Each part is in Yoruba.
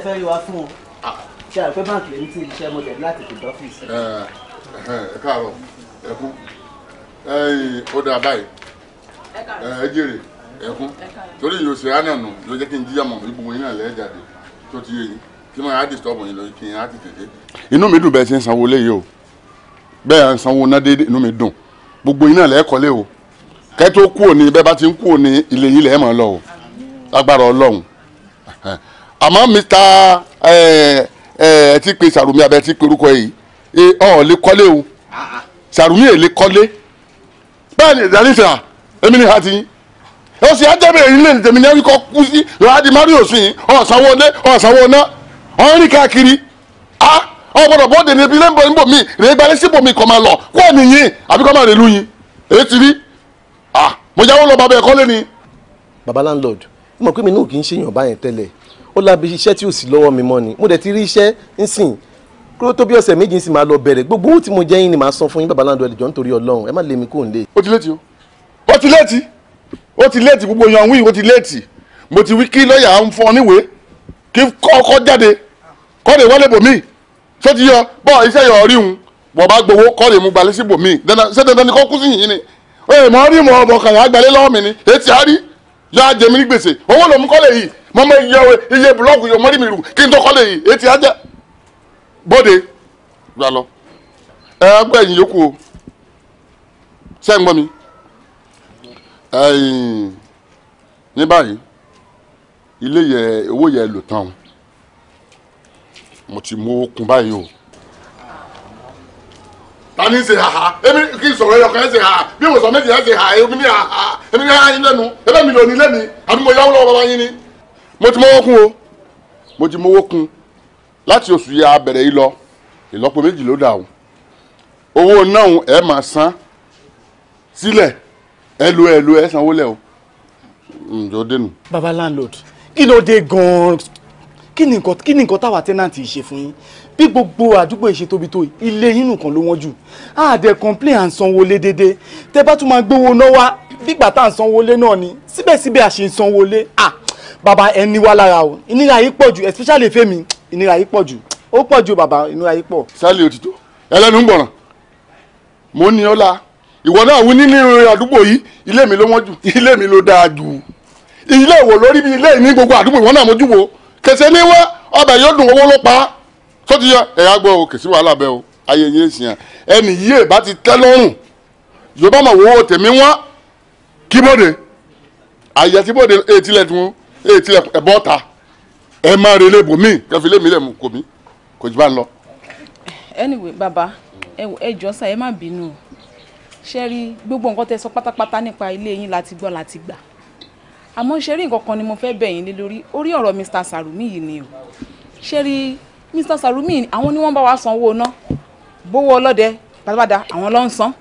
tẹ́ fẹ́ rí wa fún o ṣe àpẹ báńkì lèmi tí iṣẹ́ mo dẹ̀ láti kò dọ́fíìsì. ẹ káàárọ̀ ẹkún ó dáa báyìí ẹ jèrè ẹkún torí yóò ṣe ránà nù ló jẹ́ kí n jíyà mọ̀ ibùn yín náà lẹ́ẹ̀ jáde tó ti yé yín kí máa dìstọ́bù yín lọ kí n á ti tètè. inú mi dùn bẹ́ẹ̀ ṣe ń sanwó léyìí o bẹ́ẹ̀ sanwó ná déédéé inú mi dùn gbogbo yín náà lẹ́ẹ̀kọ́lé o kẹ́ tó kú òní bẹ́ẹ̀ bá ti ń kú òní ilé yín lẹ́ẹ̀ mọ́ lọ o lágbára ọlọ́run àmọ́ mr ẹ ẹ ti pe sàrùmí abẹ ti pe orúkọ yìí ẹ ọ lè kọ́lé o sàrùmí ẹ lè kọ́lé bẹ́ẹ̀ ni ìdáni sàn èmi ni hàtí ó sì ájẹ́bẹ̀ èyí lè tẹ̀mí lẹ́yìn kọ́ kú sí láti mario sùn yìí ọ̀sánwó lé ọ̀sánwó ná ọ̀rìn káàkiri a ọ̀gbọ̀dọ̀ bọ́ọ̀dẹ̀ ní ebilẹ̀ nbọ̀ nbọ̀ mi rèé gbalẹ̀ síbò mi kọ́ máa lọ kó ẹ̀ nìyí àbí kọ́ máa rèé lu yín èyí ti rí a mo jáwọ́ lọ bàbá ẹ̀kọ́ lé ni. baba landlord mo mọ̀ pé mi náà kì í ṣèyàn báyẹn tẹ́lẹ̀ ó lábi iṣẹ́ tí ò sí lọ́wọ́ mi mọ́ ni mo dẹ̀ ti rí iṣẹ́ nsìn kúrò tó bí ọ̀sẹ̀ méjì ń sì máa lọ bẹ̀rẹ̀ gbogbo owó tí mo jẹ́ yín ni màá san fún yín babaláńdọ̀ ẹ̀dẹ̀jọ́ nítorí ọlọ́run ẹ má lé mi kó n lé. ó ti léètì o ó ti léètì ó ti léètì gbogbo yan wíì ó ti léètì mo ti wí kí lọ́ọ̀yà ń fún ọ níwèé kí kọ́kọ́ jáde kọ́ọ̀dé wọlé bòmíì ṣé ti yọ bọ́ iṣẹ́ yọ̀ rí un bọ̀ bá gbowó kọ́ọ̀dé mu gbalẹ̀ sí bòmíì dandan ṣé dandan ni kọ́ kú sí yìí ni yà á jẹ mí ní gbèsè owó lòún kọ́lé yìí mo mọ iye iye búlọ́ọ̀kù yóò mọ́rí mi rù kí n tó kọ́lé yìí etí ajá bóde gbà lọ ẹ gbọ́ ẹ̀yìn yòókù o ṣé ń gbọ́ mi ní báyìí ilé yẹ owó yẹ lò tán mo ti mú okun báyìí o tani ń ṣe haha èmi kì í sọ̀rọ̀ ẹyọkan ẹ̀ ṣe haha bí mo sọ méjì ẹ̀ ṣe haha èmi ní haha èmi ní haha yín lẹ́nu mi lò ní lẹ́mi mo yáwó lọ́wọ́ bàbá yín ni. mo ti mọ́wọ́ kún o mo ti mọ́wọ́ kún láti oṣù yà bẹ̀rẹ̀ yìí lọ ìlọ́po méjì ló dà o owó náà ẹ̀ máa san sílẹ̀ ẹ lo ẹ lo ẹ sanwó lẹ o ǹjọ́ dénú. baba landlord kí ló dé gan-an kí ni nǹkan táwa tẹ́nàntì ṣe fún yín bí gbogbo àdúgbò ìṣètòbi tó ilé yín nìkan ló wọ́n jù àdẹ complain à ń sanwó lé dédé tẹ bá tún máa gbowó náà wá fìgbà tá à ń sanwó lé náà ni síbẹ̀síbẹ̀ à ṣe ń sanwó lé à bàbá ẹni wá lára o ìnira yìí pọ̀ jù especially fẹ́mi ìnira yìí pọ̀ jù ó pọ̀ jù bàbá ìnira yìí pọ̀. sálẹ̀ òtítọ́ ẹlẹ́nu ń gbọ̀ràn mo ní ọlá ìwọ náà wí nínú àdúgbò yìí ilé mi ló wọ́n jù ilé mi ló dáa jù ilé ìwò lórí bí ilé ìní gbogbo àdúgbò ìwọ náà mojú wo kẹsẹ̀ ní wá ọbẹ̀ yóò dùn owó ló pa á tó ti yẹ o kèsì wàhálà bẹ́ẹ̀ o ayé yín èsì yẹn ẹnì yìí ti tẹ́ lọ́rùn yorùbá mọ̀ wo tèmi wọ́n kí bóde àyè tí bóde èyí tilẹ̀ ẹ̀bọ́ ta ẹ máa relé bòmíì kẹfì lé mi lẹ̀ mú kò mí kò jù bá ń lọ. anyway Baba, ẹ jọ sá ẹ má bínú ṣe rí gbogbo nǹkan tẹ sọ pátápátá nípa ilé yín láti gbọ́ láti gbà àmọ́ ṣe rí nǹkan kan ni mo fẹ́ bẹ̀ yín lé lórí orí ọ̀rọ̀ Mr. Sarumi yìí ni o ṣe rí Mr. Salumi àwọn ni wọ́n bá wa sanwó ná bówó ọlọ́dẹ pátápátá àwọn ló ń san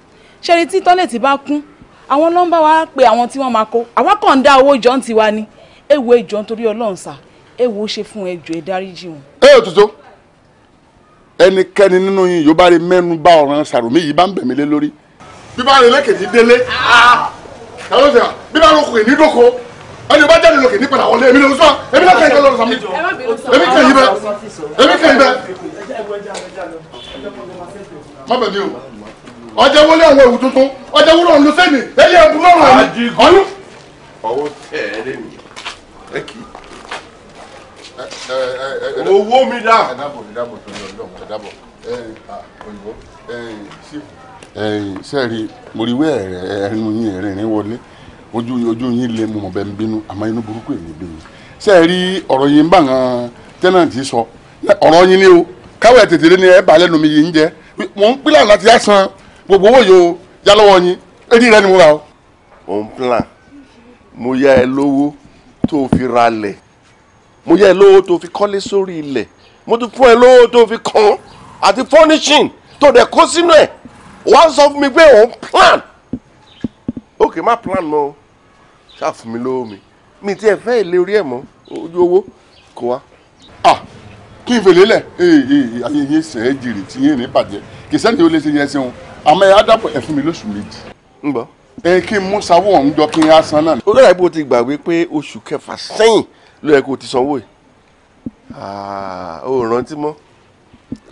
ṣẹ́ni tí tọ́lẹ̀tì bá kún àwọn ló ń bá wa pé àwọn tí wọ́n máa kó àwa kàn ń dá owó jọ ń tiwa ni èwo ìjọ nítorí ọlọ́run sà èwo ṣe fún ẹjọ́ ẹ dáríjì wọn. ẹ ò tuntun ẹnikẹ́ni nínú yín yóò bá rí mẹ́nu bà ọ̀ràn Salumi yìí bá ń bẹ̀mí lé lórí bí bá rí lẹ́kẹ̀ẹ́ ní délé ah, bí bá rí okùn ní dóko ẹni bá jáde lókè ní padà wọlé èmi ló sọ èmi náà kàn yín lọ́rọ̀ sàmì èmi kàn yín bẹ èmi kàn yín bẹ. má bẹ̀ mí o ọjà wọlé àwọn ewu tuntun ọjà wúlò ọ̀nù sẹ́ni ẹ̀yẹ ẹ̀bùn lọ́rùn ẹ̀mí ọ̀nù. ọwọ́ tẹ ẹ lé mi ẹ kì í. owó mi dá. ẹ dábọ̀ ẹ dábọ̀ tó lọ lọ́wọ́ ẹ dábọ̀ ẹ òyìnbó ẹ ṣe. ẹ sẹ́ẹ̀rì mo rí wẹ́ẹ̀rẹ̀ ẹ̀rín yín ẹ̀rín wọlé ojú ojú yín lé mo mọ̀ bẹ́ẹ̀ ń bínú àmọ́ inú burúkú èmi bínú ṣe é rí ọ̀rọ̀ yín bá àwọn tẹ́nàntì sọ ọ̀rọ̀ yín ni o káwé tètè lé ní ẹ bà lẹ́nu yìí ń jẹ́ mò ń pílà láti á san gbogbo owó yìí o lọ́wọ́ yín èdè rẹ ni mo rà o. ò ń plan mo yá ẹ lówó tó o fi ra lẹ̀ mo yá ẹ lówó tó o fi kọ́lé sórí ilẹ̀ mo ti fún ẹ lówó tó o fi kàn án àti furnishing tó dẹ̀ kó sínú ẹ̀ wá sọ fún mi pé ò ń plan ok má plan mọ́ o ṣáà fún mi lówó mi mi tiẹ̀ fẹ́ ìlé orí ẹ̀ mọ́ ojú owó kò wá. ah kí n fèlè lẹ̀ ee ayé yẹn sẹ́ ẹ́ jìrì tí yẹn ní bàjẹ́ kì í sẹ́ni ó lè ṣe yẹn ṣeun àmọ́ ẹ̀ á dàpọ̀ ẹ̀ fún mi lóṣù méjì. ń bọ̀ ẹ kí n mú sáwọ́ ọ̀hún jọ kí n á san náà. ó dára bí o ti gbàgbé pé oṣù kẹfà sẹ́yìn ló yẹ kó o ti sanwó yìí. ó rántí mọ́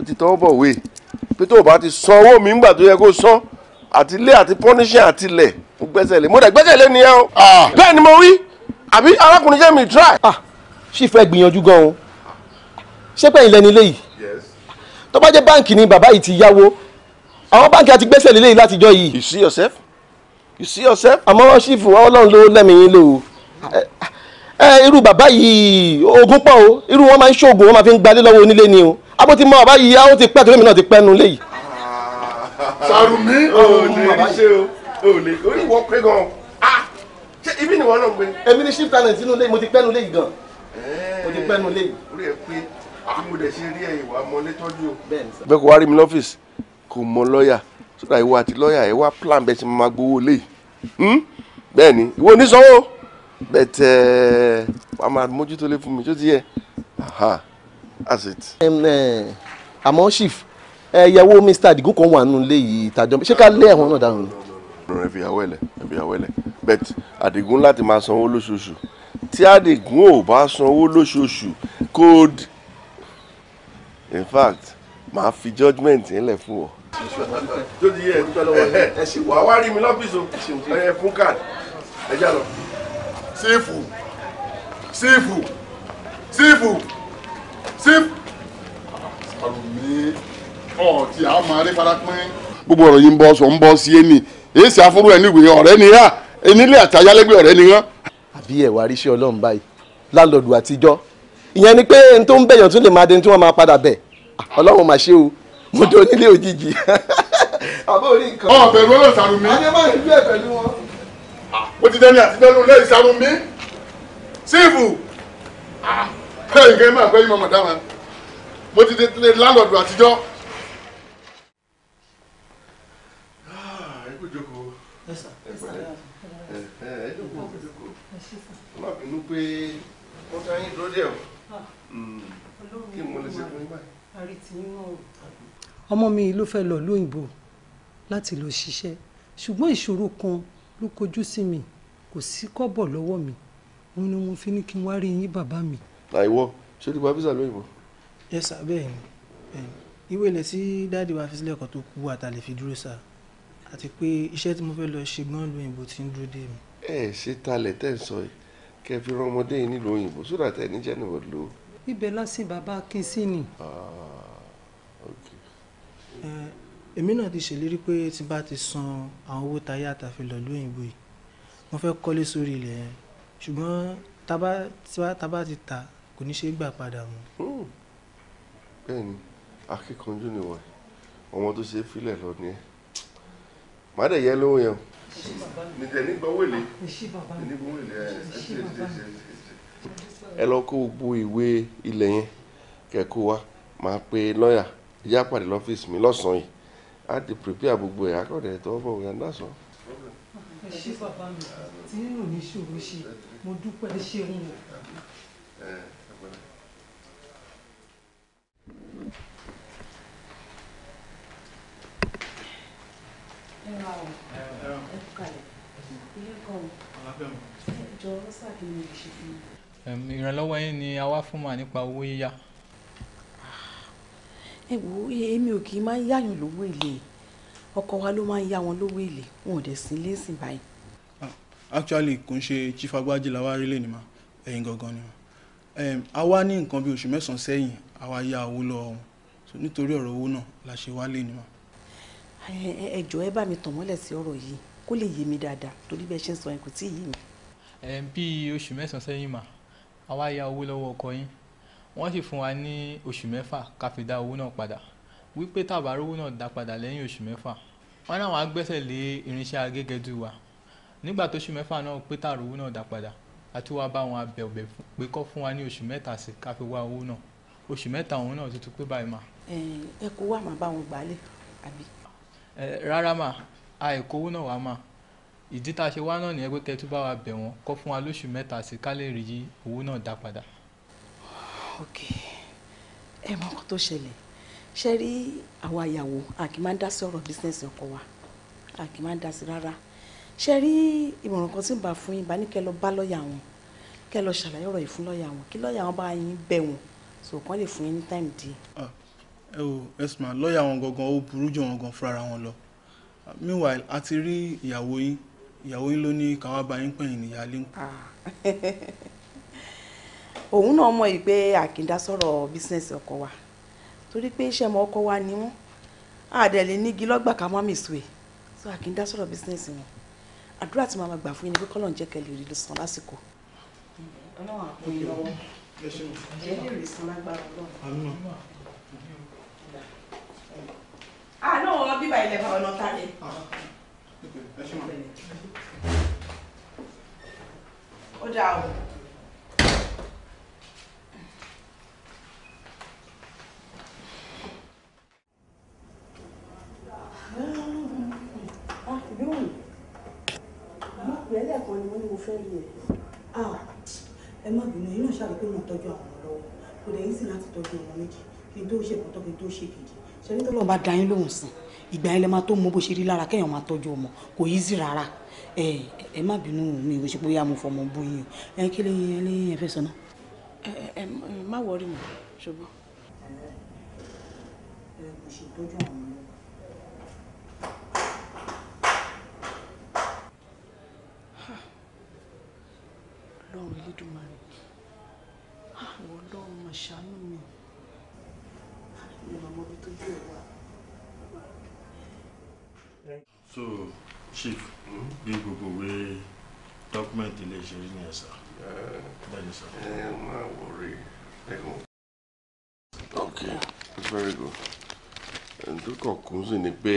ó ti tọwọ́ bọ̀ wé pé tó o bá ti sanwó mi ńgbà tó yẹ kó o san àti ilé àti pọ́níṣẹ́ àti ilẹ̀ mo gbẹ́sẹ̀lé mo dẹ̀ gbẹ́sẹ̀lé nìyẹn o ah. bẹ́ẹ̀ ni mo wí àbí arákùnrin jẹ́ mi try. Ah, ṣì fẹ́ gbìyànjú gan o ṣé pẹ́yìn lẹ́ni lé yìí tó bá jẹ́ báǹkì ni bàbá yìí ti yáwó àwọn báǹkì àti gbẹ́sẹ̀ lé yìí látijọ́ yìí. you see yourself you see yourself. àmọ́ ṣífù ọlọ́run ló lẹ́mìí lò ó irú bàbá yìí ogún pọ̀ o irú wọn máa ń ṣoògùn wọn máa fi ń gbalé lọ́wọ́ onílé ni o abó ti mọ bàbá yìí á ó ti pẹ́ torí mi náà ti pẹ́ nu léyìí. Sàrùmí òòlù ṣe o òòlù orí ìwọ pé gan ah ṣé ibi ni wọn náà gbé. èmi ni shift talent inú ilé mo ti pẹ́nu lé yìí gan eh. mo ti pẹ́nu lé yìí. orí ẹ pé bí ah, mo dẹ̀ ṣe rí ẹ ìwà ọmọ létọ́jú o. bẹ́ẹ̀ kò wá rí mi lọ́fíìsì kò mọ lọ́ọ̀yà sódà ìwọ àti lọ́ọ̀yà ẹ wá plan bẹ́ẹ̀ ṣe máa gbowó lé yìí hmm? bẹ́ẹ̀ ni ìwọ onísanwó bẹ́tẹ̀ wàá eh, máa mójútó lé fún mi tó ti yẹ eh, àmọ́ chief ẹ̀yàwó mr adigun kan wà nínú ilé yìí ìtàjọ́ ṣé ká lé ẹ̀wọ̀n náà dànù ni. ẹ fi ìyàwó ẹ̀lẹ̀ ẹ fi ìyàwó ẹ̀lẹ̀ bet adigun láti máa sanwó lóṣooṣù tí adigun ò bá sanwó lóṣooṣù code in fact màá fi judgement yẹn lẹ̀ fún ọ. jóde yẹ ẹ ṣe wà wá rí mi lọ́fíìsì ẹ fún card ẹ já lọ. sífù sífù sífù sífù ọ̀tí a máa rí parapín. gbogbo ọ̀rọ̀ yìí ń bọ́ sọ ń bọ́ sí ẹni èyí sì afúrú ẹni ìwé ọ̀rẹ́ ni yá enílé àtayálégbé ọ̀rẹ́ ni yán. àbí ẹ̀ wá ríṣẹ́ ọlọ́run báyìí láńlọ́ọ̀dù àtijọ́ ìyẹn ni pé n tó ń bẹ̀yàn tún lè máa dẹni tí wọ́n máa padà bẹ̀ ọlọ́run mà ṣe o mo dé onílé òjijì. àbọ̀ orí nǹkan. ọ̀ bẹ̀rù ọ̀rọ̀ sàrùmí. ayé máa ń gbé ẹ̀ pẹ̀lú wọn. ó ah, ti dẹ́ni àtijọ́nù lẹ́yìn sàrùmí. sífù bẹ́ẹ̀ nǹkan mo ti dé láńlọ́ọ̀dù àtijọ́ pé wọ́n ta yín dúró díẹ̀ o ah, hmm. kí mo lè ṣe fún yín báyìí. ọmọ mi ló fẹ́ lọ lóyìnbó láti lọ ṣiṣẹ́ ṣùgbọ́n ìṣòro kan ló kojú sí mi kò sí kọ́bọ̀ lọ́wọ́ mi òun ni mo fi ní kí n wá rí yín bàbá mi. àìwọ ah, ṣé o ti gba visa lóyìnbó. yes sir bẹ́ẹ̀ ni ìwé ilẹ̀ tí dáàdi wa fi sílẹ̀ kan tó kú àtàlẹ́ fi dúró sá àti pé iṣẹ́ tí mo fẹ́ lọ ṣe gan lóyìnbó ti ń dúró dé mi. ẹ ṣe talẹ̀ tẹ́ ń sọ yìí kẹ́ fi rán ọmọdé yìí nílùú òyìnbó sódà tẹ̀ níjẹ́ nìwọ̀n lò. ibẹ̀ lọ́sìn bàbá akin sí ni. èmi náà ti ṣèlérí pé tí bá ti san àwọn owó táyé àtàfi lọ lóyún òyìnbó yìí mo fẹ́ kọ́lé sórí ilẹ̀ yẹn ṣùgbọ́n tábà ti ta kò ní ṣe é gbà padà mọ́. Hmm. bẹ́ẹ̀ni akíkanjú ni wọn ọmọ tó ṣe é filẹ̀ lọ ni ẹ màá dẹ yẹ lówó yẹn o nìtẹ̀ nígbà owó èlé nígbà owó èlé ẹ ẹ lọ kó gbogbo ìwé ilẹ̀ yẹn kẹ́kọ̀ọ́ wa máa pe lọ́ọ̀yà ìyá pàdé lọ́fíìsì mi lọ́sàn-án yìí á ti prepare gbogbo ẹ̀ akọ̀dẹ̀ tó fọ̀ wẹ̀ ẹ̀ lásán. ẹ ṣé bàbá mi tí nínú mi ṣòro ṣe mo dúpẹ́ ṣeun o. ẹ̀rọ àwọn ẹ̀kúkalẹ̀ ilé kan ẹ̀jọ̀ rọ́sà kí ni ìṣe fún mi. ìrànlọ́wọ́ yín ni a wá fún mà nípa owó yíyá. ẹ wo èmi ò kì í máa ń yáyàn lówó èlé ọkọ wa ló máa ń yá wọn lówó èlé wọn ò dẹ̀ sí ilé ìsìn báyìí. actually kò ń ṣe chief agbájì làwa rí lè ní ma ẹ̀yin gangan ni ma a wá ní nǹkan bí oṣù mẹ́sàn-án sẹ́yìn àwa yá owó lọ́wọ́ wọn nítorí ọ̀rọ̀ owó náà la ṣe wá lè ní ma ẹ jọ̀ọ́ ẹ bá mi tàn mọ́lẹ̀ sí ọ̀rọ̀ yìí kó lè yé mi dáadáa torí bẹ́ẹ̀ ṣe ń sọ yẹn tí ì mi. ẹ̀ ń bí oṣù mẹ́sàn-án sẹ́yìn mà àwa ya owó lọ́wọ́ ọkọ yín wọ́n sì fún wa ní oṣù mẹ́fà ká fi dá owó náà padà wípé tàbárò owó náà dá padà lẹ́yìn oṣù mẹ́fà wọ́n náà wá gbẹ́sẹ̀ lé irinṣẹ́ agẹ́gẹ́dú wa nígbà tó oṣù mẹ́fà náà pé tààrọ̀ owó náà dá padà àti wá bá wọn abẹ̀ọ̀bẹ̀ pé kọ́ fún wa ní oṣù mẹ́ta sí ká fi wá owó náà oṣù mẹ́ta òun náà ti tún pé báyìí mà. ẹ kó wá màá bá wọn gbà àbí rárá mà àìkówó náà wá mà ìdí tá a ṣe wá náà nìyẹn pé kẹtù bá wa bẹ̀ wọ́n kó fún wa lóṣù mẹ́ta sí ká lè rí owó náà dá padà. ok ẹ mọ ọkọ tó ṣẹlẹ̀ ṣe rí àwa ìyàwó a máa ń dá sí ọ̀rọ̀ bísíǹsì ọkọ wa a kì í máa ń dá sí rárá ṣe rí ìmọ̀ràn kan tí ń bá fún yín bá ní kẹ́ lọ bá lọ́ọ̀yà wọn kẹ́ lọ ṣàlàyé ọ̀rọ̀ yìí fún lọ́ọ̀yà wọn kí lọ́ọ̀yà wọn bá yín bẹ̀ wọ́n so kàn lè fún yín ní táìmù díẹ̀. Ah, ẹ o ẹsùn máa lọ́ọ̀yà wọn gangan ó burú jù wọn gan fúnra wọn lọ meanwhile a ti rí ìyàwó yín ìyàwó yín ló ní káwá bá yín pẹ̀yìn níyà lé ń kú. òun náà mọ̀ yìí pé àkìndá sọ̀rọ̀ bísínẹ́sì ọkọ wa torí pé iṣẹ́ ọmọ ọkọ wa ni wọ́n àdẹ̀lẹ̀ nígi lọ́gbà ká má mìsùwẹ̀ so àkìndá sọ̀rọ̀ bísínẹ́sì wọn àdúrà tí màmá gbà fún yín ni pé kọ́lọ̀ ń jẹ́ kẹ́ lè rí lọ́sàn lásìkò. ọlọ́run àpò ìlọ́wọ́ ẹ̀yìn ọ̀nà bíbá ilẹ̀ bá ọ̀nà tàlẹ̀. ó dáa o. ẹlẹ́ẹ̀kan ah, ni wọ́n ní mo fẹ́ rí ẹ̀. Ah, ẹ má bínú yín náà ṣàrí pé mo tọ́jú àwọn ọmọ lọ́wọ́ kò dẹ̀ yín sì láti tọ́jú ọmọ méjì kí n tó ṣe ìkọ́tọ́ kí n tó ṣe kejì ṣe ní tó lọ́ọ́ bá da lóhùn sí i ìgbà yẹn lè máa tó mọ bó ṣe rí lára kéèyàn máa tọ́jú ọmọ kò easy rárá ẹ ẹ má bínú mi ò ṣe bóyá mo fọmọ bóyin o ẹ kí lẹ́yìn ẹ lẹ́yìn ẹ fẹ́ sọ náà. ẹ ẹ má wọrí mi ṣùgbọ́n. ẹ kò ṣètọ́jú àwọn ọmọ. ọlọ́run elédùnmarè ah, mi. Ah, tó gbé ẹ wá so chief bí gbogbo wé dọ́kúmẹ̀ntì lè ṣe rí nìyẹn sá. bẹ́ẹ̀ni sá. Eh, ẹ máa wọrí ẹ̀hún. ok very good ǹdú kọ̀ọ̀kan sì ni pé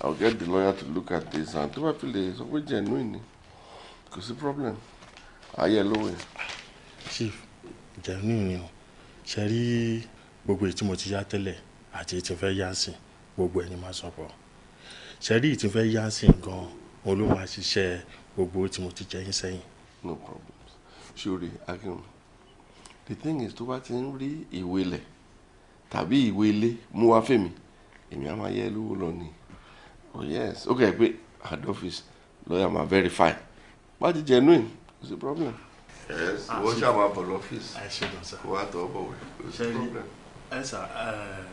i will get the lawyer to look at this and tó bá fi lè sọ pé jẹ̀nú ìní kò sí problem ayé lówó yẹn. chief genuine ìní o ṣe rí gbogbo èyí mo ti yá tẹ́lẹ̀ àti èyí tí mo fẹ́ yá sí gbogbo ẹni máa sọ ṣẹ́rí tí fẹ́ yá sí gan olówó àṣìṣe gbogbo tí mo ti jẹ yín sẹ́yìn. no problem ṣòro akínwó the thing is tó bá ti ń rí ìwé lẹ̀ tàbí ìwé ilé mú wá fèmí èmi á máa yẹ lówó lọ ni oh yes ó kẹ́ ẹ pé head office lawyer ma verify bá ti jẹ nù ẹ̀ kò sí problem. yes ah, wọ́n ṣàmà bọ̀ lọ́fíìsì ah, wọ́n á bọ̀ wẹ̀ kò sí problem. ẹ sà uh,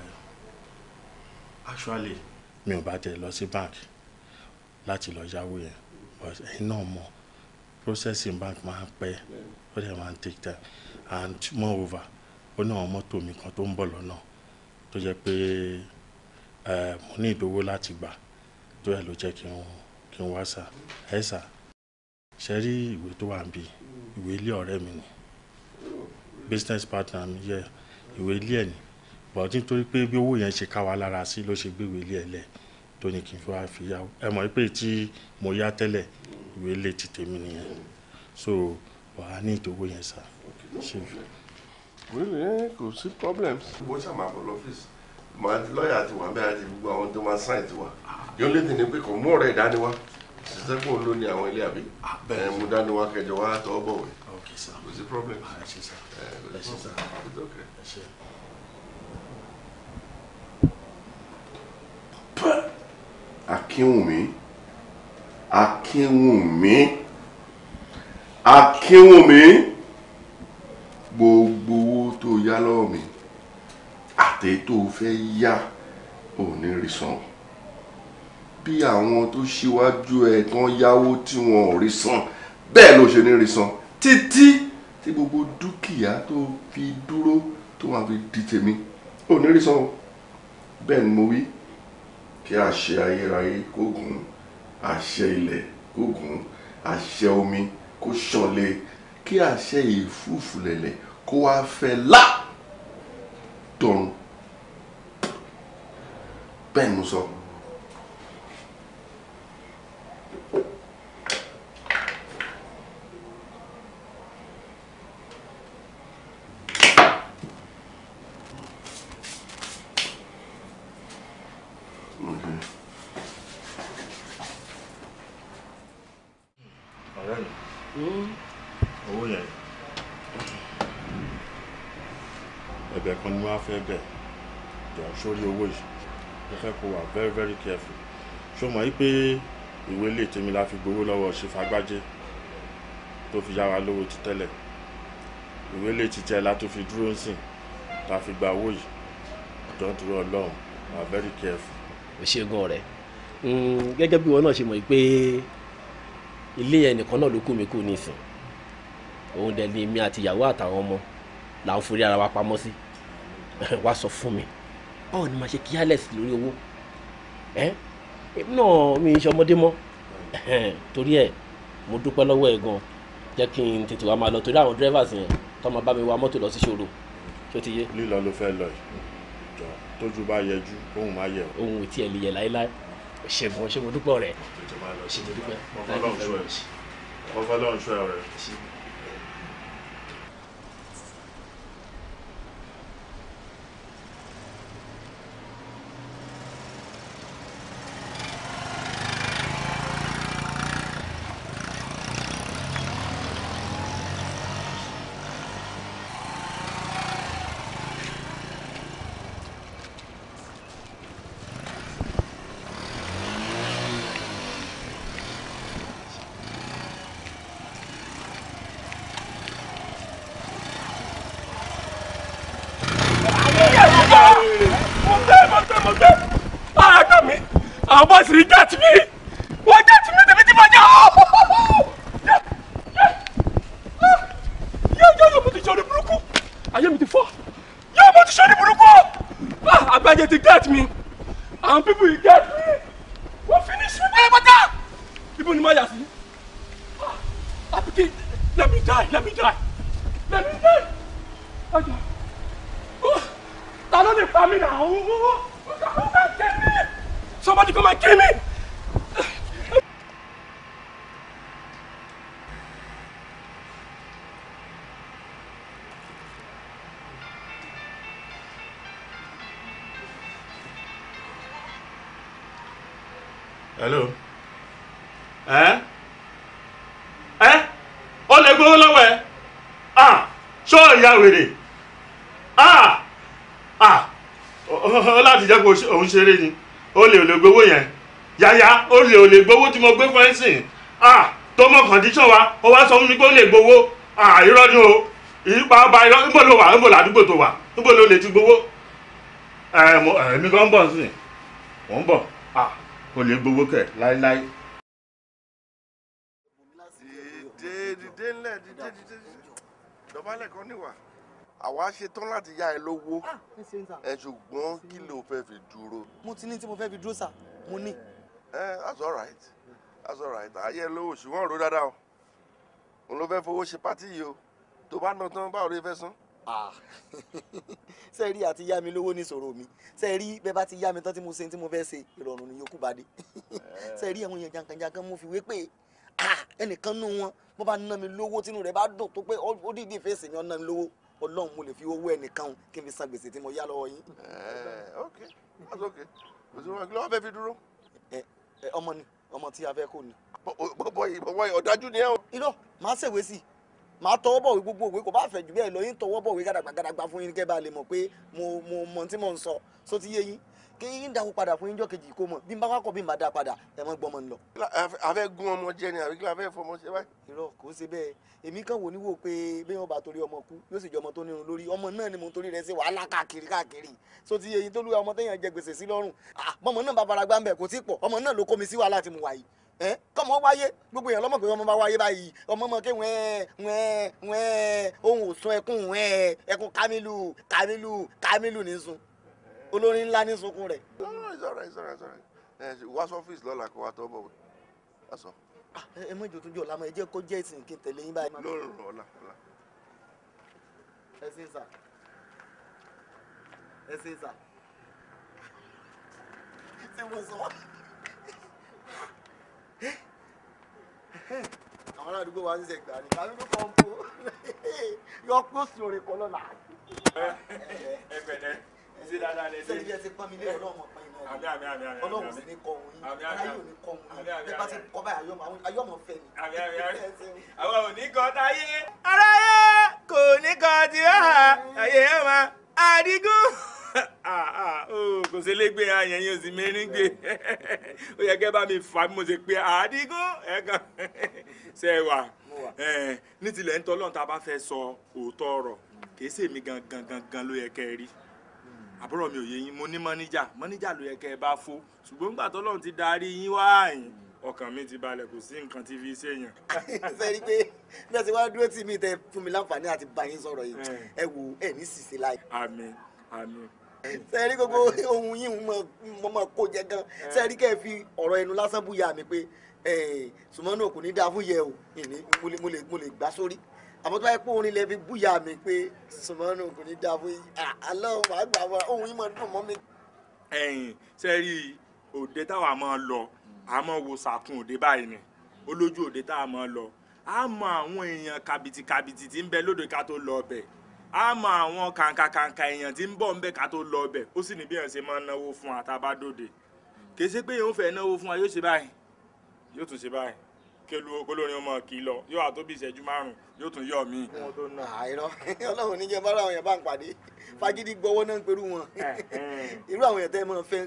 actually mi ò bá tẹ̀ lọ sí bank láti lọ yáwó yẹn but ẹ̀yin náà mọ̀ processing bank máa ń pẹ́ ó dẹ̀ máa take time and moreover ó ní àwọn mọ́tò mi kan tó ń bọ̀ lọ́nà tó jẹ́ pé mo ní ìdówó láti gbà tó yẹ ló jẹ́ kí n kí n wá sà ẹ sà ṣe rí ìwé tó wà níbí ìwé ilé ọ̀rẹ́ mi ni business partner mi yẹ ìwé ilé ẹ̀ ni but nítorí pé bí owó yẹn ṣe ká wa lára sí ló ṣe gbéwèé ilé ẹlẹ tó ní kí n fi fi yá ẹ mọ̀ pé tí mo yá tẹ́lẹ̀ ìwé lè ti tèmi nìyẹn so wàá ní ìtòwó yẹn sá. really ẹ kò sí problems. bó ṣe máa bọ̀ lọ́fíìsì màá lọ́ọ̀yà ti wà bẹ́ẹ̀ àti gbogbo àwọn tó máa sáìn ti yóò lè tẹ̀lé pé kò mú ọ̀rẹ́ ìdániwá ṣiṣẹ́ kó ló ní àwọn ilé àbí ah, ẹ̀ mú dániwá kẹjọ wá tọ́ bọ̀wé kò sí problem. ẹ ṣe sá ẹ ṣe sá ẹ ṣe. Akínwùmí Akínwùmí Akínwùmí gbogbo owó tó yá lọ́wọ́ mi àti tó fẹ́ yá ò ní rí san bí àwọn tó ṣíwájú ẹ tán yáwó tí wọn ò rí san bẹ́ẹ̀ ló ṣe ní rí san títí tí gbogbo dúkìá tó fi dúró tó máa fi di tèmi ò ní rí san o bẹ́ẹ̀ ni mo wí kí àṣẹ ayérayé kó gùn àṣẹ ilẹ̀ kó gùn àṣẹ omi kó ṣọlẹ kí àṣẹ ìfúfúlẹ̀lẹ̀ kó wá fẹ́ lá tọrùn bẹ́ẹ̀ mo sọ. So. owó yìí mo fẹ́ kó wà very very careful ṣó mọ̀ yí pé ìwé lè tèmi la fi gbowó lọ́wọ́ ṣèfagbájé tó fi yá wa lówó ti tẹ́lẹ̀ ìwé lè ti tẹ́ la tó fi dúró nsìn tá a fi gba owó yìí jọ̀ọ́ nítorí ọlọ́run wà very careful. òṣègùn rẹ̀ hmm, gẹ́gẹ́ bí wọn náà ṣe mọ̀ pé ilé ẹnìkan náà ló kú mi kú nísìn òun dẹ̀ ni mi àti ìyàwó àtàwọn ọmọ là ń forí ara wa pamọ́ sí wá sọ fún mi báwo ni màá ṣe careless lórí owó ẹ náà mi ṣe ọmọdé mọ́ torí ẹ mo dúpẹ́ lọ́wọ́ ẹ gan jẹ́ kí n tètè wá máa lọ torí àwọn drivers yẹn tó bá mi wa mọ́tò lọ sí ṣòro ṣé o ti yé. lílọ ló fẹ́ lọ yìí jọ tójú bá yẹjú ohun máa yẹ o. ohun tí ẹ lè yẹ láéláé ṣègùn ṣé mo dúpẹ́ rẹ̀ ṣe mo dúpẹ́. ọ̀fọ̀lọ́ọ̀ṣọ́ ẹ̀ ọ̀fọ̀lọ́ọ̀ṣọ́ ẹ̀ rẹ̀. ya wèrè ah ah láti jẹ́ pé òun ṣeré ni ó lè olè gbowó yẹn yàyà ó lè olè gbowó tí mo gbé fún ẹ ah tó mọ kọ̀ǹdíṣàn wa ó wá sọ fún mi pé ó lè gbowó ah irọ́ ni o ìyípa ọba irọ́ níbo ló wà níbo làdúgbò tó wà níbo ló lè ti gbowó ẹ̀mí kan ń bọ̀ sí mò ń bọ̀ ah kò lè gbowó kẹ̀ láéláé. dìde dìde ńlẹ̀ dìde dìde dọ̀bálẹ̀ kan níwà àwa ṣetán láti yá ẹ lówó ah, ẹ ṣùgbọ́n kí ló fẹ́ fi dúró. mo ti ní tí mo fẹ́ fi dúró sà mo ní. ẹ eh, that's all right that's all right ayé ẹ lówó ṣùgbọ́n ọ̀rọ̀ dáadáa o òun ló fẹ́ fowó ṣe pátì yìí o tó bá ná tán báwo ló fẹ́ san. Ah. ṣe rí àti yá mi lówó ní ìṣòro mi ṣe rí bẹ́ẹ̀ bá ti yá mi tán tí mo ṣe tí mo fẹ́ ṣe ìrọ̀rùn ni yòókù bá dé ṣe rí àwọn èèyàn jankan mo fi wé pé ẹnìkan nú wọn bó bá ná mi lówó tínú rẹ̀ bá dùn tó pé ó dìde fèsì ni ó ná mi lówó ọlọ́run mo lè fi owó ẹnìkan kí n fi san gbèsè tí mo yá lọ́wọ́ yín. Eh, ok that's ok kò wọn kí lọ́wọ́ bẹ́ẹ̀ fi dúró. ọmọ ni ọmọ tí a fẹ́ kó ni. bọ́bọ́ yìí bọ́bọ́ yìí ọ̀dájú ni ẹ o. irọ́ màá ṣèwé sí i màá tọwọ́ bọ̀wé gbogbo òwe kò bá fẹ́ jù bẹ́ẹ̀ lọ yín tọwọ́ bọ̀wé gàdàgbàgàdàgbà fún yín kẹ́ bá lè mọ̀ pé mo mọ̀ tí mò ń sọ sótí yé yín kí n dàkú padà fún yín jọ́ kejì kó mọ̀ bí n bá wákọ̀ bí n bá dá padà ẹ mọ́ gbọ́mọ nílọ. a fẹ́ gún ọmọ jẹ ni àbí kí la fẹ́ fọmọ ṣe báyìí. irọ́ kò ṣe bẹ́ẹ̀ èmi kàn wò ní wò pé bí wọ́n bá torí ọmọ kú yóò sì jọ ọmọ tó nírun lórí ọmọ náà ni mo torí rẹ̀ ṣe wàhálà káàkiri káàkiri so ti èyí tó lu ọmọ téèyàn jẹ gbèsè sí lọ́rùn ọmọ náà bá fara gbá ń bẹ̀ kò tí pọ̀ ọmọ náà ló kó mi sí wàhálà tí mo wà yìí kọ́mọ wáyé gbogbo èèyàn lọ́mọ pé ọmọ bá wáyé báyìí ọmọ mọ kí wẹ́ẹ́ wẹ́ẹ́ wẹ́ẹ́ ohun òsùn ẹkún wẹ́ẹ́ ẹkún Kamilu Kamilu Kamilu ní sun olórin ńlá ní sunkún rẹ̀. wá sọ́fíìsì lọ́la kó wa tọ́ bọ̀ wẹ̀ lásán. ẹ mọ ìjò tó jọ lámọ ẹ jẹ́ kó jẹ́ ìsìn kí n tẹ̀lé yín báyìí. lóòrùn ọ̀la ọ̀la. ẹ ṣe sà ẹ ṣe sà ṣé mo sọ àwọn aládùúgbò wa ń ṣe gbà ní kàmí fífọ́ ń bò yọ pósì orin kan lọ́la. ẹ ẹ ẹ pẹ̀lẹ́ ṣe dáadáa lẹ́sẹ̀. sẹ́ni bí ẹ ti pọ́n mi lé eh. ọlọ́run ọ̀pọ̀ yìí náà. àmì àmì àmì àmì. ọlọ́run sì ní kọ òun yín. àmì àmì àmì àmì àmì àmì àmì àmì àmì àmì àdìgún kò sí elégbé ayẹyẹ yóò sì mẹ́rin gbé ó yẹ kẹ́ bá mi fà mo ṣe pé àdìgún ẹ̀kan ṣe wà ní tilẹ̀ ń tọ́lọ́n tá a bá fẹ́ sọ òótọ́ ọ̀rọ̀ kì í ṣèmi gangan gangan ló yẹ kẹ́ rí àbúrò mi ò yé yín mo ní mọ́níjà mọ́níjà ló yẹ kẹ́ ẹ bá fó ṣùgbọ́n nígbà tọ́lọ́run ti darí yín wá àyìn ọkàn mi ti balẹ̀ kò sí nǹkan tí fi ṣe yàn. sẹ́ni pé bí ẹ ti wá dúró tì mí tẹ fún mi láǹfààní àti bá sọ̀rọ̀ yìí ẹ wò ẹ ní ṣìṣe láì. àmín àmín. sẹ́ni gbogbo ohun yìí mo máa kó jẹ gan sẹ́ni kẹ́ ẹ fi ọ̀rọ̀ ẹnu lásán búya mi pé sùmọ́nù òkú ní dáa fún yẹ o mo lè gbá sórí àmọ́ tó bá yẹ pé orin lè fi búyà mi pé sùmọ́nù kò ní dáa fún àlọ́ wàá gbà wá ohun yìí máa dùn mọ́ mi. ẹ̀yin sẹ́rí òde táwa máa lọ a máa wo sàkún òde báyìí ni olójú òde táwa máa lọ a mọ àwọn èèyàn kàbìtìkàbìtì tí ń bẹ lóde ká tó lọ ọbẹ̀ a mọ àwọn kàǹkàkàǹkà èèyàn tí ń bọ̀ ń ká tó lọ ọbẹ̀ ó sì ní bí èèyàn ṣe máa náwó fún àtàbádòde kì í ṣe pé èèyàn ò fẹ́ náwó fún wa yóò ṣe báyìí yóò tún ṣe báyìí kelu olórin ọmọ kì í lọ yóò wá tó bí ìṣẹ́jú márùn yóò tún yọ mí. wọn tó nà àìrọ Ọlọ́run níjẹ bára àwọn èèyàn bá ń pàdé fagídí gbọwọ náà ń perú wọn irú àwọn èèyàn tẹ ẹ máa fẹ́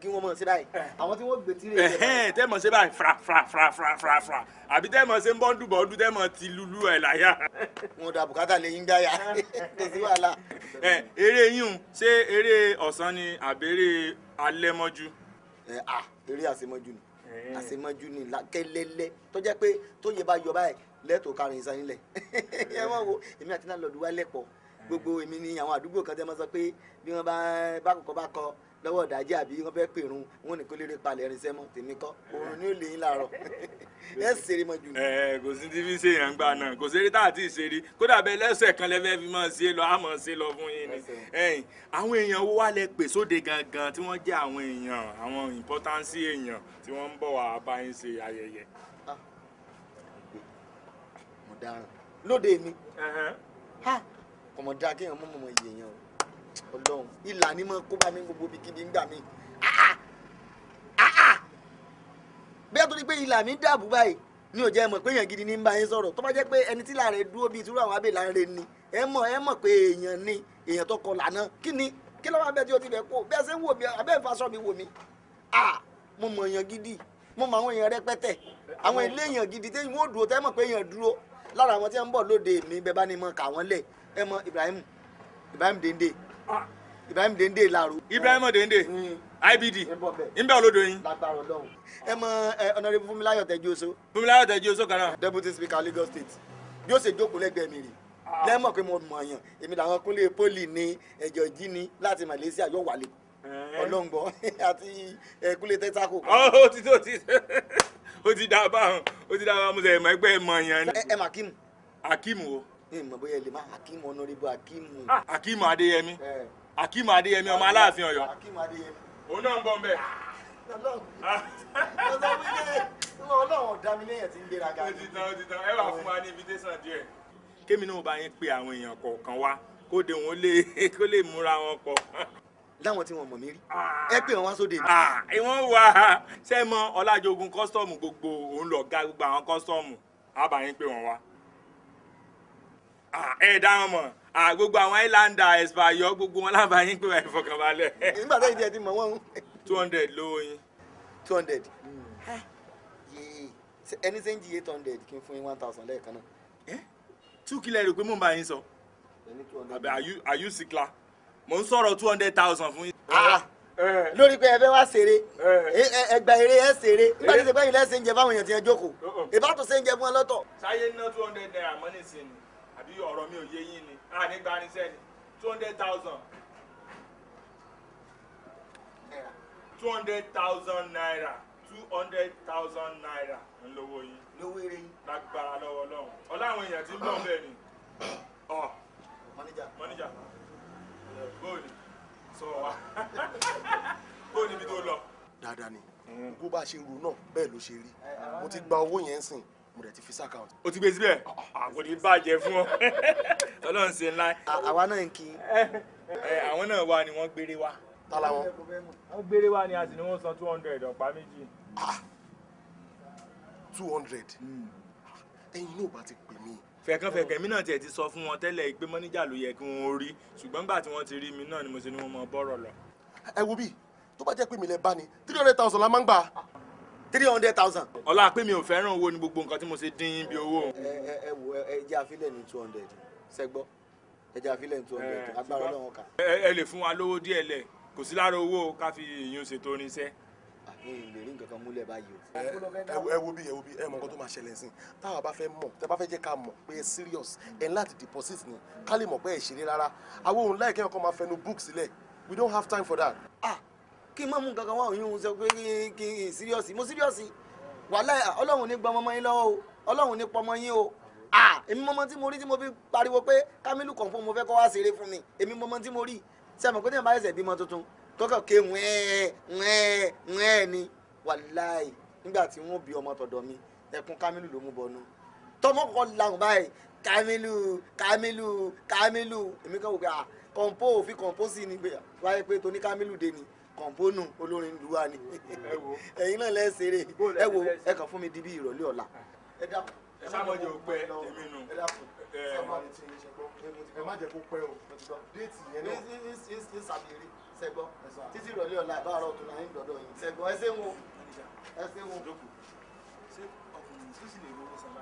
kí wọn máa ṣe báyìí àwọn tí wọn gbé tí lè jẹ. tẹ mọ ṣe báyìí fra fra fra fra fra fra àbí tẹ mọ ṣe ń bọ́ndù bọ́ndù tẹ mọ ti lulu ẹ̀ láyà. wọn da bùkátà lè yín gbáyà kò sí wàhálà. eré yín ṣé eré ọ̀sán ni àbẹ̀rẹ̀ alẹ́ mọ́jú. ẹ à eré àṣemọ́jú ni. Eh. àṣemọ́jú ni lákẹ́lẹ́lẹ́ tó jẹ́ pé tó yẹ bá yọ báyìí lẹ́tọ̀ọ́ karùn-ún ìsan nílẹ̀ ẹ wọ́n wo èmi àti náà lọ́ọ́ dùn wá lẹ́pọ̀ eh. gbogbo èmi ni àwọn àdúgbò kan tẹ́ mọ́ sọ pé bí wọ́n bá kọ́kọ́ bá kọ lọ́wọ́ ìdájí àbí wọ́n fẹ́ pèrun wọn ní kó lérè palẹ̀ irinṣẹ́ mọ́ tèmi kọ́ òun ni ó lè yín láàárọ̀ ẹ ṣeré mọ́ jù. ẹ kò sí ti fi ṣe èèyàn gbà náà kò ṣeré tá à ti ṣeré kódà bẹ lẹ́sẹ̀ kan lẹ́fẹ́ fi máa ṣe lọ àmọ́ ṣe lọ fún yín ni ẹ̀yin àwọn èèyàn wo wá lẹ pè sóde gangan tí wọ́n jẹ́ àwọn èèyàn àwọn ìmpọ́tánsì èèyàn tí wọ́n ń bọ̀ wá bá yín ṣe ayẹyẹ. Ah. mo dára lóde mi ọmọ dáa kéèyàn mọ́ mọ́ Ọlọ́run ìlà ni mo kó bá mi gbogbo bí kíbi ń gbà mí ah, ah, ah, bí a tó ní pé ìlà mi dàbù báyìí ní ò jẹ́ ẹ mọ̀ pé èèyàn gidi ní ń bá yín sọ̀rọ̀ tó bá jẹ́ pé ẹni tí láàrẹ̀ dúró bíi ìtura àwọn abẹ́là rẹ̀ ni ẹ mọ̀ ẹ mọ̀ pé èèyàn ni èèyàn tó kọ lànà kí ni kí ló wá bẹ́ẹ̀ tí o ti bẹ̀ kó bẹ́ẹ̀ ṣe ń wò mí abẹ́ ìfasọ́ mi wò mí mo mọ̀ èèyàn gidi mo mọ̀ àwọn èèyàn rẹpẹtẹ àwọn ilé èèyàn gidi tẹ́yìn wọ́n dúró tẹ́ mọ̀ pé èèyàn dúró lára àwọn tí wọ́n ń bọ̀ lóde mi bẹ́ẹ̀ bá ní mọ̀ kà wọ́n lẹ̀ ẹ mọ̀ Ibrahim Ibrahim Dende Ibrahim Dende laro. Ibrahim Dende IBD nbẹ olodo yin. ẹ mọ ọ̀nàrẹ́bù Fúnmiláyọ̀ Tẹ́júoso. Fúnmiláyọ̀ Tẹ́júoso kan náà. Deputy Speaker Lagos State yóò ṣe jókòó lẹ́gbẹ̀ẹ́ mi rè lẹ́mọ̀ ah. pé mo mọ̀ yàn èmi làwọn kúnlé poli ní ẹ̀jọ̀ jí ni láti Malaysia yóò wálé ọlọ́ngbọ́n àti ẹ̀kúlé tẹ́tàkù. ó ti tó ti ó ti dábàá ó ti dábàá mo sẹ̀ mọ́ ẹgbẹ́ mọ̀ yàn. ẹ ẹ màkímù. àkímù o ìmọ̀ bóyá lè má Akeem Honorable Akeem. Akeem ah, Adéyẹmí Akeem Adéyẹmí ọmọ Aláàfin Ọ̀yọ́ òun náà ń bọ̀ nbẹ. Ah. mi lẹ́yìn tí ń gbéra ga. Ó ti tán ó ti tán ẹ wà fún wa ní invitation díẹ̀. Kémi náà bá yín pe àwọn èèyàn kọ̀ọ̀kan wá kóde wọn lè kó lè múra wọn pọ̀ láwọn tí wọn mọ̀ mí rí ah. ẹ pé wọn wá sóde mi. ìwọ̀n wà á ṣe mọ ọlájogún kọ́sítọ́ọ̀mù gbogbo òun lọ̀gá gbogbo àwọn kọ́sítọ́ọ̀mù á bá yín pé wọ́n wá ẹ dá wọn gbogbo àwọn islander espanyol gbogbo wọn lábàá yín pé ìfọkànbalẹ̀. nígbà tó yìí díẹ̀ ti mọ̀ wọ́n. two hundred lówó yín. two hundred ẹni sẹ́yìn jí eight hundred kí n fún yín one thousand lẹ́ẹ̀kan náà. two kílẹ̀ rò pé mò ń bá yín sọ. àbẹ̀ àyù síkla mò ń sọ̀rọ̀ two hundred thousand fún yín. Ah! Eh. lórí pé ẹ fẹ́ wá ṣeré eh. ẹgbà eré ẹ ṣeré eh. nígbà tí ṣe báyìí lẹ́sìn jẹ fáwọn èèyàn ti ẹ jókòó uh-uh. ìbátò ṣe ń jẹ fún ẹ lọ́tọ̀. sáyé ná two hundred naira mọ́ nísìnyí àbí ọ̀rọ̀ mi ò yé yín ni a ní gbaniṣẹ́ ni two hundred thousand two hundred thousand naira two hundred thousand naira ńlọ́wọ́ yín lówó eré yín lágbára lọ́wọ́ Ọlọ́run ọláwọn èèyàn ti ń bọ̀ bẹ́ẹ̀ ni ọ mọ́níjà mọ́níjà bóòlì sọ wa bóòlì bí tó lọ. dáadáa ni bó bá ṣe rò náà bẹ́ẹ̀ ló ṣe rí mo ti gba owó yẹn sìn mo dẹ̀ ti fi sí account. o ti gbé síbẹ̀ ah, ah, ah, kò ní bàjẹ́ fún ọ ọlọ́run ṣe ńlá. àwa náà ń kí. Eh, àwọn náà wà ní wọ́n gbére wa. tala wọn. wọ́n gbére wa ni a sì ní wọ́n san two hundred ọ̀pá méjì. two hundred ẹyin náà bá ti pè mí. fẹ̀kànfẹ̀kẹ̀ mi náà tiẹ̀ ti sọ fún wọn tẹ́lẹ̀ pé mọ́níjà ló yẹ kí wọ́n rí ṣùgbọ́n nígbà tí wọ́n ti rí mi náà ni mo ṣe ni wọ́n mọ bọ́rọ̀ lọ. ẹ wo bí tó bá jẹ́ pé mi lẹ bá ni three hundred thousand la máa ń gbà three hundred thousand. ọlá pé mi ò fẹ́ràn owó ni gbogbo nǹkan tí mo ṣe dín bí owó. ẹ ẹ ẹ wo ẹ jẹ́ àfilẹ̀ ní two hundred ṣẹ́gbọ́ ẹ jẹ́ àfilẹ̀ ní two hundred agbára ọlọ́run kà. ẹ lè fún wa lówó díẹ̀ lẹ̀ kò sí lára owó ká fi èèyàn ṣètò oníṣẹ́. àmì ìlérí nǹkan kan múlẹ̀ báyìí o. ẹ wo bí ẹ wo bí ẹ mọ nǹkan tó máa ṣẹlẹ̀ sí i táwa bá fẹ́ mọ̀ tẹ́ bá fẹ́ jẹ́ ká mọ̀ pé ẹ serious ẹ̀ láti deposit ni ká lè mọ̀ pé ẹ̀ ṣeré rárá àwọn òun láì kẹ́yìn kan máa fẹnu book sílẹ̀ we don't have time for that. ah kí n má mú kankan wọn ò yún un sọ pé kí n síríọ̀sì mo síríọ̀sì wàláhì ọlọ́run ní gbọmọ ọmọ yín lọ́wọ́ o ọlọ́run ní pọmọ yín o èmi mọ́mọ́ tí mo rí tí mo fi pariwo pé Kamilu kọ̀ǹfọ̀ mo fẹ́ kọ́ wá ṣeré fún mi èmi mọ́mọ́ tí mo rí sẹ́mi kó tẹ̀ bá ẹsẹ̀ bímọ tuntun tọ́kọ̀ ké wẹ́ẹ́ wẹ́ẹ́ ni wàláhì nígbà tí wọ́n bí ọmọ tọ̀dọ̀ mi ẹkún Kamilu ló mú bọnu tọmọ kọ làwọn báyìí Kamilu Kamilu Kamilu èmi kan wò pé kọ̀ǹpó òfin kọ̀ǹpó sì ni wáyé pé tóní Kamilu dé ni kọ̀ǹpónù olórin ìlú wa ni ẹ̀yin náà lẹ́sẹ̀rẹ̀ ẹ wo ẹ kàn fún mi di bí ìrọ̀lẹ́ ọ̀la. ẹ dákun ẹ má jẹ́ kó pẹ́ èmi nù. ẹ dákun ẹ má jẹ́ kó pẹ́ o déètì yẹn náà. ń sàbẹ̀rẹ̀ sẹ́gbọ́ títí ìrọ̀lẹ́ ọ̀la ìbára ọ̀tún náà ń dọ̀dọ̀ yìí sẹ́gbọ́ ẹ ṣé ń wo ẹ ṣé ń wo. ṣé ọkùnrin tó sì lè rówó sábà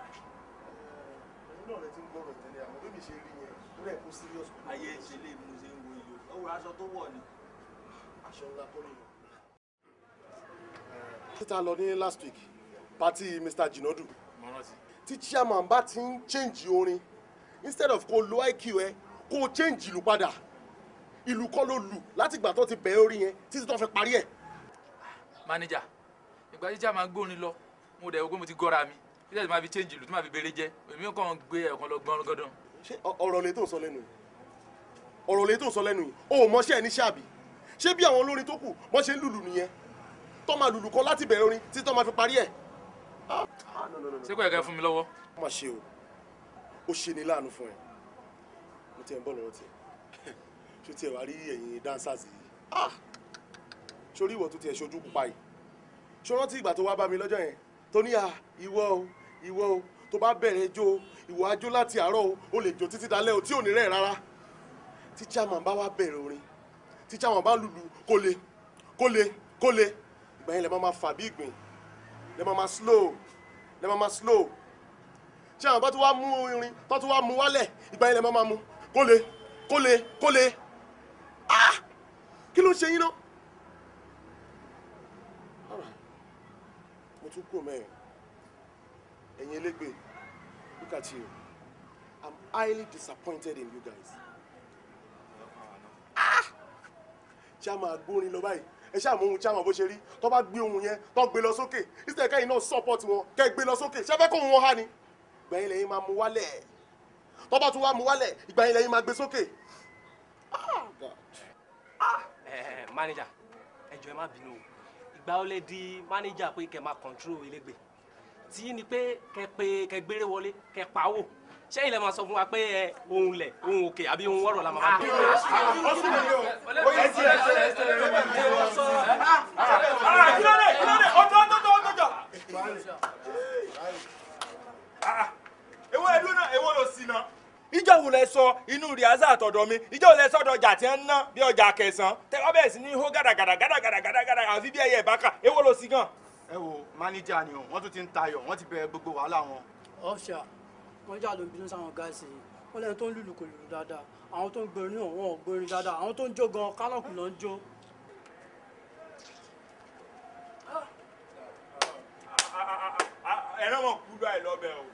náà lè ti ń gbọ́rọ̀ tẹ́lẹ̀ àwọn bébì ṣe rí yẹn lórí ẹ̀kú serious. ayé ìṣẹ̀lẹ̀ ìmúṣe ń wo iye owó aṣọ tó wọ̀ ni aṣọ ńlá kórè yìí. títa lọ ní last week pati mr jinodu tí chairman bá ti ń change orin instead of kó lo iq ẹ kó change ìlú padà ìlú kọ́ ló lù láti ìgbà tó ti bẹ̀ẹ́ orin yẹn títí tó fi parí ẹ̀. manager ìgbà tí chairman gbórin lọ mo dẹ̀ ogún mo ti gọ́ra mi títí àti máa fi change ìlú tí máa fi béèrè jẹ èmi kàn gbé ẹ̀kan lọ gbọ́n gọ́dọ̀. ṣé ọ̀rọ̀ lè tó sọ lẹ́nu yìí ọ̀rọ̀ lè tó sọ lẹ́nu yìí o ò mọṣẹ́ ẹ ní ṣáàbì ṣé bí àwọn olórin tó kù wọ́n ṣe ń lùlù nìyẹn tó máa lùlù kan láti bẹ̀rẹ̀ orin títí tó máa fi parí ẹ̀. ṣé kò yẹ ká fún mi lọ́wọ́. ó mà ṣe o ó ṣe ni láàánú fún ẹ mo tiẹ̀ ń bọ̀ lọ́wọ́ tiẹ̀ ṣé tiẹ̀ wá rí ẹ̀yin dancers yìí sórí ah! ìwọ tó tiẹ̀ ṣojú pupa yìí ṣó rántí ìgbà tó wá bá mi lọ́jọ́ yẹn tó ní à ìwọ o ìwọ o tó bá bẹ̀rẹ̀ jó ìwọ ajó láti àárọ̀ o lè jó títí dalẹ́ o tí ò ní rẹ̀ rárá tí chairman bá wá bẹ̀rẹ̀ orin tí chairman bá Lulu, kó le kó le kó le ìgbà yẹn lè máa máa fà bí ìgbìn lè máa slow lè máa máa slow chairman bá tún wá mú irin tó tún wá mú wálẹ̀ ìgbà yẹn lè máa máa mú kó le kó le kó le ah kí ló ń ṣe yín náà. mo tún kúrò mẹ́rin ẹ̀yin elégbè look at you i'm highly disappointed in you guys. chairman agbórin lọ báyìí ẹ ṣáà mọ ohun chairman bó ṣe rí tó bá gbé ohun yẹn tó gbé lọ sókè instead kẹ́yìn náà support wọn kẹ́ gbé lọ sókè ṣẹ́fẹ́ kó wọn há ni gbẹ̀yìn lẹ́yìn máa mú wálẹ̀ tó bá tún wá mú wálẹ̀ ìgbẹ̀yìn lẹ́yìn máa gbé sókè. Ah! Ah! Eh, eh, manager ẹ jọ̀ọ́ ẹ má bínú o ìgbà ó lè di manager pé kẹ́ máa control ilégbè tí ni pé kẹ́ pé kẹ́ gbére wọlé kẹ́ pawó ṣé ilẹ̀ máa sọ fún wa pé ẹ ohun lẹ̀ ohun òkè àbí ohun wọ́rọ̀ la máa bí. ìjọ wo lẹ sọ inú rìhásà àtọ̀dọ̀ mi ìjọ wo lẹ sọ ọjà tí ń ná bí ọjà kẹsàn-án tẹ́wọ́ bẹ̀rẹ̀ sí ní hó gàdàgàdà gàdàgàdà àfi bí ẹyẹ ìbáka èwo ló sì gan. ẹ wo máníjà ni o wọn tún ti ń tayọ wọn ti bẹ̀rẹ̀ gbogbo wàhálà wọn. ọ̀ṣà wọ́n jà ló bínú sáwọn gáàsì yìí wọ́n lẹ́nu tó ń lùlù kò lùlù dáadáa àwọn tó ń gbẹ̀rún náà wọ́n ò gbẹ̀rún dáadáa àwọn tó ń jó gan kálọ̀kù ló ń jó. ẹ̀rọ wọn kú lọ àìlọ́bẹ̀ o.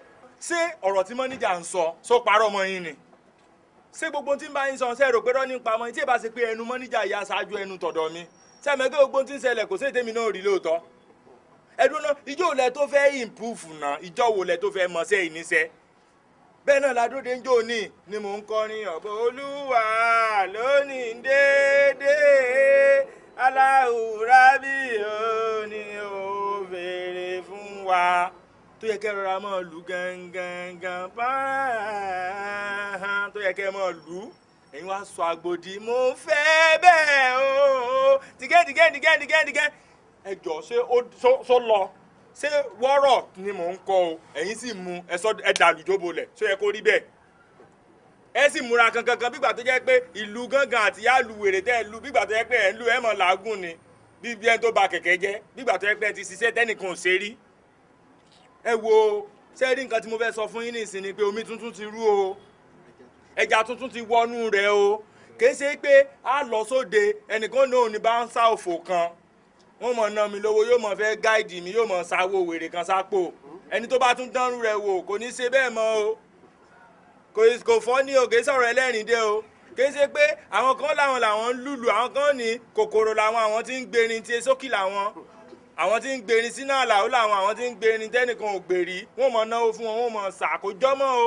ṣé ọ̀rọ̀ tí mọ́níjà ń sọ sọ parọ́ mọ́ yín ni ṣé gbogbo tí ń bá yín sọ ṣe rò pé rọ́ ní pamọ́ tí èbá ṣe pé ẹnu mọ́níjà yà ṣáájú ẹnu tọ̀dọ̀ mi sẹ́mi pé gbogbo tí ń ṣẹlẹ̀ kò sí ètèmi náà rí lóòótọ́ ẹ̀dùn náà ìjọ́ wo lẹ tó fẹ́ improve náà ìjọ́ wo tó fẹ́ mọ̀ ṣe ìníṣẹ́ bẹ́ẹ̀ náà ládúródé ń jò ní ni mò ń kọrin ọ̀bọ olúwa lónìí déédéé aláwùrá bí òní ò béèrè fún wa tó yẹ kẹ́ rọra mọ́ lù gangan pààhàn tó yẹ kẹ́ mọ́ lù ẹ̀yin wá sọ àgbòdì mo fẹ́ bẹ́ẹ̀ o tìgẹ́ tìgẹ́ tìgẹ́ tìgẹ́ tìgẹ́ ẹ̀jọ̀ ṣé ó lọ ṣé wọ́rọ̀ ni mò ń kọ o ẹ̀yin sì mu ẹ̀dà àlùjọbọ lẹ̀ ṣó yẹ kó rí bẹ́ẹ̀ ẹ sì múra kankankan bígbà tó jẹ́ pé ìlú gángan àti yáàlú wèrè tẹ́ ẹ lu bígbà tó jẹ́ pé ẹ̀ ń lu ẹ̀ mọ̀ làágùn ni bí bí ẹni tó ba kẹ̀kẹ́ jẹ́ bígbà tó jẹ́ pé ẹ ti ṣiṣẹ́ tẹ́nìkan ò ṣe rí ẹ wo ṣé rí nǹkan tí mo fẹ́ sọ fún yín nìsín ni pé omi tuntun ti rú o ẹja tuntun ti wọnú rẹ o kì í ṣe pé a lọ sóde ẹnìkan náà ò ní bá ń sá òfò kan wọ́n mọ̀ ná mi lówó yóò mọ̀ fẹ́ gáìdì mi yóò mọ̀ sáwó wèrè kan sápò ẹni tó bá tún dánrú rẹ̀ wò kò ní ṣe bẹ́ẹ̀ mọ́ o kò fọ́ ní o kì í sọ̀rọ̀ ẹlẹ́rìn dé o kì í ṣe pé àwọn kan làwọn làwọn ń lùlù àwọn kan ní kòkòrò làwọn àwọn tí ń gbèrin tí sókì làwọn àwọn tí ń gbèrin sínú àlàó làwọn àwọn tí ń gbèrin tẹ́nìkan ò gbèrí wọ́n mọ̀ náwó fún wọn wọ́n mọ̀ ṣàkójọ́mọ́ o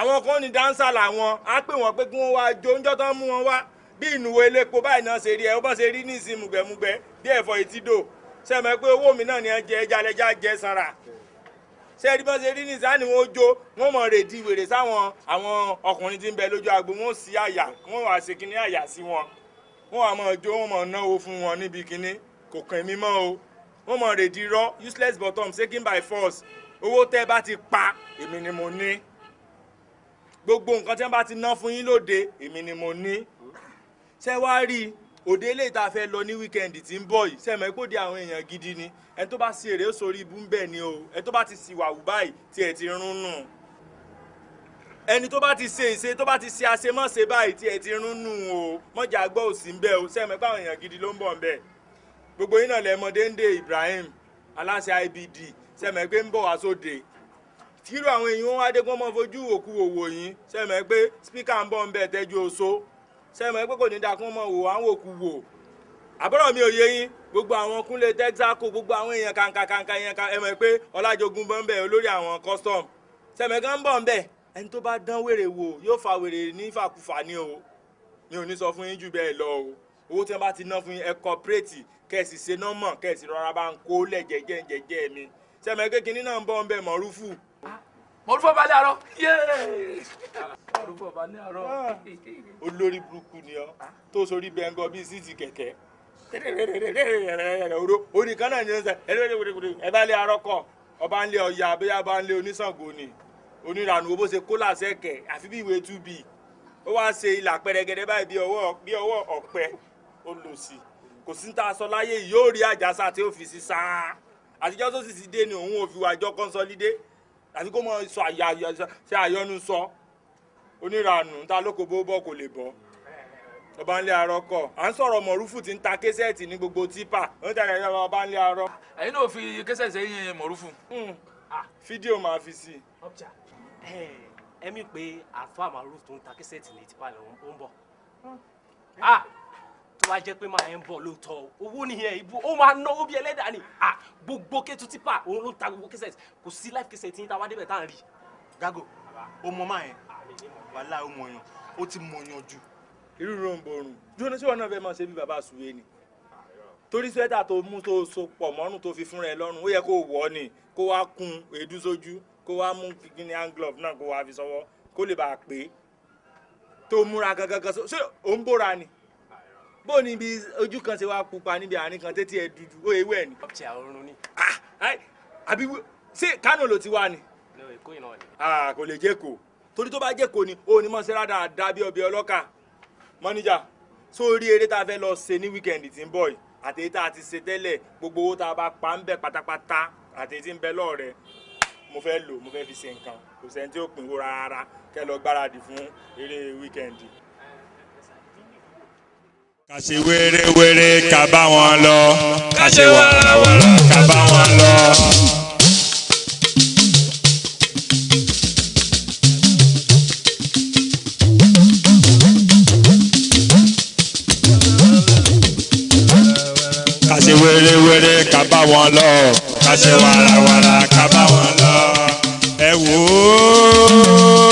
àwọn kan ní dáńsà làwọn á pè wọ́n pé kí wọ́n wá jó oúnjẹ tó ń mú wọn wá bí ìnùwọ̀ elépo báyìí náà ṣe rí ẹ ó bá ṣe rí ní ìsìn mùgbẹ́mùgbẹ́ bí ẹ̀fọ́ etí dò sẹ́mi pé owó mi náà ni ẹ jẹ ẹja lẹ́jà jẹ sanra ṣé ẹni bá ṣe rí nìsá ni wọ́n jó wọ́n mọ̀ rèdí wèrè sáwọn àwọn ọkùnrin tí ń bẹ lójú agbo wọ́n sì àyà wọ́n wà ṣe kínní àyà sí wọn wọ́n wà mọ̀ jó wọ́n mọ̀ náwó fún wọn níbi kínní kò kàn mí mọ́ o wọ́n mọ̀ rèdí rọ́ useless bottom taken by force owó tẹ́ bá ti pa èmi ni mo ní gbogbo nǹkan tẹ́ bá ti ná fún yín lóde èmi ni mo ní ṣé wàá rí i òde eléyìí tá a fẹ́ lọ ní wíkẹ́ndì tí ń bọ̀ yìí sẹ́mi pòdì àwọn èèyàn gidi ni ẹ tó bá sí èrè sórí ibú ń bẹ̀ ni o ẹ tó bá ti sì wàwù báyìí tiẹ̀ ti rún nù ẹni tó bá ti ṣe ìṣe tó bá ti ṣe àṣemọ́ṣe báyìí tiẹ̀ ti rún nù o mọ́jà gbọ́ òsì ń bẹ̀ o sẹ́mi pé àwọn èèyàn gidi ló ń bọ̀ ń bẹ̀ gbogbo yín náà lẹ́mọ déńdé Ibrahim aláṣẹ IBD sẹ́mi pé ń bọ̀ wá sóde tírú àwọn èèyàn wọn adé kí wọ́n mọ fojú òkú òwò yín sẹ́mi pé spíkà ń sẹ́mọ̀ pé kò ní dáa kí wọ́n mọ̀ wò àwọn òkú wò àbúrò mi ò yé yín gbogbo àwọn kúnlẹ̀ texaco gbogbo àwọn èèyàn kàǹkàǹkà èèyàn kan ẹ mọ̀ pé ọlájogún bọ́ ń bẹ̀ olórí àwọn custom sẹ́mọ̀ kan ń bọ̀ ń bẹ̀ ẹni tó bá dán wèrè wò yóò fa wèrè ní fàkúfà ní o mi ò ní sọ fún yín jù bẹ́ẹ̀ lọ o owó tí wọ́n bá ti ná fún yín ẹ kọ́pẹ́rẹ́tì kẹ̀sì ṣe nọ́mọ̀ kẹ̀sì rọra bá ń kó lẹ̀ jẹ́jẹ́ jẹ́jẹ́ mi sẹ́mọ̀ kékeré náà ń bọ̀ ń bẹ̀ mọ̀rúfù mo rúfọ́ balẹ̀ àárọ̀ rúfọ́ balẹ̀ àárọ̀. Ah! olórí burúkú ni ọ tó sori bẹ́ńgọ́ bíi síìtì kẹ̀kẹ́ orin kan náà ni ó ń sẹ ẹ bá lé arọ kọ ọba ń lé ọya abẹ́yà bá ń lé oníṣàngó ni onírànú bó ṣe kó làṣẹkẹ àfi bí ìwé tú bì ó wá ṣe ìlà pẹrẹgẹdẹ báyìí bí ọwọ́ ọ̀pẹ olòṣì kò sí ta sọ láyé yóò rí àjàsà tí ó fi sí sáà àtijọ́ tó sì ti dé ni òun ò fi wà kọ́ńsọ́lídé àti kó mọ sọ ṣe àyọnu sọ oníranù ta lóko bó bọ́ kò lè bọ́ ọba ńlẹ arọ kọ à ń sọ̀rọ̀ mọrúfù tí ń ta kẹsẹẹtì ní gbogbo tipa ó ń tẹ̀lé ọba ńlẹ arọ. ẹ̀yin náà fi kẹsẹẹtì yín mọrúfù. Hmm. Ah, fídíò máa fi sí i. ẹ̀mí pé àfọ àmàrúfù tó ń ta kẹsẹẹtì ní tipa ló ń bọ̀. Hmm. Ah! wá jẹ́ pé máa ń bọ̀ lóòótọ́ owó nìyẹn ìbú ó máa ná owó bí ni gbogbo kẹ́tù tipa òun ló ta gbogbo kẹsẹ̀t kò sí life kẹsẹ̀t tí ń ta wá débẹ̀ tá à ń rí. gago o mọ máa yẹn wàhálà o mọ yan o ti mọ yan jù. irú ròǹbò rùn jóná sí wọn náà fẹ́ máa ṣe bí bàbá àsúwé ni torí sẹ́tà tó mú tó so pọ̀ mọ́rùn tó fi fún rẹ lọ́rùn ó yẹ kó wọ̀ ọ́ ni kó wá kun èédú sójú kó wá mú kíní hand glove náà kó wá fi sọ́wọ́ kó lè bàa pé tó múra gangan gan so ṣé ò ń bóra ni bó ni ibi ojú kan ṣe wá pupa níbi àárín kan tètè ẹ dúdú ó ewé ẹ ni. ọ̀pẹ̀ àrùn ni. Ah, àbí ṣé Kánò ló ti wá ni. èkó ìnáwó ni. Ah, kò lè jẹ́ kó torí tó bá jẹ́ kó ni ó ní mọ́ṣẹ́ rádà dábí ọbẹ̀ ọlọ́kà mọ́níjà sórí eré tá a fẹ́ lọ ṣe ní wíkẹ́ndì tí ń bọ̀ yìí àti èyí tá a ti ṣe tẹ́lẹ̀ gbogbo owó tá a bá pa ń bẹ̀ pátápátá àti èyí tí ń bẹ lọ́ọ̀rẹ́ mo fẹ́ lò mo fẹ́ fi ṣe nǹkan kò sẹ́ni tí ó pín wo rárá kẹ́ lọ gbáradì fún eré wíkẹ́ndì ká ṣe wéré-wéré ká bá wọn lọ ká ṣe wàràwàrà ká bá wọn lọ. ká ṣe wéré-wéré ká bá wọn lọ ká ṣe wàràwàrà ká bá wọn lọ. ẹ wò ó.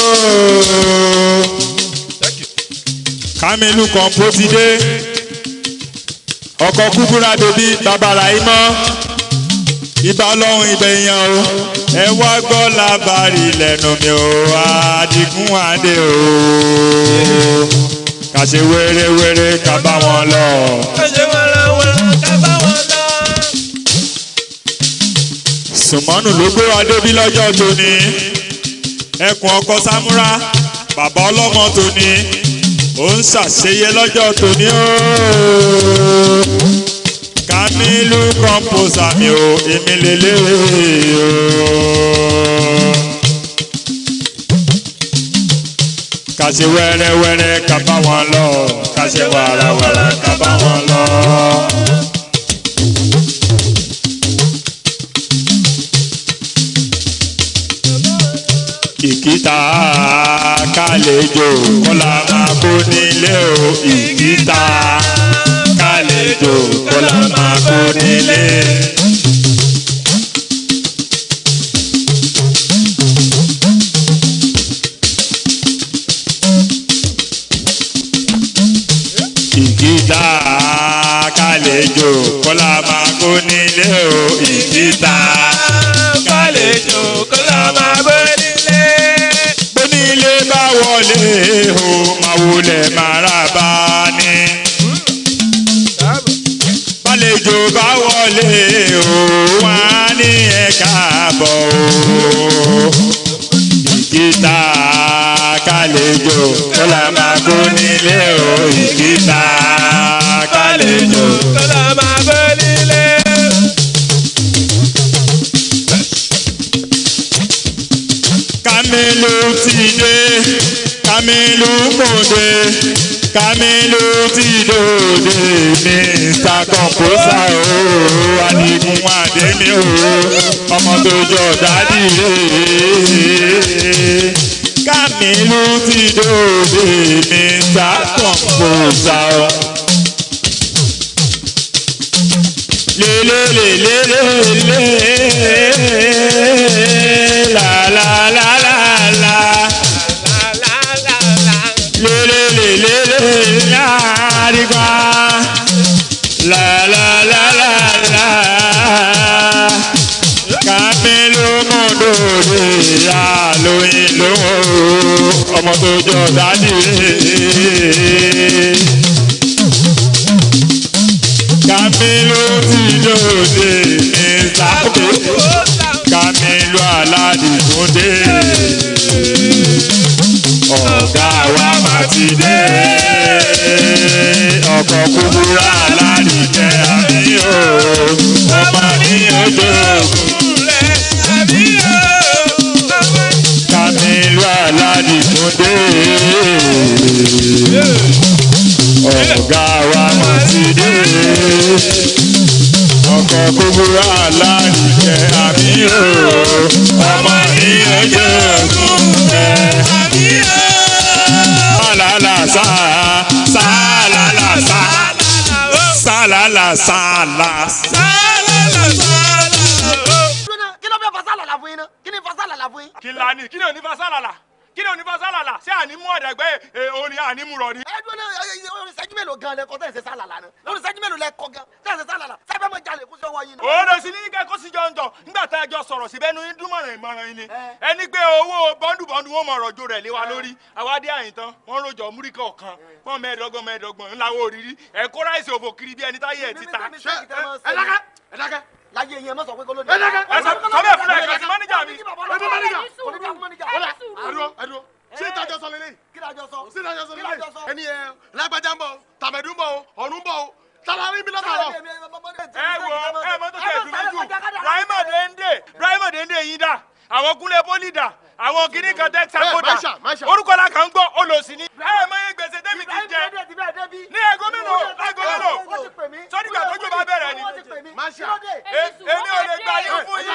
Kamilu kan bó ti dé ọkọ̀ kúbúra dòbí bàbàrà yìí mọ́ ibà ọlọ́run ìbẹ̀yàn o ẹ wá gbọ́ lábàárì lẹ́nu mi o àdìgún àdé o kàṣe wérewére ká bá wọn lọ. kàṣe wérewére ká bá sùmọ́nù ló gbé wa lọ́jọ́ tóní ẹkùn ọkọ̀ sámúrà bàbá ọlọ́mọ tóní ó ń ṣàṣeyẹ lọ́jọ́ tòní ooo Kamilu kọ́mpósà mi ò èmi lélẹ̀ ooo. kàṣe wẹ́rẹ́wẹ́rẹ́ kà bá wọn lọ kàṣe wàràwàrà kà wọn lọ. ìkítà kálejò kọ́lá máa kó nílé o ìkítà kálejò kọ́lá máa kó nílé. ìkítà kálejò kọ́lá máa kó nílé o ìkítà. o máa wulẹ̀ máa rà bá wọlé o. ọmọ tó jọ dádì rèé Kamilu ti dòde mi ta kọ̀m̀pọ̀sà ọ. lélẹ́lẹ́lẹ́. ìyá lóyún lówó ọmọ tó jọ dádì Kamilu ti lóde ní sáfẹ́ Kamilu aládìgúndé ọ̀gá wa máa ti dé ọkọ̀ kúkúrú àná. dé. Ọ̀gá wa mà ti dé. Ọkọ̀ kúburú aláìjẹ àbí o. Ọmọ ìyẹn jẹ́ ògùn rẹ̀ àbí o. Sálálà sáà sálálà sáà sálálà sálà. Sálálà Kini Kí ló fẹ́ fasálà la fún yín ni fasálà la fún la la? ṣé ànímú ọ̀dàgbẹ́ orin ànímú rọ ni. ẹ dúró ní orin ṣẹ́jú mélòó gan lẹ́kọ́ tẹ̀sẹ̀ sálàlà ni orin ṣẹ́jú mélòó lẹ́kọ́ gan tẹ̀sẹ̀ sálàlà sábẹ́ mọ̀ jalè kó sọ́wọ́ yín. òòrò sí ní kẹ́kọ́ sí jọ ń jọ nígbà tá a jọ sọ̀rọ̀ síbẹ̀ nu dúmọ̀ràn ìmọ̀ràn yín ni ẹni gbé owó bọ́ndùbọ́ndù wọn mọ̀ rọ̀jò rẹ̀ lé wa lórí àwádìí àyìntàn wọn rojọ múríkà ọ̀kan wọn mẹ́ẹ̀ẹ́dọ́gbọ̀n mẹ́ẹ̀ẹ́dọ́gbọ̀n ńlá wo òrírí ẹ̀ kó ráìsì òfò kiri bí ẹni táyé ẹ̀ ti ta. ẹ dákẹ́ ẹ dákẹ́ láyé yẹn mọ̀sán pé kó ló dé. ẹ dákẹ́ ẹ sọ bẹ́ẹ̀ fún ẹ kàtí máníjà mi. ẹ bí máníjà. ẹ bí sùúrù ẹ bí sùúrù sí ìtajọ sọ lélẹ̀ sí ìtajọ sọ lélẹ̀ ẹni ẹ lágbájá ń bọ̀ tàmẹ̀dún bọ̀ ọ̀run bọ̀ talari bi lọ́sàrọ̀. ẹ wo ẹ mọ́tò tẹ̀ dùn mí jù Ibrahim Dende Ibrahim Dende yín dà àwọn kúnlẹ̀ pọ́lì dà àwọn gíní kan dẹ́sàkódà orúkọ la kàn ń gbọ́ olòṣì ni. ẹ mọ iye gbèsè débi ti jẹ ní ẹgọ mélòó lágọ mélòó sọdí gbà tójú bá bẹ̀rẹ̀ ni. èmi ò lè gba yín fún yín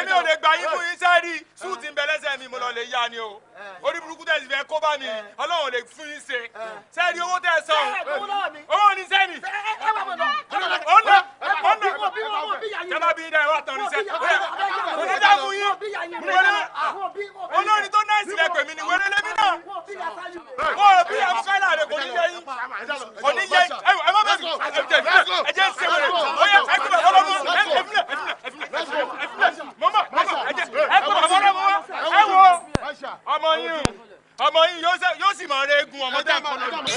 èmi ò lè gba yín fún yín sẹ́ẹ̀rì súùtì ń bẹ lẹ́sẹ̀ mi mo lọ lè yá ni o eh. orí burúkú tẹ̀sí fẹ́ kó bá mi eh. ọlọ́run ò lè fún yín ṣe sẹ́ẹ̀rì eh. owó tẹ̀ sọ owó ní sẹ́ẹ̀rì ọ̀nà ọ̀nà tẹ́lá bí dá ẹ wá tán ní sẹ́ẹ̀rì olórí tó náà ìsìlẹ̀ pè mí ni wẹ́rẹ́ lẹ́mí náà wọ́n rò bí afọ́lá rẹ̀ kò ní yẹ yín kò ní yẹ yín ẹ má bẹ̀rù ẹ jẹ́ ṣe wẹ̀rẹ̀ ó yẹ ẹ gbọ́dọ̀ ọlọ́ mú ẹ fílẹ̀ ẹ fílẹ̀ ẹ fílẹ̀ mọ́mọ́ mọ́mọ́ ẹ jẹ́ ẹ gbọ́dọ̀ ọlọ́ mú ẹ wọ ọmọ yín ọmọ yín yóò sì máa rẹ egun ọmọ tá a kọ́ lónìí.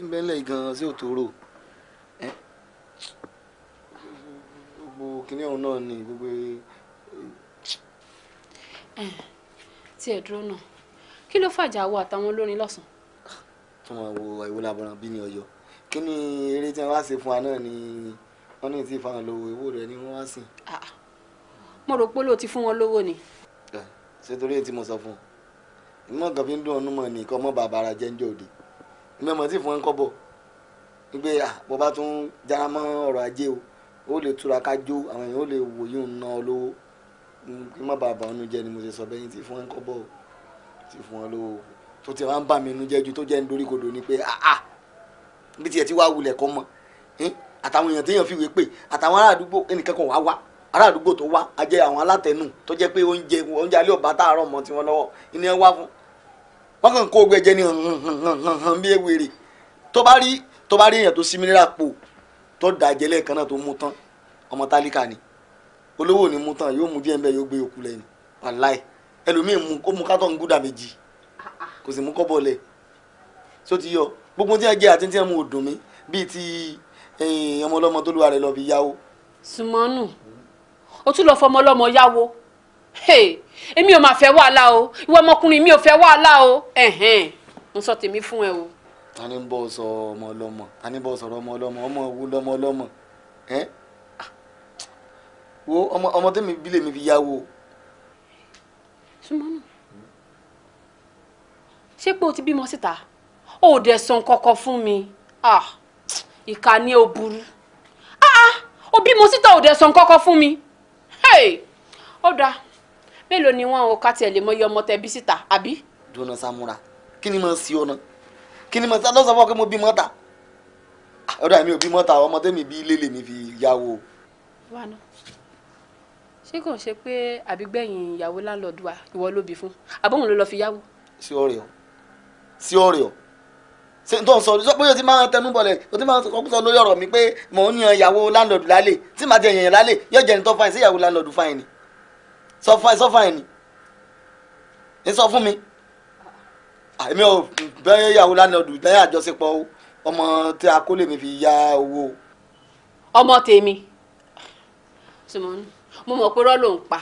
tí ń bẹ ńlẹ̀ gan-an sí òtòrò gbogbo kinní ọ̀hún náà ni gbogbo. E. tí ẹ dúró náà kí ló fàjà wo àtàwọn olórin lọ́sàn. tó máa wo àìwò làbọ̀ràn bí ní ọyọ kí ni eré tí wọn wá ṣe fún wa náà ni wọn ní tí ìfahàn lówó owó rẹ ni wọn wá sìn. mo rò pé ló ti fún wọn lówó ni. ṣé torí èyí tí mo sọ fún ọ ìmọ̀ kan fi ń dún ọ̀nùmọ̀ nìkan mọ́ bàbá ara jẹ́ ń jò òde ìmọ̀ mọ̀ tí fún wọn kọ́ bọ̀ wípé ah, bó bá tún jára mọ́ ọ̀rọ̀ ajé o ó lè túra ká jó àwọn èèyàn ó lè wò yóò ná ọ lówó kí má bàa bà ọ́nú jẹ́ ni mo ṣe sọ bẹ́yìn tí fún wọn kọ́ bọ̀ o tí fún wọn lówó tó ti wá ń bà mí inú jẹ́ ju tó jẹ́ ń dorí kodò ni pé àà ah, ah, bí tiẹ̀ ti wá wulẹ̀ kọ́ mọ́ àtàwọn èèyàn téèyàn fi wé pé àtàwọn ará ẹnìkan kan wá wá ará tó wá a àwọn alátẹnu tó jẹ pé oúnjẹ oúnjẹ alẹ́ ọ̀bá tá mọ́ tiwọn lọ́wọ́ iná wá fún wọ́n kàn kó gbẹ̀jẹ̀ ní hàn bí ewèrè tó bá rí tó bá rí èèyàn tó sí mineral pò tó dàjẹ́ lẹ́ẹ̀kan náà tó mú tán ọmọ tálíkà ni olówó ni mú tán yóò mú díẹ̀ nbẹ yóò gbé òkú lẹ́yìn wàláì ẹlòmíì mú ó mú kátó ngúdà méjì kò sì mú kọ́ bọ́ọ̀lẹ̀ tó ti yọ gbogbo tí ẹ jẹ àti tí ẹ mú òdùn mi bíi ti ọmọ ọlọ́mọ tó lù ara rẹ lọ fi yáwó. sùmọ́nù o tún lọ fọmọ ọlọ́mọ yáwó èmi ò máa fẹ́ wàhálà o ìwọ ọmọkùnrin mi ò fẹ́ wàhálà o n sọ tèmi fún ẹ o. a ní bọ́ sọ ọmọ ọlọ́mọ a ní bọ́ sọ̀rọ̀ ọmọ ọlọ́mọ ọmọ òwú lọ́mọ ọlọ́mọ wo ọmọ tẹ́mi bí lèmi fi yáwó. súnmọ́nù ṣé pé o ti bímọ síta o ò dẹ̀ sọ kọ́kọ́ fún mi ah, ìkà ni o burú ah, ah, o bímọ síta o ò dẹ̀ sọ kọ́kọ́ fún mi ó dáa mélòó ni wọn ò ká tiẹ̀ lè mọ iye ọmọ tẹ bí síta àbí. dùnà samura kí ni mo sí ọ náà kí ni mo sá lọ́sọ̀ fún ọ pé mo bí mọ́ta ah, ọ̀dọ̀ àmì òbí mọ́ta ọmọ tẹ́mi bí ilé lèmi fi yáwó. wo á náà ṣé kò ń ṣe pé àbígbẹ̀yìn ìyàwó láńlọ́ọ̀dù wa ìwọ ló bí fún àbóhùn ló lọ fi yáwó. sí ọ̀rẹ́ ọ sí ọ̀rẹ́ ọ ṣe tó ń sọ ọ pé o ti máa ń tẹnu bọlẹ̀ o ti máa ń sọ lórí ọ̀rọ̀ mi pé mò ń yan ìyàwó láńlọ́ọ̀dù lálẹ́ tí màá ti yàn yàn lálẹ́ yóò jẹ́ ẹni tó fáyín sí ìyàwó láńlọ́ọ̀dù fáyín ni sọ fún ẹ sọ fún ẹ ni ẹ sọ fún mi èmi ò bẹ́ẹ̀ yàwó lánàá dùn bẹ́ẹ̀ àjọṣepọ̀ ọmọ tí a kó lè mi fi ya owó. ọmọ tèmi mo mọ̀ pé irọ́ ló ń pa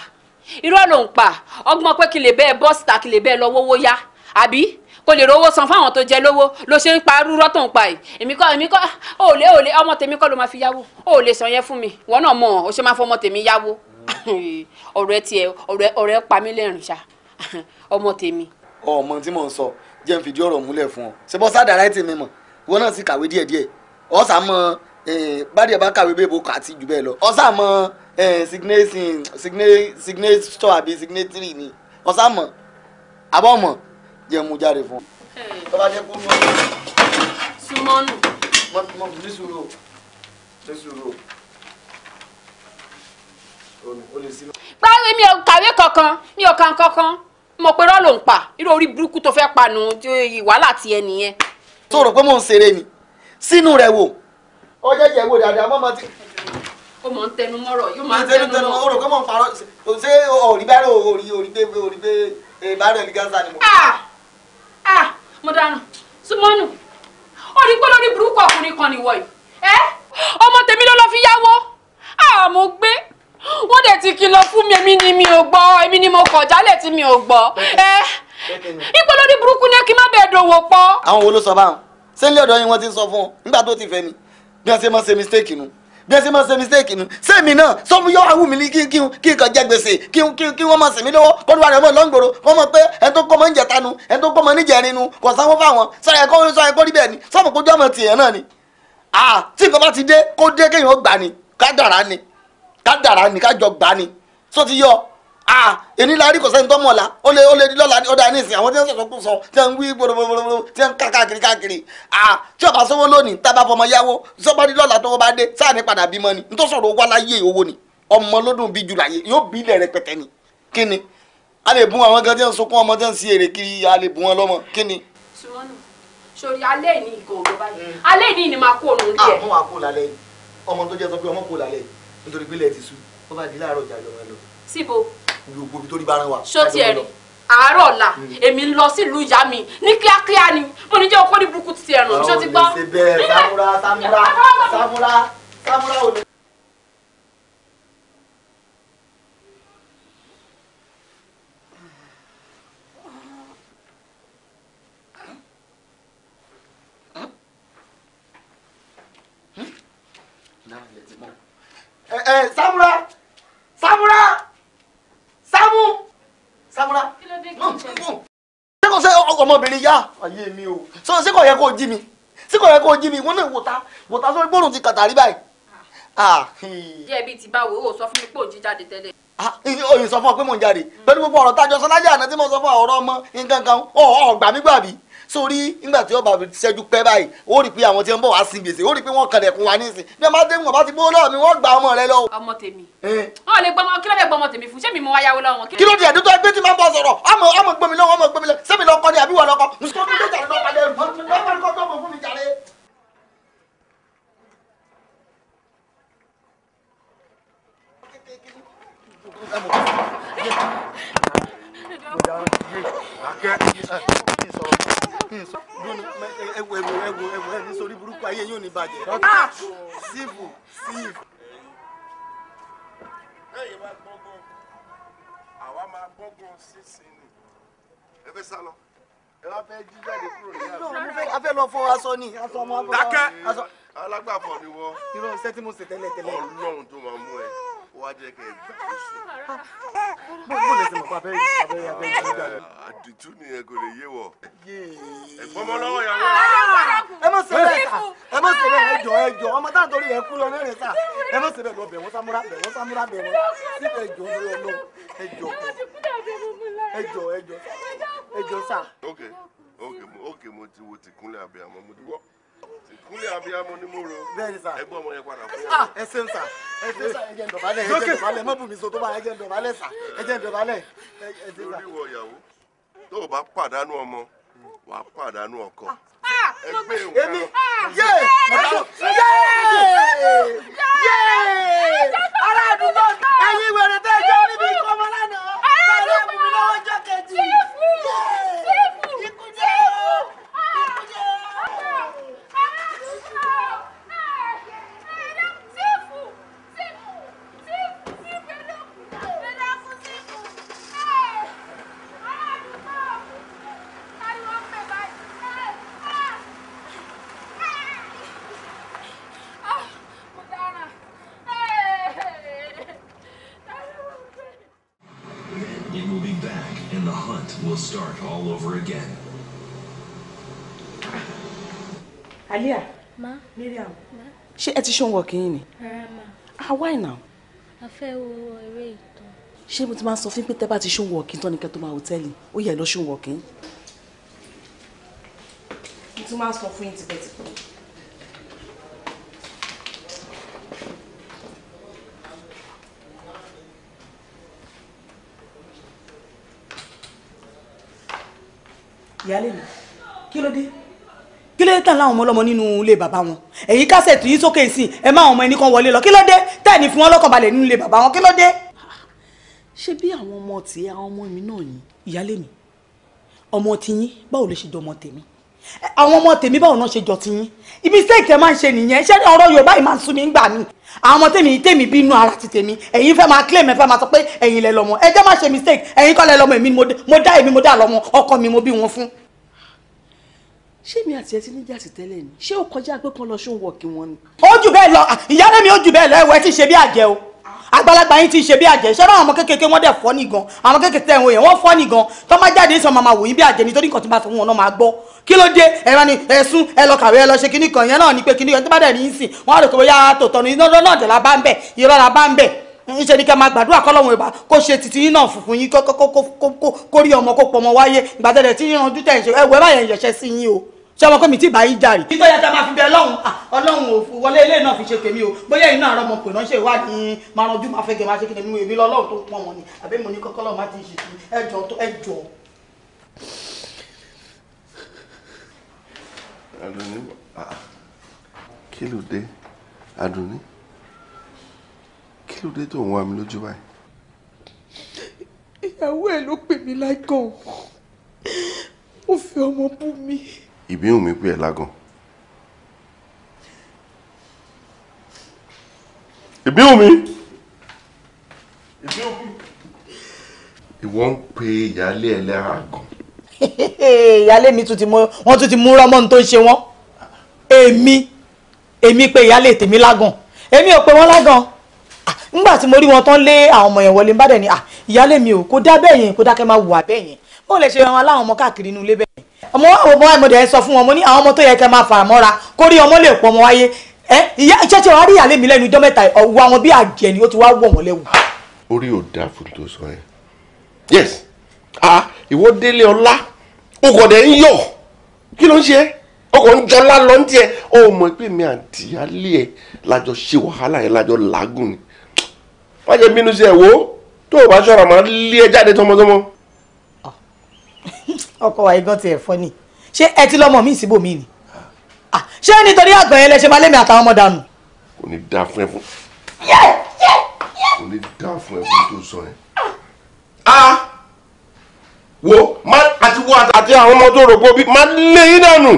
irọ́ ló ń pa ọgbọ́n pé kí lè bẹ́ẹ̀ bọ́ síta kí lè bẹ́ẹ̀ lọ́wọ́ owó yá àbí kò lè rówó san fáwọn tó jẹ lówó ló ṣe ń pa rúrọ́ tó ń pa yìí èmi kọ́ èmi kọ́ òòlé òòlé ọmọ tèmi kọ́ ló máa fi yáwó òòlé san yẹn fún mi ìwọ náà mọ̀ ọ́ ṣe máa fọ ọmọ tèmi yáwó ọ̀rẹ́ tiẹ̀ ọ̀rẹ́ ọ̀rẹ́ pa mí lẹ́rìn ṣá ọmọ tèmi. ọmọ tí mò ń sọ jẹ́ n fìdí ọ̀rọ̀ múlẹ̀ fún ọ ṣe bọ́ sáà dàrá ètè mi mọ̀ ìwọ náà sì kàwé díẹ̀díẹ̀ ọ̀sà mọ bádìí ẹ̀ bá kàwé bẹ́ẹ̀ bó kà á ti jù bẹ́ẹ̀ lọ ọ̀sà mọ signature àbí signatory ni ọ̀sà mọ àbọ̀ mọ̀ jẹ́ mú jáde fún ọ. tọ́ba jẹ́ kó mọ̀. sumọ́nù. mọ̀ mọ̀ ní sùúrù ní sùúrù gbáwé mi ò kàwé kankan mi ò kàn kankan mo pe rọ́ọ̀lù ń pa irú orí burúkú tó fẹ́ panu wàhálà tiẹ̀ nìyẹn. tó rò pé mò ń ṣeré ni sínú rẹ̀ wò ó jẹ́jẹ́ wò dáadáa mọ́ mọ́ ti. ó mọ̀ ń tẹnu mọ́rọ̀ yóò máa ń tẹnu mọ́. ó rò pé mò ń parọ́ ṣé òrí bẹ́rẹ̀ òrí òrí gbé òrí gbé ìbárẹ̀ eh, ní gánsá ni mo. ah ah mo dáràn súnmọ́nù ó rí pé lórí burúkú ọkùnrin kan nìwọ yìí ẹ eh? ọmọ tèmi ló lọ fi yáwó àmọ́ ah, gbé wọ́n dẹ̀ ti kìlọ̀ fún mi èmi ni mi ò gbọ́ èmi ni mo kọ̀ jálẹ̀ tí mi ò gbọ́ ẹ eh, ipò lórí burúkú ni kí n má bẹ̀ dòwò pọ̀. àwọn wo ló sọ báwọn ṣé nílé ọ̀dọ̀ yín wọ́n ti sọ fún ọ nígbà tó ti fẹ́ mi bí wọ́n ṣe máa ṣe mistake nu bí wọ́n ṣe máa ṣe mistake nu sẹ́mi náà sọ́mu yọ àwùmí ni kí kí kí nǹkan jẹ gbèsè kí kí kí wọ́n máa sìn mí lọ́wọ́ kọ́ni wà rẹ̀ mọ́ lọ́ngbòrò wọ́n mọ̀ pé ẹni tó kọ́mọ níjẹta nu ẹni tó kọ́mọ níjẹrin nu kò sanwó fáwọn sọ̀rọ̀ ẹ̀kọ́ sọ̀rọ̀ ẹ̀kọ́ rí bẹ́ẹ̀ ni sọ́mu kójú ọmọ tìyẹn náà ni tí nǹkan bá ti dé kó dé kéèyàn gbà ni kádàrá ni kádàrá ni kájọ gbà ni tó ti yọ a èní la rí kọsẹ́ni tọ́mọ̀ la ó lè ó lè lọ́la ó dáa ní ìsìn àwọn tí wọ́n sọ̀rọ̀ kù sọ tí wọ́n ń wí gbòdògbòdògbòdò tí wọ́n ń ká káàkiri káàkiri a tí ọba sówó lónìí tábà fọmọ yáwó sọ́ba ní lọ́la tó bá dé sáà ní padà bímọ ni nítorí sọ̀rọ̀ wá láyé owó ni ọmọ lọ́dún bíi jùlọ àyè yóò bí ilẹ̀ rẹpẹtẹ ni kí ni a lè bùn àwọn gan tí wọ́n sunkún ọmọ tí wọ́n ń si a lè bùn wọn lọ́mọ kí ni sori alẹ́ ní ìgò ògbó báyìí alẹ́ ní ni máa kó òun rí ẹ̀. àwọn àkó lálẹ́ ọmọ tó jẹ́ sọ pé ọmọ kó lálẹ́ yìí nítorí pé ilẹ̀ ti ṣú wọ́n bá di láàárọ̀ ọjà lọ lọ. síbo. gbogbo ibi tó rí bá rán wa. ṣó tiẹ̀ àárọ̀ ọ̀la hmm. èmi ń lọ sílùú ìyá mi ní kíákíá ni mo ní jẹ́ okòó ní burúkú ti ẹ̀rùn ṣó ti gbọ́. àwọn ò lè ṣe bẹ́ẹ̀ samura samura samura samura ò lè. ẹ eh, ẹ eh, samura samura samu samura ṣé kò sẹ ọmọbìnrin yá ayé mi o ṣé kò yẹ kó jí mi ṣé kò yẹ kó jí mi wọn náà wò ta wò ta sórí bóòlù ti kàtàrí báyìí. díẹ̀ ah. ah, bíi ti báwo o sọ fún mi pé òjì jáde tẹ́lẹ̀. Ah, oyin sọ fún ọ pé mò ń jáde pẹ̀lú gbogbo ọ̀rọ̀ tájọ sọ àná tí mo sọ fún ọ̀rọ̀ ọmọ nǹkan kan ọ̀ ọ̀gbà mi gbà bíi sórí nígbà tí ọba ṣẹ́jú pẹ́ báyìí ó rí i pé àwọn tí ń bọ̀ wá sí gbèsè ó rí i pé wọ́n kalẹ̀kùn wa nísìn bí ẹ bá dé wọn bá ti gbówó lọ́wọ́ mi wọ́n gba ọmọ rẹ lọ. ọmọ tèmi ọ lè gbọmọ kí ló lè gbọmọ tèmi fún ṣé mi mo wá yáwó lọ́wọ́. kí ló dé ẹ̀dùn tó ẹgbẹ́ tí máa ń bọ̀ sọ̀rọ̀ ọmọ ọmọ gbẹmí lọ́wọ́ ọmọ gbẹmí lọ́wọ́ sẹ́mi lọ́kọ ni àbí wọ́n lọ́kọ mùsùlùmí tó jà lọ́kọ lẹ́rù lọ́kọ tó mọ̀ fún ẹwọ ẹwọ ẹwọ ẹni sórí burúkú ayé yóò ní bàjẹ́ sífù sífù. ẹ̀yin máa gbọ́ngàn àwa máa gbọ́ngàn sísìn ni ẹ fẹ́ sá lọ ẹ wá fẹ́ jí kúrò ní àná. a fẹ́ lọ fọ aṣọ ni aṣọ ọmọ abọ́. dákẹ́ alágbàfọ̀ ni wọ́n. irọ́ iṣẹ́ mo ṣe tẹ́lẹ̀ tẹ́lẹ̀. ọlọ́run tó máa mú ẹ ó wá jẹ́ kẹ́ ẹ gbà ó sùn. bó àdìtú nìyẹn kò lè yé wọ. ẹ̀gbọ́n mọ́ lọ́wọ́ yàwó. Ah, ẹ má ṣe bẹ́ẹ̀ ẹ má ṣe bẹ́ẹ̀ ẹjọ́ ẹjọ́ ọmọ táà torí ẹ kú lọ lẹ́rìn sà ẹ má ṣe bẹ́ẹ̀ lọ bẹ̀wọ́n sámúrà bẹ̀wọ́n sámúrà bẹ̀wọ́n síbẹ̀ ẹjọ́ lọ ẹjọ́ ẹjọ́ ẹjọ́ ẹjọ́ sà. ok ok ok mo ti wo tìkúnlẹ̀ àbẹ̀ àmọ́ mo ti wọ́ kúnlẹ̀ abiyamọ ni mo ro ẹgbẹ́ ọmọ yẹn padà fún ọ. Ah, ẹ ṣe ń sà ẹ ṣe ń sà ẹ jẹ́ ń dọ̀bálẹ̀ ẹ jẹ́ ń dọ̀bálẹ̀ mọ́ bùnmi so tó bá ẹ jẹ́ ń dọ̀bálẹ̀ sà ẹ jẹ́ ń dọ̀bálẹ̀. lórí ìwọ ìyàwó tó o bá pàdánù ọmọ wà á pàdánù ọkọ ah, ah, ẹgbẹ́ ìwọ. èmi yé yé yé ara àdúgbò ẹ̀yin wẹrẹ Alia. Ma. Miriam. Ma. Ṣé ẹ ti ṣe homework yín ni? Rárá ma. Ah why now? A fẹ́ wo eré ìtàn. Ṣé mo ti máa sọ fún pé tẹ́ bá ti ṣe homework tán ni kẹ́ tó máa hòtẹ́ẹ̀lì? Ó yẹ lọ ṣe homework yín. Mo ti máa sọ fún yín tipẹ́tipẹ́. Ìyáálé mi, kí ló dé? kí ló dé tàn láwọn ọmọ ọlọ́mọ nínú ilé bàbá wọn ẹ̀yin kásẹ̀tì yín sókè sí ẹ má àwọn ọmọ ẹni kan wọlé lọ kí ló dé tẹ́ẹ̀ni fún wọn lọ́kàn balẹ̀ nínú ilé bàbá wọn kí ló dé. ṣé bí àwọn ọmọ tí àwọn ọmọ mi náà ni. ìyáálé mi ọmọ tiyín báwo lè ṣe jọ ọmọ tèmi àwọn ọmọ tèmi báwo náà ṣe jọ tiyín ibi sẹ́ẹ̀kì ẹ máa ń ṣe nìyẹn ṣé ọ̀rọ̀ Yorùbá yìí máa ń sún mi ńgbà mi àwọn ọmọ tèmi tèmi bí inú ara ti tèmi ẹ̀yin fẹ́ máa claim ẹ fẹ́ máa sọ pé ẹ̀yin lẹ lọ́mọ ẹ jẹ́ má ṣe mistake ẹ̀yin kọ́ lẹ lọ́mọ èmi mo dá èmi mo dá lọ́mọ ọkọ mi mo bí wọn fún ṣé mi àti ẹ ti níjà sí tẹ́lẹ̀ ni ṣé ó kọjá pé kan lọ ṣó ń wọ̀ kí wọ́n ni. ó jù bẹ́ẹ̀ lọ ìyáálé mi ó jù bẹ́ẹ̀ lọ ẹ̀wọ̀ ẹ ti ṣe bí àjẹ́ o àgbàlagbà yín ti ṣe bí àjẹ́ ṣé báwọn ọmọ kékeré wọ́n dẹ̀ fọ́ nìgan àwọn kékeré tẹ̀ wọ́n yẹn wọ́n fọ́ nìgan tó má jáde ń sọ màmá wòyí bí àjẹ́ nítorí nǹkan tó bá sọ wọn náà máa gbọ́ kí ló dé ẹ̀rọ ni ẹ̀sùn ẹ lọ kàwé ẹ lọ ṣe kíní kan yẹn náà ni pé kíní kan tó bá dẹ̀ ní í sìn wọ́n á rò pé bóyá tòótọ́ ni iná náà dẹ̀ la bá ń bẹ̀ irọ́ la bá ń bẹ̀ ńṣe ni kẹ́ máa gbàdúrà kọ́lọ́hún ìbá kó ṣe títí yín náà fùfún yín kó rí ọmọ kó pọmọ wáyé ìgbàdẹ̀dẹ̀ tí yín ọdún tẹ̀ ṣe ẹ̀wẹ̀ báyẹn yẹ̀ṣẹ̀ sí yín o ṣé ọmọ kọ́mi tí báyìí jàre. títọ́ yẹ ká máa fi bẹ ọlọ́run ọlọ́run ò wọlé ilé náà fi ṣe tèmi o bóyá ẹ̀yin náà rọmọ pè náà ṣe ìwádìí máa ranjú máa fẹ́gẹ̀ máa ṣe kíni èmi lọ́lọ́run tó pọ̀ mọ́ ni àbí mo ní kọ́kọ́ lọ́ọ̀ má ti ṣe kí ẹjọ́ tó ẹjọ́. àdùnní kí ló dé àdùnní kí ló dé tó ń wá mi lójú báyìí. ìyàwó ẹ ló pè mí lágàn ó fi ọmọ bú mi. ìbíhùn mi pè ẹ́ lágàn. ìbíhùn mi. ìbíhùn mi. ìwọ ń pe ìyáálé ẹ lẹ́hàgàn. ìyáálé mi tún ti mú wọn tún ti mú rọmọ tó ń ṣe wọn èmi èmi pé ìyáálé tèmi lágàn èmi ò pè wọn lágàn. Ah, nígbà tí mo rí wọn tán lé àwọn ọmọ yẹn wọlé ń bá dẹ̀ ni ah, ìyáálé mi ò kó dá bẹ́ẹ̀ yẹn kó dákẹ́ máa wùwà bẹ́ẹ̀ yẹn bó lè ṣe àwọn aláwọn ọmọ káàkiri inú ilé bẹ́ẹ̀ yẹn ọmọ àwọn ọmọ àìmọdé ẹ sọ fún mo ní àwọn ọmọ tó yẹ kẹ́ máa fà mọ́ra kórí ọmọ lè pọ̀ ọmọ wáyé ẹ wa rí ìyáálé mi lẹ́nu ijọ́ mẹ́ta ọ̀wọ́ àwọn bí àjẹ́ ni ó ti wá wọ̀ wọ́n lẹ́wù. orí ò dáa fún tó sọ yẹn yes ah ìwọ dele ola o kò dé ń yọ kí ló o kò ń jọlá lọ ń o mọ̀ pé mi àǹtí alẹ́ ẹ̀ lájọ ṣe wàhálà yẹn lájọ làágùn ni má jẹ́ bínú sí ẹ̀ wò ó tó o bá ṣọ́ra máa lé ẹ jáde tọmọtọmọ. Ah. ọkọ wa igan ti ẹ fọ ni ṣé ẹ ti lọmọ mi ìsìnbó mi ni ah. ṣé nítorí àgbọn yẹn lẹ ṣe máa lémi àtàwọn ọmọ dànù. kò ní dáa fún ẹ fún kò ní dáa fún ẹ fún tó sọ yẹn. a ah! wo má àti wo àti àwọn ọmọ tó rògbò bí má lé yín dànù.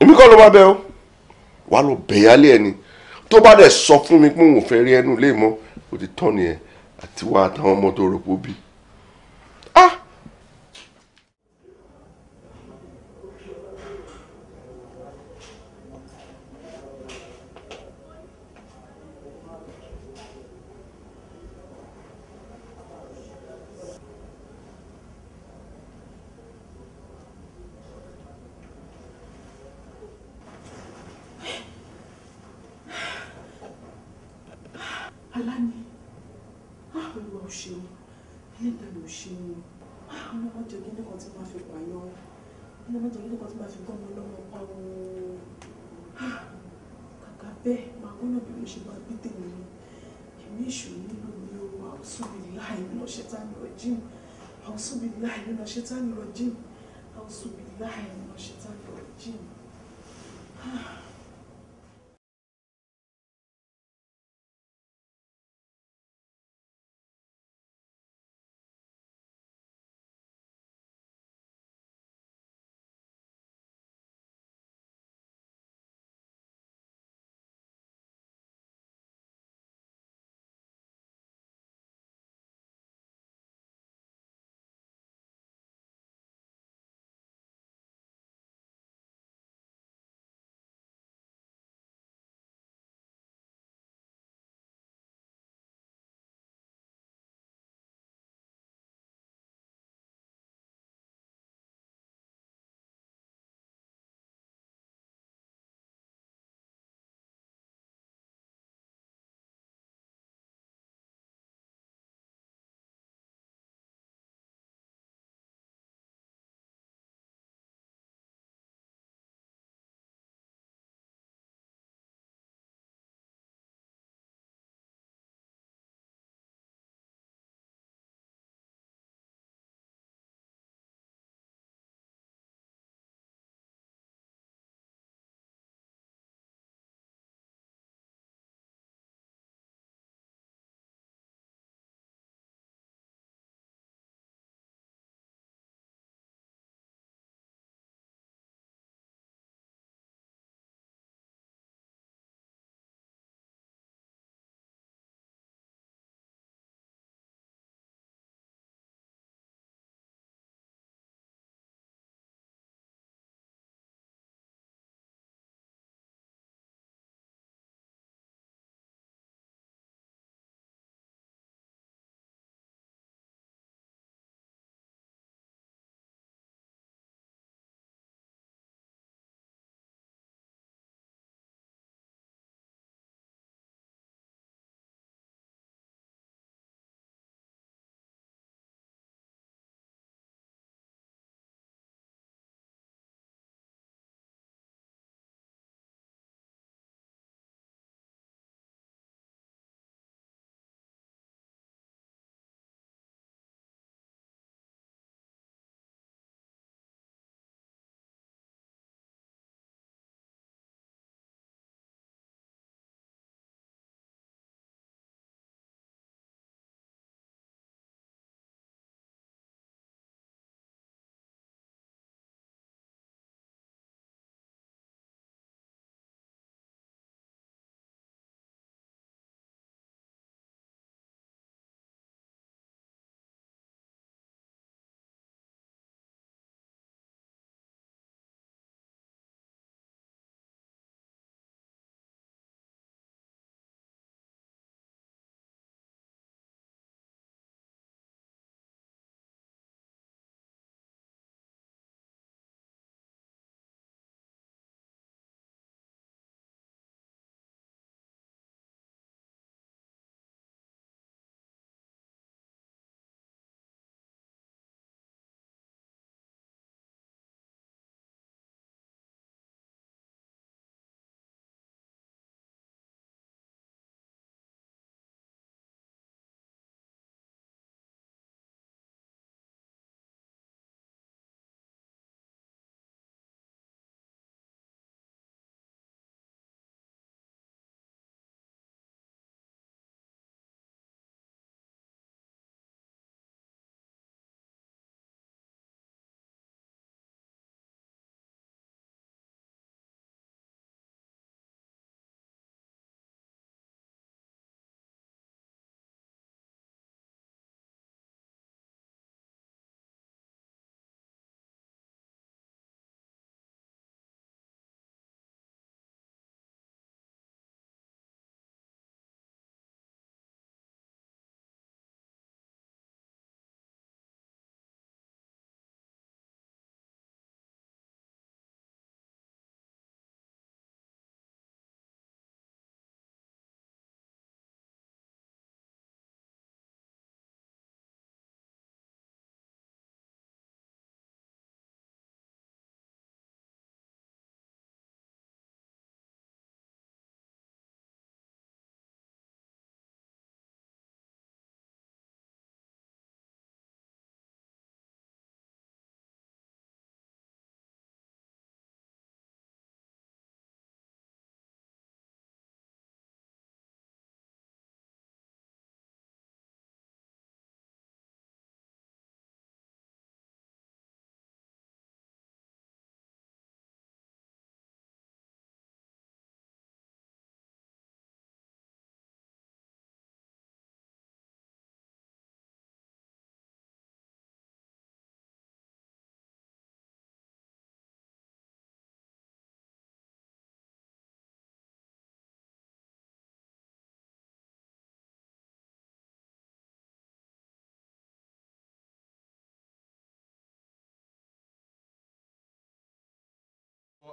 èmi kọ́ ló máa bẹ o wàá lọ bẹ̀yálé ẹni tó bá dẹ̀ sọ fún mi pé òun fẹ́ rí ẹnu lè mọ́ ó ti tọ́ nìyẹn àtiwá àtàwọn ọmọ tó rò pó bí. ah ṣeun ẹlẹ́dàá ló ṣeun àwọn ọmọ jẹ kí nìkan tí máa fi pààyàn àwọn ọmọ jẹ kí nìkan tí máa fi gbọ́ ọmọ lọ́wọ́ pa wọn ah, kàkà bẹ́ẹ̀ máa gbọ́nà bí mo ṣe máa bí tèmi ni èmi ìṣù nílò mi ò àwùsùnbí láì nínú ṣẹ́tà ní ọ̀jìn àwùsùnbí láì nínú ṣẹ́tà ní ọ̀jìn àwùsùnbí láì nínú ṣẹ́tà ní ọ̀jìn. Ah.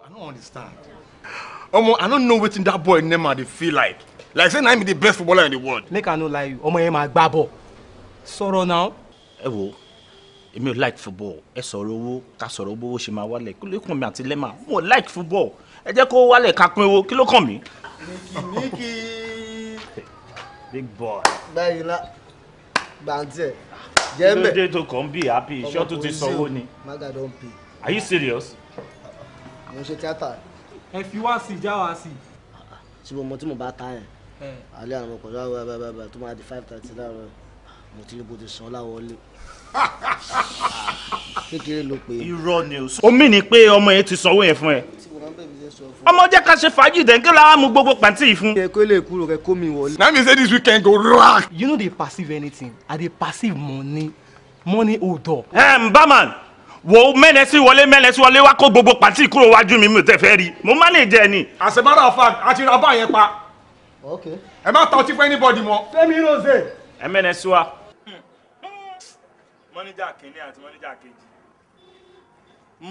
I don't understand. Omo, I don't know what in that boy Nema they feel like. Like say I'm the best footballer in the world. Make I no lie you, ọmọ yẹn máa gbá bọ̀. Sọ̀rọ̀ náà. Ẹ wo, èmi like football. Ẹ sọ̀rọ̀ owó, ká bo owó ṣe máa wálẹ̀. Kí ló kàn mí àti Lema? Mo like football. E jẹ́ kó wálẹ̀ ká pín owó. Kí ló kàn mí? Miki Big boy. Báyìí la, gbàǹtì ẹ̀. Jẹ́mbẹ̀. to come be happy? Ṣé to tún ti sanwó ni? Maga don pay. Are you serious? mo ń ṣe tíátà. ẹ fi wá sí ìjà wá sí. tí mo mọ tí mo bá ta yẹn alẹ́ àwọn ọkọ̀ láwọ̀ bàbàbà tó máa di five thirty láàárọ̀ mo ti rí bó ti sàn láwọlé kékeré ló pé. irọ́ ni o. omi ni pé ọmọ yẹn ti sanwó yẹn fún ẹ. ọmọ jẹ́ ká ṣe fàájì dẹ́ńkẹ́ la mú gbogbo pàǹtí yìí fún. kẹ́kọ́ lè kúrò kẹ́ kó mi wọlé. na me say this weekend go rock. you no dey perceive anything i dey perceive money money odor. ẹ ǹ bá man wo mẹ́lẹ́sí wọlé mẹ́lẹ́sí wọlé wá kó gbogbo pàtí kúrò wájú mi mi ò tẹ́ fẹ́ rí mo má lè jẹ ni. as a matter of fact àti ra báyẹn pa ẹ má ta ọtí fún anybody mọ. fẹ́mi rose. ẹ mẹ́lẹ́sí wa. Hmm. mọ́níjà kínní àti mọ́níjà kejì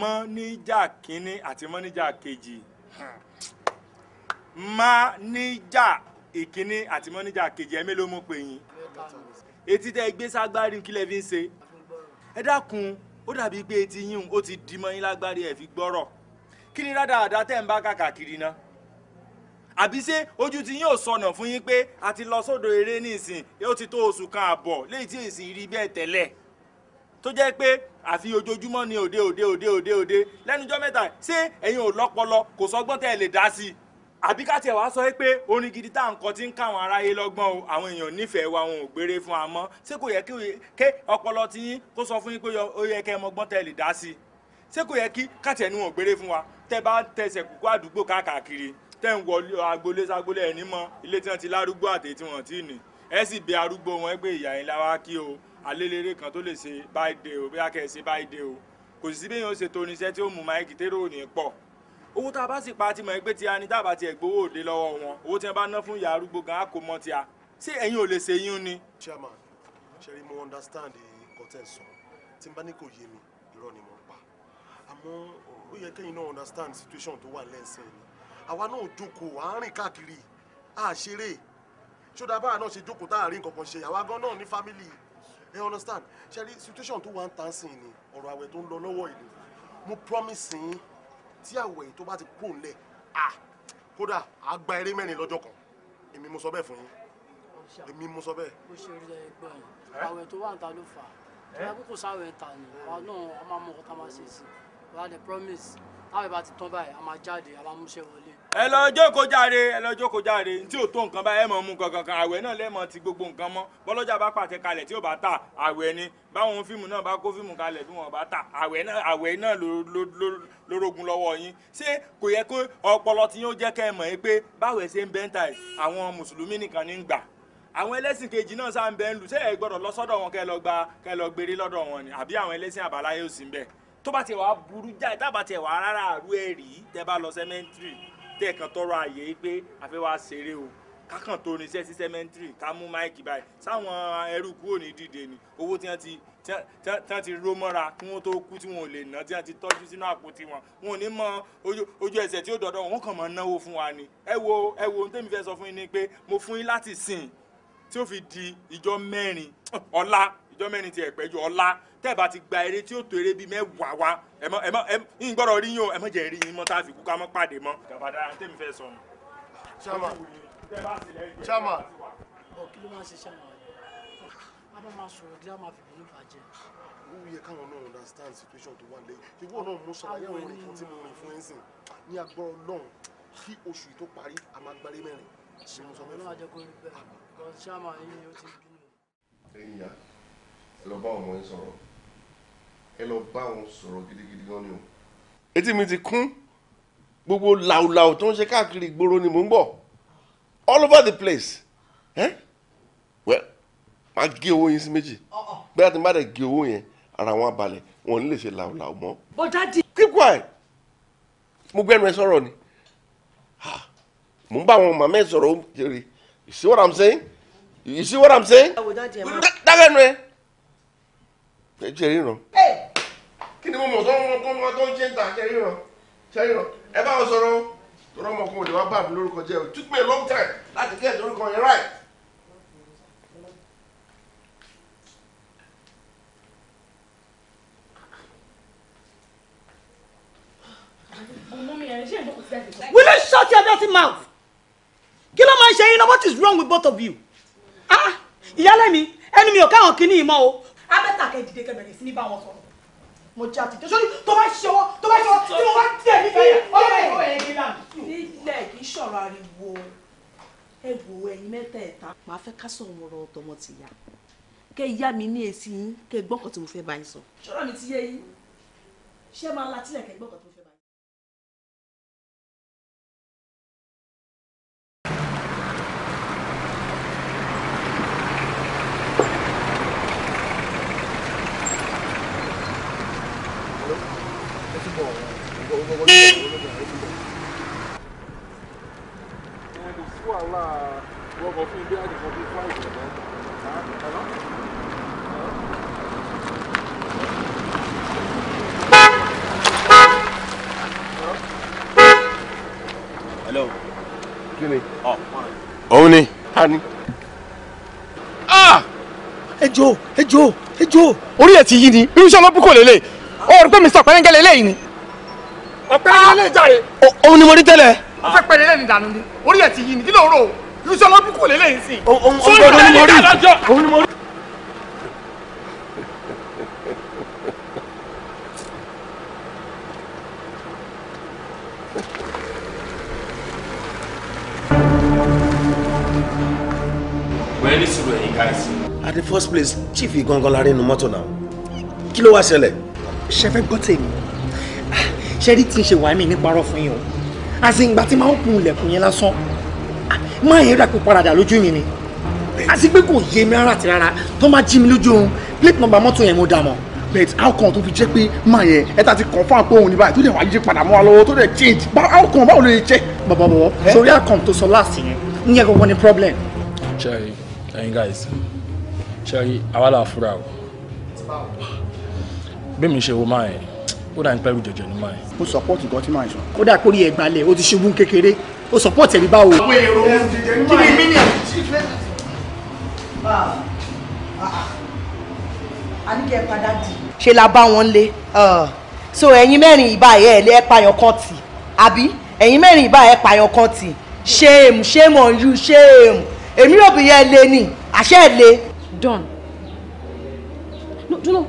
mọ́níjà kínní àti mọ́níjà kejì hmm. mọ́níjà ìkínní àti mọ́níjà kejì ẹ mélòó mo pè yín etí tẹ gbé ságbárí kí lẹ fi ń ṣe ẹ dákun ó dàbí pé etí yín ó ti di mọ́ yín lágbárí ẹ̀ fi gbọ́rọ̀ kí ni rádaràda tẹ́ ń bá kàkàkiri náà àbí ṣé ojú ti yín ò sọnà fún yín pé a ti lọ sódò eré nísìn ó ti tó oṣù kan àbọ̀ léyìí tí èsì rí bẹ́ẹ̀ tẹ́lẹ̀ tó jẹ́ pé àfi ojoojúmọ́ ni òde òde òde òde òde lẹ́nujọ́ mẹ́ta ṣé ẹ̀yin ò lọ́pọlọ kò sọgbọ́n tẹ́ ẹ lè dá sí i àbí ká tiẹ̀ wá sọ pé orin gidi tá à ń kọ tí ń káwọn aráyé lọ́gbọ́n o àwọn èèyàn nífẹ̀ẹ́ wa wọn ò gbére fún wa mọ́ ṣé kò yẹ kí ọpọlọ tí yín kó sọ fún yín pé ó yẹ kẹ́ ẹ mọgbọ́n tẹ́ lè dá sí i ṣé kò yẹ kí káàtì ẹnu wọn gbére fún wa tẹ́ bá tẹsẹ̀ kúkú àdúgbò káàkiri tẹ́ ń wọ agboolé sagboolé ẹni mọ́ ilé tí wọ́n ti lárúgbó àtẹ tí wọ́n ti ẹ sì bẹ arúgbó o alélèrè kan o bí a kẹ́ o kò sí bí yín ó ṣe toníṣẹ́ tí ó mú máìkì térò ò owó tá a bá sì pa ti mọ̀ pé ti a tá a bá tiẹ̀ gbowó òde lọ́wọ́ wọn owó tí wọ́n bá ná fún ìyá arúgbó gan á kó mọ́ ti ṣé ẹ̀yin ò lè ṣe yín ni. chairman ṣeré mo understand the content? ẹ sọ tí n bá ní kò yé mi irọ́ ni mo ń pa àmọ́ ó yẹ kẹ́yìn náà understand situation tó wà lẹ́sìn ni àwa náà jókòó à ń rìn káàkiri à ṣeré ṣódà báà náà ṣe jókòó tá à rí nǹkan kan ṣe àwa gan náà ní family ẹ understand ṣeré situation tó wà ń tàn sí ni ọ̀rọ̀ àwẹ̀ tó ń lọ lọ́wọ́ ìlú mo promise yín tí àwẹ̀ yìí tó bá ti kú ńlẹ̀ à kódà á gba eré mẹ́rin lọ́jọ́ kan èmi mo sọ bẹ́ẹ̀ fún yín èmi mo sọ bẹ́ẹ̀. bó ṣe rí ẹ gbọ́ àwẹ̀ tó wà ń ta ló fà á ẹ kókò sáwẹ̀ ta ni àwa náà a máa mọ ọkọ tá a máa ṣe sí i wà á promise táwọn ìbá ti tán báyìí a máa jáde a máa múṣẹ́ wọlé ẹ lọ jókòó járe ẹ lọ jókòó járe tí ò tó nǹkan bá ẹ mọ̀ mú kankan kan àwẹ̀ náà lẹ́mọ̀ ti gbogbo nǹkan mọ́ bọ́lọ́jà bá pàtẹ kalẹ̀ tí ò bá tà àwẹ̀ ni báwọn fíìmù náà bá kó fíìmù kalẹ̀ bí wọ́n bá tà àwẹ̀ náà àwẹ̀ náà lórógun lọ́wọ́ yín ṣé kò yẹ kó ọpọlọ tí yóò jẹ́ kẹ́ ẹ mọ̀ yín pé báwẹ̀ ṣe ń bẹ́ńtà àwọn mùsùlùmí nìkan ní gbà àwọn ẹlẹ́sìn kejì náà sáà ń bẹ ń lù ṣé ẹ gbọ́dọ̀ lọ sọ́dọ̀ wọn kẹ́ lọ gba kẹ́ lọ gbére lọ́dọ̀ wọn ni àbí àwọn ẹlẹ́sìn àbáláyé ò sí ń bẹ tó bá tiẹ̀ wá burú jáì tá bá tiẹ̀ wá rárá àrú ẹ̀rí tẹ́ bá lọ sẹ́mẹ́ntìrì tẹ̀kan tọrọ àyè pé àfẹ́ wá ṣeré o kákàn tó ní sẹ́sí sẹ́mẹ́ntìrì ká mú máìkì báyìí sáwọn ẹrú kúrò ní dìde ni owó tí wọ́n ti tí wọ́n ti ró mọ́ra kí wọ́n tó kú tí wọ́n ò lè ná tí wọ́n ti tọ́jú sínú àpótí wọn wọn ò ní mọ ojú ẹsẹ̀ tí ó dọ̀dọ̀ wọn kàn mọ́ náwó fún wa ni ẹ wo ẹ wo ohun tẹ́mi fẹ́ sọ fún yín ni pé mo fún yín láti sìn tí ó fi di ìjọ mẹ́rin ọ̀la ìjọ mẹ́rin ti ẹ̀pẹ́ ju tẹ́ ẹ bá ti gba eré tí ó tó eré bíi mẹ́wàá wa ẹ mọ ẹ ń gbọ́dọ̀ rí yín o ẹ jẹ́ rí yín mọ́ tá a fi kú ká mọ́ pàdé mọ́. gàbàdà tèmi fẹ́ sọnù. ṣàmà ṣàmà. ọ kí ló máa ṣe ṣàmà a máa sọ̀rọ̀ kí a máa fi bìlífà jẹ. ó yẹ káwọn náà understand situation tó wà lẹ́yìn ìwọ náà mo ṣàlàyé àwọn orin kan tí mo rìn fún ẹ̀sìn ní agbára Ọlọ́run kí oṣù tó parí a máa gbárí mẹ́rin. ṣàmà Ọlọ́run àjẹkọ̀ọ́ rí bẹ́ẹ̀ kọ́ ṣàmà yín ó ti bínú. ẹ̀yìn ya lọ bá ọmọ yín sọ̀rọ̀ ẹ lọ bá òun sọ̀rọ̀ gidigidi gan ni o. etí mi ti kún gbogbo làwùlàwù tó ń ṣe káàkiri ìgboro ni mò ń bọ̀ all over the place ẹ well máa gé owó yín sí méjì bẹ́ẹ̀ tí n bá dẹ̀ gé owó yẹn ara wọn balẹ̀ wọn lè ṣe làwùlàwù mọ́. bó dáàdì. keep quiet mo gbẹ́nu ẹ sọ̀rọ̀ ni ah, mo ń bá àwọn màmá ẹ sọ̀rọ̀ ó ń you see what i'm saying you see what i'm saying dákẹ́nu ẹ ẹ jẹ́ ríran. kí ni mo mọ̀ tó ń tó tó ń ṣe ń ta ṣe ríran ṣe ríran ẹ bá wọn sọ̀rọ̀ tọ́lá ọmọkùnrin òde wa bá mi lórúkọ jẹ́ it took me a long time láti get orúkọ yẹn right. Will you shut your dirty mouth? Kí ló máa ń ṣe yín náà? What is wrong with both of you? Ah, ìyálé mi, ẹni mi ò káwọn kìíní ìmọ̀ o abẹ́tà kẹ́ dìde kẹ́ bẹ̀rẹ̀ sí ní bá wọn sọ̀rọ̀ mo já dìde sórí tó bá ṣọwọ́ tó bá ṣọwọ́ tí mo bá tẹ̀ mí fẹ́ ọlọ́run ẹ̀ kọ́ ẹ̀ yé dà. nílẹ̀ kì í ṣọ̀rọ̀ ariwo ẹ wo ẹ̀yin mẹ́tẹ̀ẹ̀ta màá fẹ́ ká sọ̀rọ̀ ọ̀rọ̀ tọmọ tìyà kẹ́ yá mi ní èsì yín kẹ́ gbọ́kàn tí mo fẹ́ bá yín sọ. ṣọ́rọ̀ mi ti yé yín ṣé máa la tílẹ̀ kẹ́ gbọ́kàn tó Hello. Kí ni? Oh. Òun ni. Ta ni? Ah! Ẹjọ́ ẹjọ́ ẹjọ́. Orí ẹ̀ ti yí ni, irúṣẹ́ ọlọ́pù kò lélẹ̀. Ó rí pé Mr. Pẹ́rẹ́ngẹ́ lélẹ̀ yìí ni ọ̀pẹ́ ni ilé ìjà rẹ̀. òun ni mo rí tẹ́lẹ̀. ó fẹ́ pẹ́ lélẹ́ni dànù ni orí ẹ̀ ti yí ni kí ló rò ó irúṣẹ́ ọlọ́dún kò lélẹ́yìn sí. òun ni mo rí òun ni mo rí. wẹ́n ní sùúrù ẹ̀yin at the first place chief igangan láàrin inú mọ́tò náà kí ló wá ṣẹlẹ̀. ṣe fẹ́ gbọ́ ṣẹ́rí tí ń ṣe wàá mi ní parọ́ fún yín o àti ìgbà tí máa ń kun ilẹ̀kùn yẹn lásán máa yẹn rà pé paradà lójú mi ni àti pé kò yé mi rárá àti rárá tó máa jí mi lójú oorun plate number mọ́tò yẹn mo dà mọ́ but how come tó fi jẹ́ pé máa yẹn ẹ ta ti confirm pé òun ní báyìí tó dẹ̀ wá yí padà mọ́ wa lọ́wọ́ tó dẹ̀ change how come báwo ló lè jẹ́. bàbá bàbá sórí how come tó sọ last yẹn ń yẹ gbogbo ní problem. Chai, hey guys Chai, àwa là fúra o bí mi ṣe wo máa yẹn ó dà ń pẹ́rù jẹ̀jẹ̀ ní máa. mo sọpọ́ọ̀tì gan tí màá sọ. ó dà kórìí ẹ̀ gbalẹ̀ o ti ṣubú kékeré o sọpọ́ọ̀tì ẹ̀rí báwo. àwọn èrò kí ni mí ni àníkẹ́ padà di. ṣe la bá wọn lé ah, so ẹ̀yin mẹ́rin ìbá ẹ̀ ẹ̀ lé ẹ̀ payàn kan tì àbí ẹ̀yin mẹ́rin ìbá ẹ̀ payàn kan tì shame shame on you shame èmi rò bí yẹn lé ní àṣẹ ẹ̀ lé. don no, no,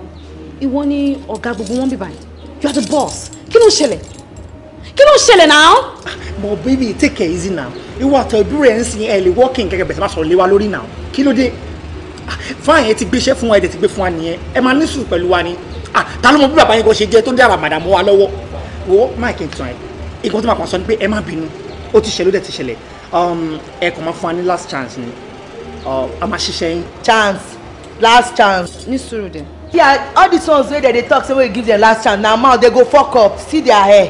ìwọ ni ọ̀gá gbogbo wọn bí báyìí you are the boss kí ló ń ṣẹlẹ̀ kí ló ń ṣẹlẹ̀ but baby take it easy now You àtọ̀dúró ẹ̀ ń sin ẹ̀ lè working gẹ́gẹ́ bẹ̀rẹ̀ bá sọ̀rọ̀ lé wa lórí náà kí ló dé ah, fáyìn ẹ ti gbéṣẹ́ fún wa ẹ̀ ti gbé fún wa nìyẹn ẹ máa ní sùúrù pẹ̀lú wa ni ah, ta ló mọ bí bàbá yín kan ṣe jẹ́ tó dára màdàmú wa lọ́wọ́ wo máìkì tán ẹ̀ ìkan tó máa kàn sọ ni pé ẹ má bínú ó ti ṣẹlẹ̀ ó um, last chance Oh, I'm um, a máa chance last chance. ní sùúrù dẹ̀ yeah all these ones wey dem dey talk say wey give dem last chance na mouth dey go fok up see their hair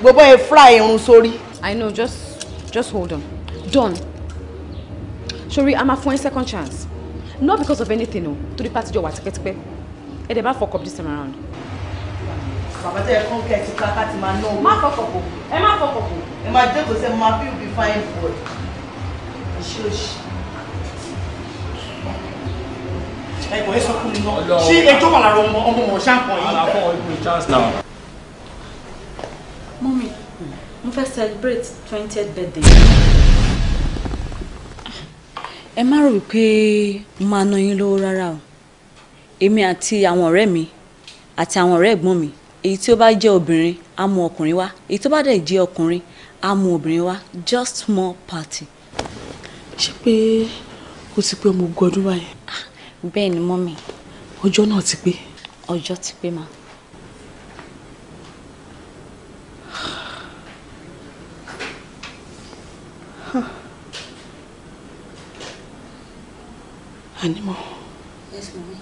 gbogbo e fry irun sórí. i know just just hold on don sori i'm afun second chance not because of anything o the party jọ wà tipẹ́tipẹ́ ẹ dẹ̀ bá fok up this time around. bàbá tẹ ẹ kàn kẹ ti kápá ti máa ná owó. má fọkàn kò ẹ má fọkàn kò. ẹ máa jókòó sẹ́mu máa fi òbí fáyín fún ẹ. ìṣe òṣì. ẹ̀kọ́ ẹ̀ sọ fún mi náà ṣé birthday. ẹ má rò wípé máa ná yín lówó ati o èmi àti àwọn ọ̀rẹ́ mi àti àwọn ọ̀rẹ́ ẹ̀gbọ́n mi èyí tí ó bá jẹ́ obìnrin á mú ọkùnrin wá èyí tó bá dẹ̀ jẹ́ ọkùnrin á mú obìnrin wá just small party. ṣé pé o ti pé ọmọ ogun ọdún báyìí. Ah, bẹ́ẹ̀ ni mọ́mì. ọjọ́ náà ti pé. ọjọ́ ti pé ma. Ànímọ́. Yes, mọ́mì.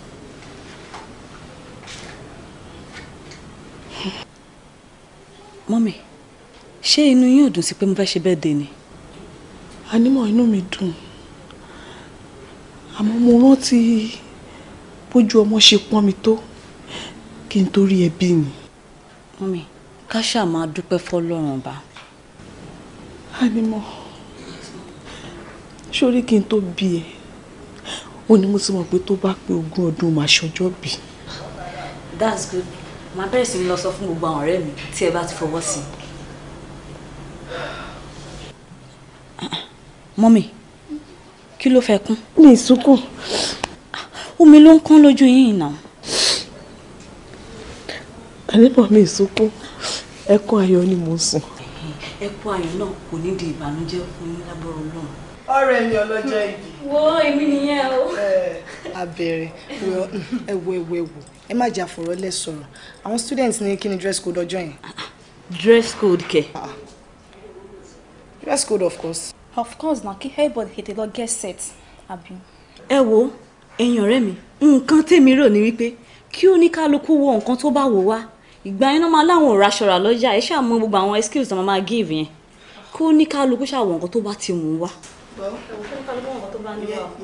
mọ́mì ṣé inú yín ò dùn sí pé mo fẹ́ ṣe bẹ́ẹ̀ dé ni. Ànímọ́ inú mi dùn àmọ́ mo rántí bójú ọmọ ṣe pọ́n mi tó kí n tó rí ẹbí mi. mọ́mi ká ṣáà máa dúpẹ́ fọlọ́run ọba. ànímọ́ sórí kí n tó bí ẹ ó ní mo ti mọ̀ pé tó bá pé ogún ọdún máa ṣọjọ́ bí. that's good màá bẹ̀rẹ̀ sí ní lọ sọ fún gbogbo àwọn ọ̀rẹ́ mi tí ẹ bá ti fọwọ́ sí i. mọ́mi kí ló fẹ́ kún. mi ì sunkún. omi ló ń kán lójú yín ìnà. àlébọ̀ mi ì sunkún ẹkún ayọ̀ ni mo sùn. ẹkún ayọ̀ náà kò ní di ìbànújẹ́ fún yín lágbára Ọlọ́run. ọ̀rẹ́ mi ọlọ́jọ́ ìbí. wo èmi nìyẹn o. abẹ́rẹ́ ẹ̀wọ̀ ẹ̀wọ̀ ẹ̀wọ̀ ẹ má jà fọ̀rọ̀ lẹ̀ àwọn students ní kí ni dress code ọjọ́ yẹn. dress code kẹ. Ah, ah. dress code of course of course na kí everybody tètè lọ get set abi. ẹ wo ẹ̀yin ọ̀rẹ́ mi nǹkan tèmi rò ní wípé kí oníkálukú wo nǹkan tó bá wò wá ìgbà yẹn náà máa láwọn ò raṣọ rà lọ́jà ẹ ṣáà mọ gbogbo àwọn excuse tó máa máa give yẹn kí oníkálukú ṣàwọ̀ nǹkan tó bá ti mú wá.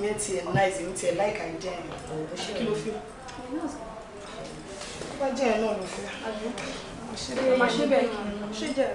ìyẹn tiẹ̀ láìsí ní tiẹ̀ láìka ìdí ẹ̀ kí ló fi bá jẹ́ ẹ̀ fi ṣe bẹ́ẹ̀ ṣe jẹ́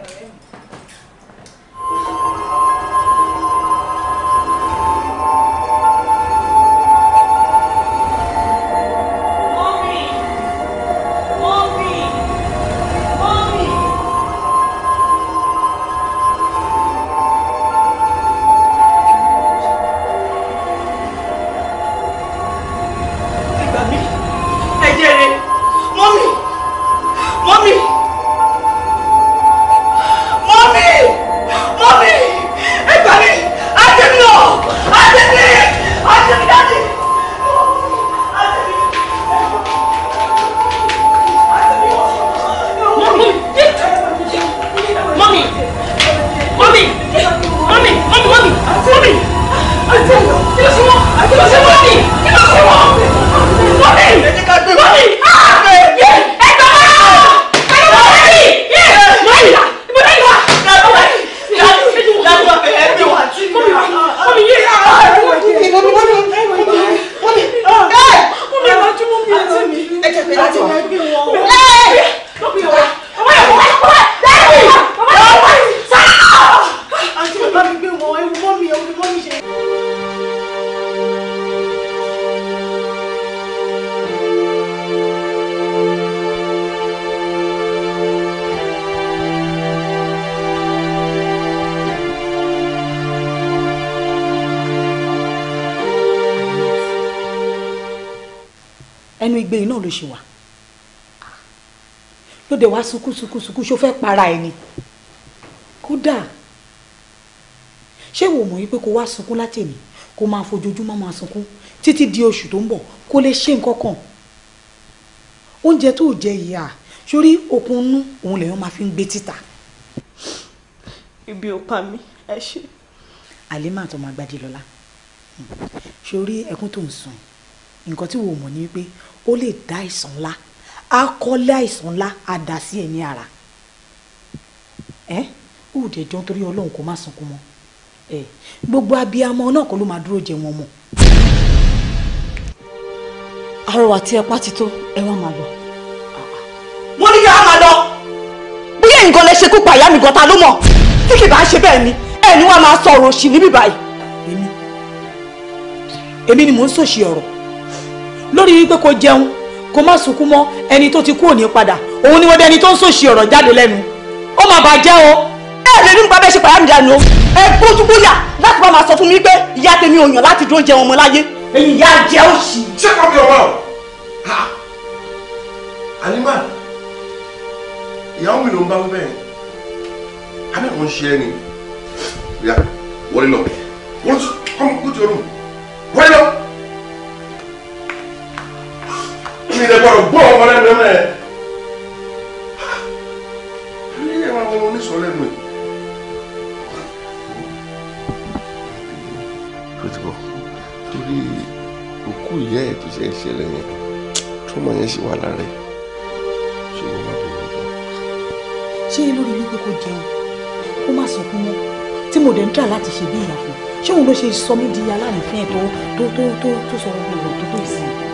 wá sunkún sunkún sunkún ṣó fẹ́ para ẹ̀ ni kódà ṣé wò mọ̀ yìí pé kó wá sunkún láti èmi kó máa fojoojúmọ́ máa sunkún títí di oṣù tó ń bọ̀ kó lè ṣe nǹkan kan oúnjẹ tó jẹ yìí à sórí okun nú òun lèèyàn máa fi ń gbé títà. ibi ò pa mí ẹ ṣe. àlímà tó máa gbájí lọ́la sórí ẹkún tó ń sùn nǹkan tí wò mọ̀ ni pé ó lè dá àìsàn ńlá á kọ́lé àìsàn ńlá á dà sí ẹ̀mí ara ẹ ó dẹ̀ jọ́ torí ọlọ́run kó má sunkún mọ́ ẹ gbogbo abiyamọ náà kó ló máa dúró jẹ wọn mọ́. àrọwà tí ẹ pa ti tó ẹ wá máa lọ. mo ní kí a máa lọ bóyá nǹkan lè ṣekú pa ìyá mi gan ta ló mọ̀ tí kì bá ṣe bẹ́ẹ̀ ni ẹni wàá máa sọ ọ̀rọ̀ òṣì níbí báyìí. èmi èmi ni mò ń sòṣì ọ̀rọ̀ lórí wípé kò jẹun kó má sunkún mọ́ ẹni tó ti kú òní padà òun ni wọ́n dé ẹni tó ń sòṣì ọ̀rọ̀ jáde lẹ́nu ó má bàjẹ́ o ẹ lè ní nípa bẹ́ẹ̀ ṣe pàyà mi o ẹ gbójú gbóyà láti bá máa sọ fún mi pé ìyá tèmi ò yàn láti dúró jẹun ọmọ láyé ẹ̀yin ìyá jẹ́ òṣì. ṣé kò bí ọwọ́ ọ ànímà ìyàwó mi ló ń bá wí bẹ́ẹ̀ àbẹ̀ wọ́n ń ṣe ẹni wọlé lọ wọ́n tún wọlé lọ. mi lè gbọ́dọ̀ gbọ́ ọmọ lẹ́nu ẹ̀ ní ẹ̀ máa wọ́n ní sọ lẹ́nu ẹ̀. pẹ̀tùkọ̀ torí òkú ìyá ẹ̀ tó ṣe é ṣẹlẹ̀ yẹn tọ́mọ yẹn ṣì wà lára ẹ̀ ṣé wọ́n máa bẹ̀rẹ̀ ọ̀dọ́. ṣé lórí wípé kò jẹun kó má sọkún mọ́ tí mo dẹ̀ ń dà láti ṣe bí ìyàfọ̀ ṣé òun ló ṣe sọ mí di aláàrín fún ẹ̀ tó tó tó tó sọ gbogbo ọ̀rọ̀ tó tó ìsìn.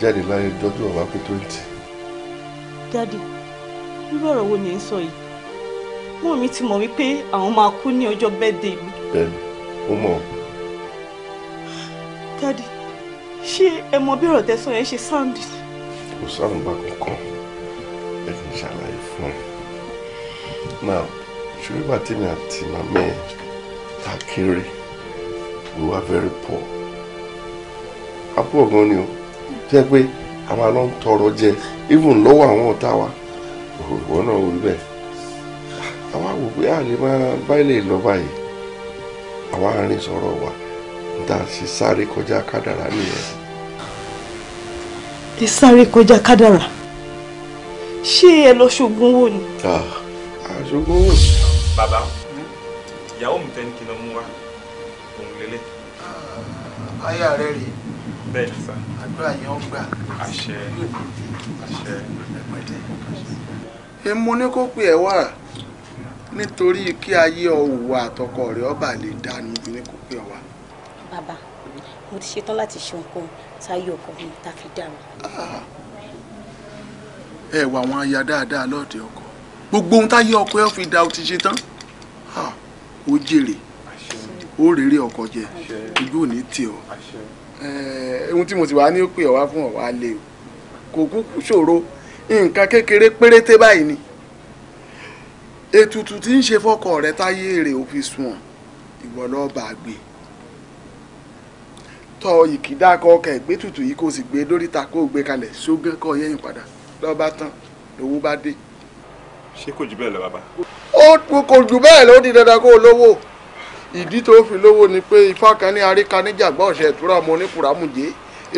jáde láyé ọjọ́ tó wà pé twenty. dádì irú ọ̀rọ̀ wo ni ẹ ń sọ yìí mọ́ mi ti mọ̀ wípé àwọn máa kú ní ọjọ́ bẹ́ẹ̀dẹ̀ mi. bẹ́ẹ̀ni ó mọ̀ ọ́. dádì ṣé ẹ mọ bí ọ̀rọ̀ tẹ́ sọ yẹn ṣe sáǹdì. kò sáàmù bá kankan ẹ kì í ṣàlàyé fún ẹ. náà ṣùgbọ́n bàtí mi àti màmá ẹ̀ ta kéré we were very poor. àpò ọ̀gán ni o jẹ́ pé àwa ló ń tọrọ jẹ even lọ́wọ́ àwọn ọ̀tá wa òwò náà wò bẹ́ẹ̀ àwa wò pé a lè máa báyìí lọ báyìí àwa rìn sọ̀rọ̀ wa níta sì sáré kọjá kádàrá nìyẹn. ẹ sáré kọjá kádàrá ṣé ẹ lọ ṣoògùn owó ni. àṣoògùn owó. bàbá ìyàwó mi tẹ́ ń kí lọ mú wa òun lélẹ̀. aya rẹ rèé bẹ́ẹ̀ ni sà. àdúrà yẹn ó gbà. àṣẹ àṣẹ ẹgbẹ̀dẹ. èmo ní kó pè ẹ́ wá nítorí kí ayé ọ̀wọ̀ àtọkọ rẹ̀ ọba lè dá ni mo fi ní kó pè ọ́ wá. bàbá mo ti ṣetán láti ṣe ohunkóhun táyé ọkọ mi tá fi dára. Ah, ẹ wà àwọn aya dáadáa lọ́ọ̀dẹ ọkọ gbogbo ohun táyé ọkọ ẹ fi dá o ti ṣetán ah, ó jèrè ó rèrè ọkọ jẹ ojú ò ní tì Eh, ohun tí mo sì wá ní pé ọ̀wá fún ọ̀wá lè kò kúkú ṣòro nǹkan kékeré péréte báyìí ni ètùtù tí ń ṣe fọkọ rẹ táyé rè ó fi sùn ìwọ lọ́ọ́ bá gbé tọ ìkìdá kọ ọkà ìgbétùtù yìí kò sì gbé dóríta kó gbé kalẹ̀ ṣógán kọ yẹ́yìn padà lọ́ọ́ tán lówó bá dé. ṣé kò jù bẹ́ẹ̀ lọ bàbá. ó kò jù bẹ́ẹ̀ lọ ó di dandan kó o lówó ìdí tó fi lówó ni pé ifá kan ní aríka níjàgbá ọ̀sẹ̀ ìtura ọmọ oníkùrámùjẹ́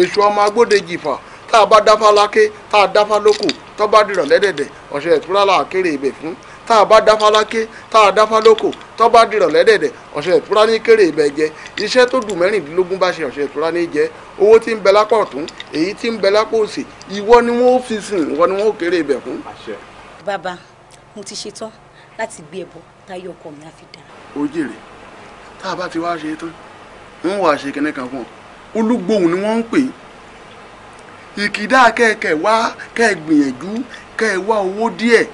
èṣù ọmọ agbódejìfà tá a bá dáfá láké tá a dáfá lóko tó bá dìrọ̀ lẹ́dẹ̀dẹ̀ ọ̀sẹ̀ ìtura là á kéré ibẹ̀ fún tá a bá dáfá láké tá a dáfá lóko tó bá dìrọ̀ lẹ́dẹ̀dẹ̀ ọ̀sẹ̀ ìtura ní kéré ibẹ̀ jẹ iṣẹ́ tó dùn mẹ́rìndínlógún bá ṣe ọ̀sẹ̀ ìtura ní jẹ owó tí ń bẹ lápá ọ̀tún èyí tí ń bẹ lápá òsì ìwọ ni wọn ó fi sìn ìwọ ni wọn ó kéré ibẹ̀ fún. bàbá mo ti ṣetán láti gbé ẹbọ táyọ ọkọ mi á fi dà. ó jèrè tá a bá ti wá ṣe tán wọ́n wàá ṣe kẹ́nẹ́ fún ọ olúgbòhùn ni wọ́n ń pè ìkìdá kẹ́ẹ̀kẹ́ wá kẹ́ẹ̀ gbìyànjú kẹ́ẹ̀ wá owó díẹ̀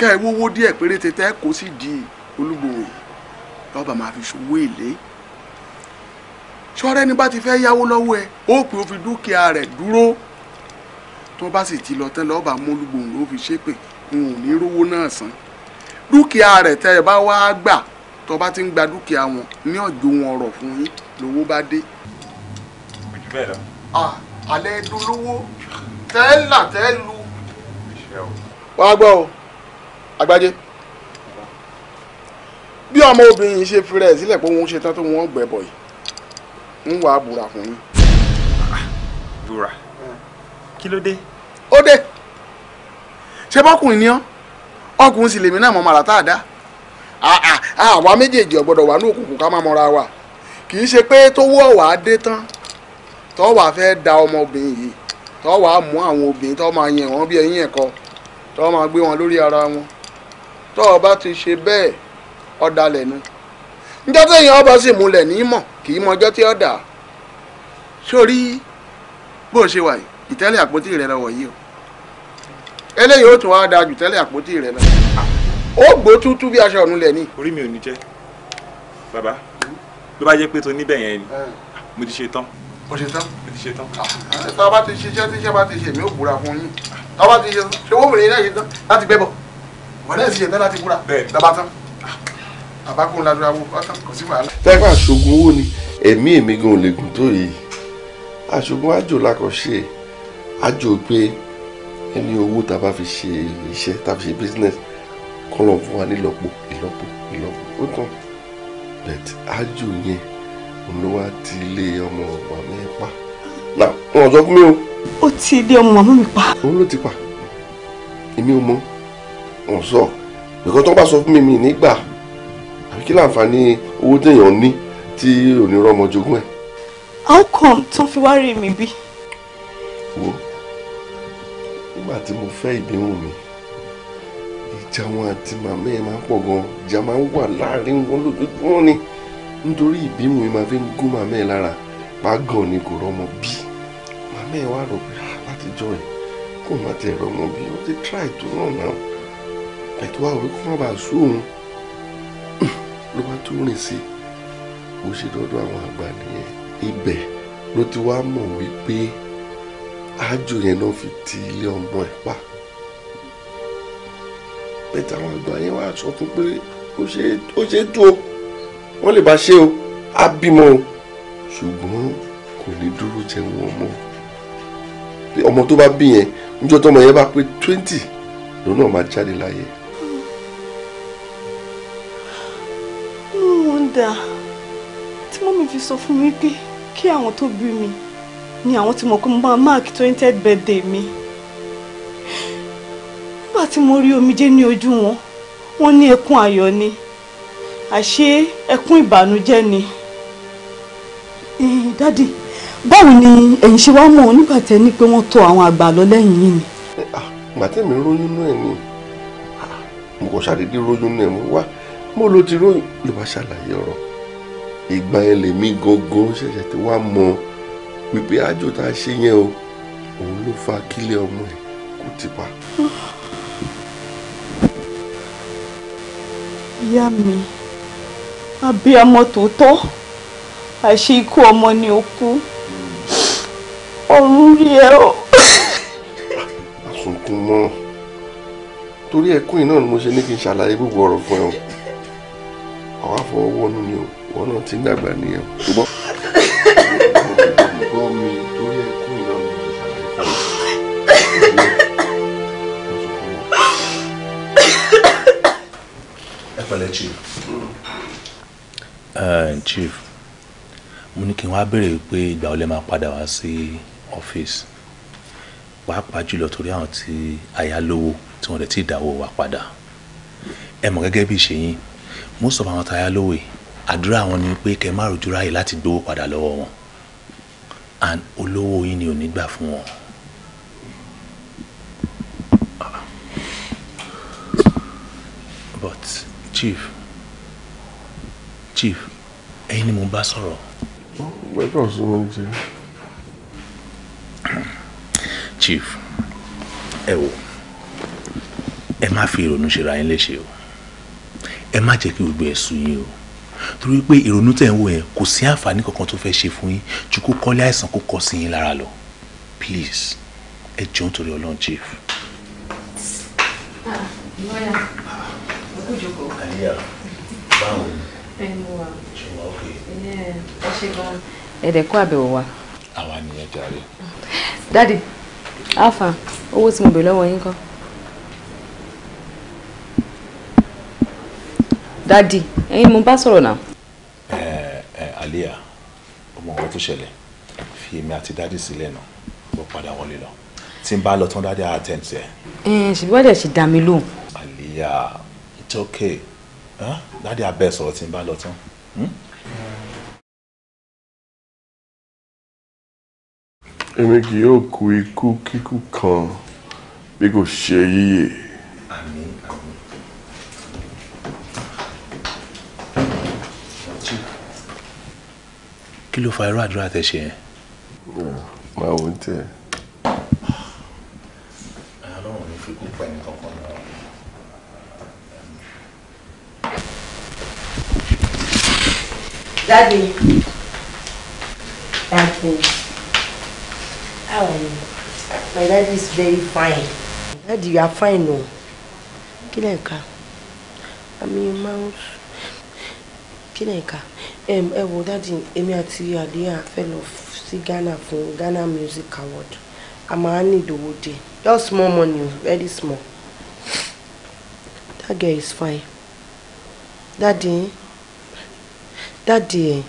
kẹ́ẹ̀ wówó díẹ̀ péréte tẹ́ kó sì di olúgbòhùn lọ́ba máa fi ṣòwò èlé ṣọ́rẹ́ ni bá ti fẹ́ yáwó lọ́wọ́ ẹ ó pè ó fi dúkìá rẹ̀ dúró tó bá sì ti lọ tán lọ́ba mọ́lúgbòhùn ló fi ṣépè n ò ní rówó náà san dúkìá rẹ̀ tẹ́ ẹ bá wá gbà tó bá ti ń gba dúkìá wọn ní ọ̀jọ̀ wọn ọ̀rọ̀ fún yín lówó bá dé. ojú bẹ́ẹ̀ lọ. àlẹ́ dolówó tẹ́lá tẹ́lu. wàá gbọ́ o àgbájé bí ọmọ obìnrin yìí ṣe fi rẹ̀ sílẹ̀ pé òun ṣe tán tó wọ́n gbẹ̀bọ̀ yìí ń wàá búra fún yín. búra kí ló dé. ó dé ṣe bọ́kùnrin ni ọ́ ọkùnrin sì lèmi náà mọ̀ màrà tá a dá. Ah, ah, ah, àwa méjèèjì ọ̀gbọ́dọ̀ wà ní òkùnkùn ká má mọra wa kì í ṣe pé tówó ọ̀wà dé tán tọ́wà fẹ́ da ọmọbìnrin yìí tọ́wà mú àwọn obìnrin tọ́ máa yẹn wọn bí ẹyin ẹ̀kọ́ tọ́ máa gbé wọn lórí ara wọn tọ́wọ́ bá ti ṣe bẹ́ẹ̀ ọ̀dàlẹ̀ nu níjọ́ téèyàn ọba sì múlẹ̀ ní mọ̀ kì í mọjọ́ tí ọ̀dà sórí bó ṣe wà yìí ìtẹ́lẹ̀ àpótí rẹ̀ lọ́wọ́ yìí o eléyìí ó tún wá dáa jù àpótí rẹ̀ lọ. ó gbó tútú bí aṣọ ọ̀nulẹ̀ ni. orí mi ò ní jẹ́ bàbá ló bá jẹ́ pé tó níbẹ̀ yẹn ni eh. mo ti ṣe tán. mo ti tán. mo ti ṣe tán. Ah, eh, tá a bá ti ṣiṣẹ́ tíṣẹ́ bá ti ṣe mi ò búra fún yín tá a bá ti ṣe ṣé wọ́n mìíràn yìí tán láti bẹ́ bọ̀ wọ́n náà ti ṣe tán láti búra dábàá tán ah, àbákùn ládùúrà wo ọ̀tán kò sí wàhálà. tẹ́gbà ṣogun owó ni ẹ̀mí èmi gan ò lè gùn tó yìí aṣogun àjò lakọ̀ṣe àjò pé ẹni owó tá a bá fi ṣe iṣẹ́ tá a fi ṣe business kọ́lọ̀ fún wa nílọ́po ìlọ́po ìlọ́po ó tán bẹ̀t ájò yẹn ló wá ti ilé ọmọ màmá ẹ pa náà wọn sọ fún mi o. ó ti ilé ọmọ màmá mi pa. òun ló ti pa èmi ò mọ wọn sọ nǹkan tó bá sọ fún mi mi nígbà àbí kí láǹfààní owó téèyàn ní tí onírọ́mọ jogún ẹ̀. how come tán fi wá rí mi bí. wo nígbà tí mo fẹ́ ìbímọ mi ìjà wọn àti màmá ẹ̀ máa ń pọ̀ gan ìjà máa ń wà láàrin wọn lójoojúmọ́ ni nítorí ìbímọ ẹ̀ máa fi ń gún màmá ẹ̀ lára pàgàn ni kò rọmọ bí màmá ẹ̀ wà rò pé látijọ́ ah, ẹ̀ kò má tẹ̀ rọmọ bí ó ti tíráì tó náà ẹ̀tọ́ wa òwe má bàa sú òun ló bá tún rìn sí bó ṣe dọ́dọ̀ àwọn àgbà nìyẹn ibẹ̀ ló ti wá mọ̀ wípé àjò yẹn náà fi ti ilé ọmọ ẹ̀ pa bẹ̀tà àwọn àgbà yẹn wá sọ fún pé ó ṣe é tú o wọ́n lè bá ṣe o á bímọ o ṣùgbọ́n kò ní dúró jẹun ọmọ ọmọ tó bá bí yẹn níjọ́ tọmọ yẹn bá pé twenty lòun náà máa jáde láyé. ó ń dà tí mọ́mí fi sọ fún mi pé kí àwọn tó bí mi ni àwọn ti mọ̀ pé mo máa Mark twenty birthday mi nígbà tí mo rí omijé ní ojú wọn wọn ní ẹkún ayọ̀ ni àṣé ẹkún ìbànújẹ́ ni dádì báwo ni ẹ̀yin ṣe wá mọ̀ nígbà tẹ́ ní pé wọ́n tọ̀ àwọn àgbà lọ lẹ́yìn yìí ni. ìgbà tí mi róyún náà ni mo kò ṣàdédé róyún náà mo wá mo ló ti róyún lè wá ṣàlàyé ọ̀rọ̀ ìgbà yẹn lèmi gangan ṣẹ̀ṣẹ̀ tí wàá mọ̀ pípé àjò tá a ṣe yẹn o òun ló fa kílẹ̀ ọmọ ẹ̀ kó ti pa. Ah, ìyá mi abiyamọ tòótọ́ àṣé ikú ọmọ ni ó kú ọ̀run rí ẹ o. àsunkún mọ́ torí ẹkún yìí náà ni mo ṣe ní kí n ṣàlàyé gbogbo ọ̀rọ̀ fún ẹ o àwa fọwọ́ wọnú ni o wọn náà ti ń dàgbà nìyẹn chief. Eh, chief mo ní kí n wá béèrè pé ìgbà wo lẹ máa padà wá sí ọ́fíìsì pàápàá jùlọ torí àwọn tí ayálówó tí wọ́n lè ti dáwó wa padà ẹ mọ̀ gẹ́gẹ́ bí ìṣe yín most of àwọn ayálówó yìí àdúrà wọn ni pé kẹ́ má rojú ráàyè láti gbowó padà lọ́wọ́ wọn and olówó yín ni ò ní gbà fún wọn. but chief chief ẹ̀yin ni mo bá sọ̀rọ̀. gbẹ́dọ̀ sí mi jẹ́. chief ẹ wò ẹ má fi ìrònú ṣe ra yín léṣe o ẹ má jẹ́ kí gbogbo ẹ̀ yín o torí pé ìrònú tẹ̀ ń wò yẹn kò sí àǹfààní kankan tó fẹ́ ṣe fún yín ju kó kọ́lé àìsàn kó kọ́ sí yín lára lọ please ẹ jọ̀ọ́ nítorí ọlọ́run chief. Ah, lọ́yà. Nàìjíríà báwo ni ṣùgbọ́n ok. ẹ ṣe gan-an ẹ̀dẹ̀ kó àbẹ̀wò wa. àwa nìyẹn jàre. dádì alfa owó tí mo bè lọ́wọ́ yín kan. dádì ẹ̀yin mo bá sọ̀rọ̀ náà. ẹ ẹ aliya ọmọ ọ̀rọ̀ tó ṣẹlẹ̀ fi èmi àti dádì sílẹ̀ náà ló padà wọlé lọ tí n bá lọ tán dádì àtẹ̀ǹtẹ̀. mi lóhùn. aliya it's okay dáàdi abẹ́ sọ̀rọ̀ tí ń bá lọ tán. Hmm? èmi kì yóò kú ikú kíkú kan bí kò ṣe yíyè. àmín àmín. kí ló fa irú àdúrà tẹ ṣe yẹn. máa wò ó tẹ̀. Daddy, thank you. how are you my daddy is very fine Daddy, you are fine no? Oh. kí lè ka mouth. mount kí lè ka Daddy? wo dáàdì èmi àti àlíyà fẹ́ lọ Ghana fún Ghana Music Award a máa ní just small money very small that girl is fine Daddy dáàdì ẹ̀.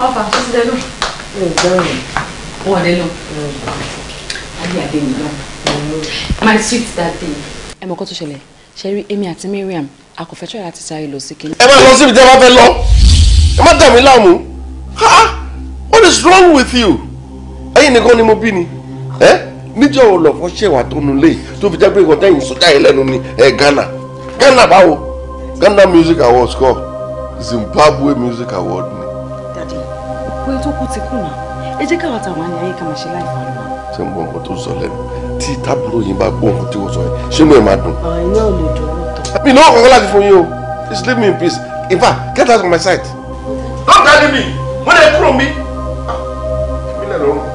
ọba tó ti dẹnu. ẹ dáhùn. wọ́n dẹnu. ayé àdé mi lọ. my sweet dáàdì. ẹ mọ̀ kó tó ṣẹlẹ̀ ṣe rí èmi àti Mariam a kò fẹ́ tọ́ láti sáré lọ sí kínní. ẹ máa lọ síbi tí ẹ bá fẹ́ lọ ẹ má dà mí láàmú what is wrong with you ẹ̀yin nìkan ni mo bí ni ẹ níjọ́ ọlọ́fọ́ ṣèwà tó nulẹ̀ tó fi jẹ́ pé ìkọ̀tẹ́yìn sọ́jà yìí lẹ́nu ni Ghana Ghana báwo. Ghana Music Awards kọ́ Zimbabwe Music Award ni. Dàdí, bóyá tó kú ti kù náà, ẹ jẹ́ káwọn àtàwọn àyà yìí ká máa ṣe láì fara wa. Ṣé mo mọ nǹkan tó sọ lẹ́nu? Tí tábìlì yìí bá gbọ́ nǹkan tí wọ́n sọ yẹn, ṣé mo ẹ̀ máa dùn? Àwọn iná lè dùn ún tán. Mi náà kọ́kọ́ láti fún yín o, just leave me in peace. In fact, get out of my sight. Don't tell me, wọ́n lè kúrò mí. Èmi náà lọ́rùn.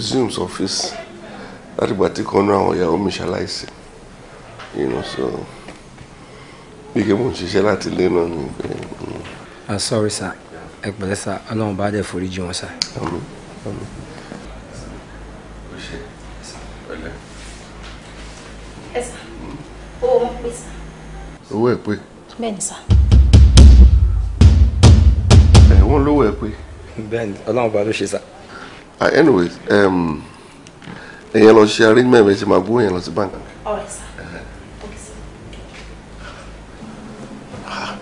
resumes office láti gbà tí kan náà àwọn ìyàwó mi you know so bí kí mo ń ṣiṣẹ́ láti ilé náà ni. Mm. i'm sorry sir ẹ pẹ̀lẹ́ sir ọlọ́run bá dẹ̀ foríjì wọn sir. àmín àmín. o ṣe pẹ̀lẹ́. ẹ sà mm. owó wọn sa. sà. owó ẹ pé. bẹ́ẹ̀ni sa. ẹ wọn lówó ẹ pé. bẹ́ẹ̀ni ọlọ́run bá ló ṣe sà. Uh, anyways um, èèyàn lọ ṣe arrangement bẹ́ẹ̀ ṣe máa gbó èèyàn lọ sí bank. Uh-huh. Ah,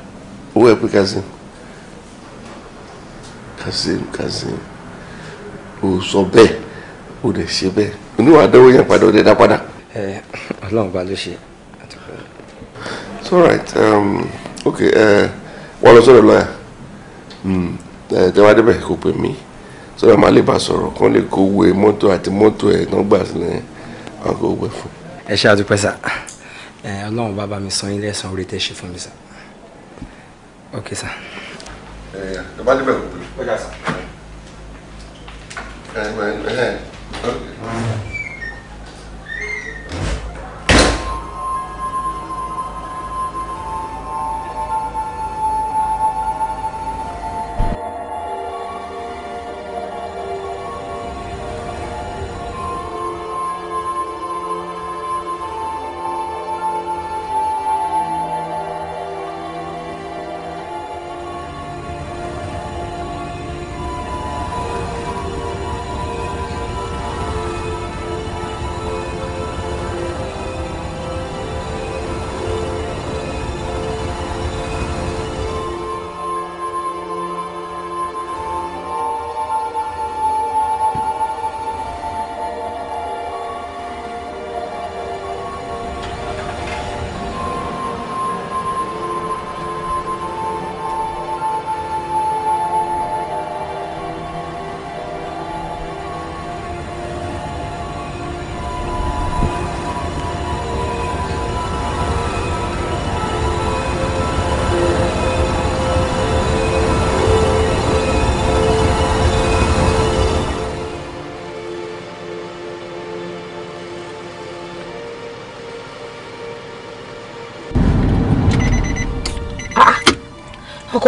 owó ẹ pé Kazeem Kazeem Kazeem o sọ bẹ́ẹ̀ o dẹ̀ ṣe bẹ́ẹ̀ oníwà dánwó yẹn padà o dẹ̀ dá padà. ẹ Ọlọ́run bá ló ṣe. it's alright um, okay uh, wọ́n lọ sọ́dọ̀ lọ́yà hmm, tẹ́wádébẹ̀ kò pè mí sọ̀rọ̀ má lè bá sọ̀rọ̀ kán lè kó owó mọ́tò àti mọ́tò ẹ̀ tán gbà sílẹ̀ wọn kò wẹ̀ fún. ẹ ṣe àdúpẹ́ sà ọlọ́run bá bá mi san ilé ẹ̀sán orí tẹ́ ṣe fún mi sà ok sà. ẹ ẹ bá lè bẹ̀rù pé. ó yà sà. ẹ ẹ ẹ.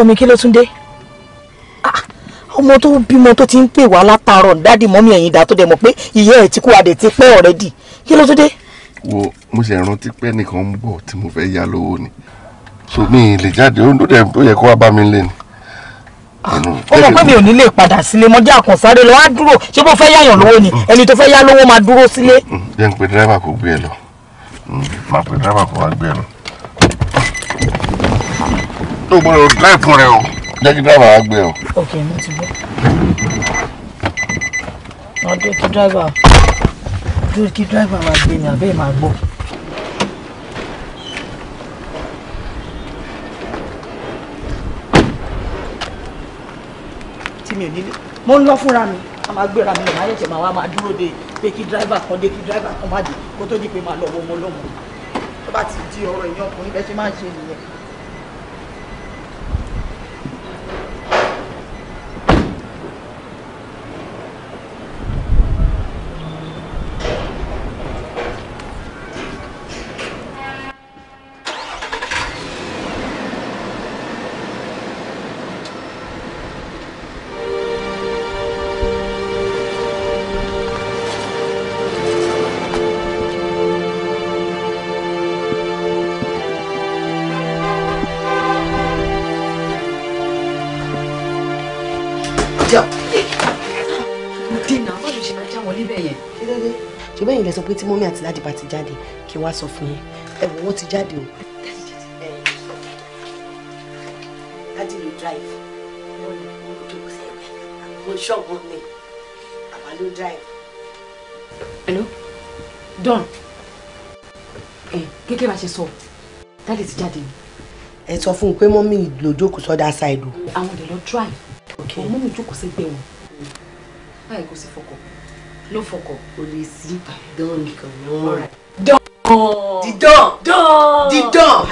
ọkọ mi kí ló tún dé ah, ọmọ tó bímọ tó ti ń pè wá látàárọ̀ dáàdì mọ́mí ẹ̀yìn dá tó dẹ̀ mọ̀ pé ìyá ẹ̀ ti kú adẹ̀ ti pẹ́ ọ̀rẹ́dì kí ló tún dé. wo mo ṣe rántí pé ẹnìkan ń bọ̀ tí mo fẹ́ yá lówó ni so mi lè jáde ó dẹ̀ ó yẹ kó wá bá mi lé ni. Ah, ó mọ̀ pé mi ò ní lè padà sílé mo jẹ́ àkànṣáré lọ wá dúró ṣé mo fẹ́ yáyàn lówó ni ẹni tó fẹ́ yá lówó máa dúró sílé. jẹ́ ń pe dírẹ́fà kó gbé ẹ lọ máa pe dírẹ́fà kó wá gbé ẹ lọ tó o gbọ́dọ̀ láì fún rẹ o jẹ́ kí dábàá gbé o. ok mo ti bọ́ wọn dúró kí dráìvà dúró kí dráìvà máa gbé mi àbẹ́ máa gbọ́. tí mi ò nílé mo ń lọ fúnra mi a máa gbéra mi lọ máa máa wá máa dúró de pé kí dráìvà kan dé kí dráìvà kan má dé kó tó di pé máa lọ wọ ọmọ ọlọ́mọ tó bá ti di ọ̀rọ̀ ìyàn bẹ́ẹ̀ ṣe máa ń ṣe nìyẹn. pé tí mọ́mí àti dáàdì bá ti jáde kí wá sọ fún yín ẹ̀wọ̀n wọn ti jáde o. dáàdì ló drive wọn lè kó ojú sẹ́yìn àwọn ṣọ́ọ̀bù mi àbá ló drive. hello don ẹ eh, gẹ́gẹ́ bá ṣe sọ dáàdì ti jáde ni. ẹ sọ fún un pé mọ́mí ló jókòó sọ́dá ṣáìdù. àwọn lè lọ drive ọmọ mi jókòó sẹ́gbẹ̀ẹ́ wọn báyìí kò sí fọkàn ló fọkọ̀ kò lè sí dán nìkan the wọ́n rà. the dídán dídán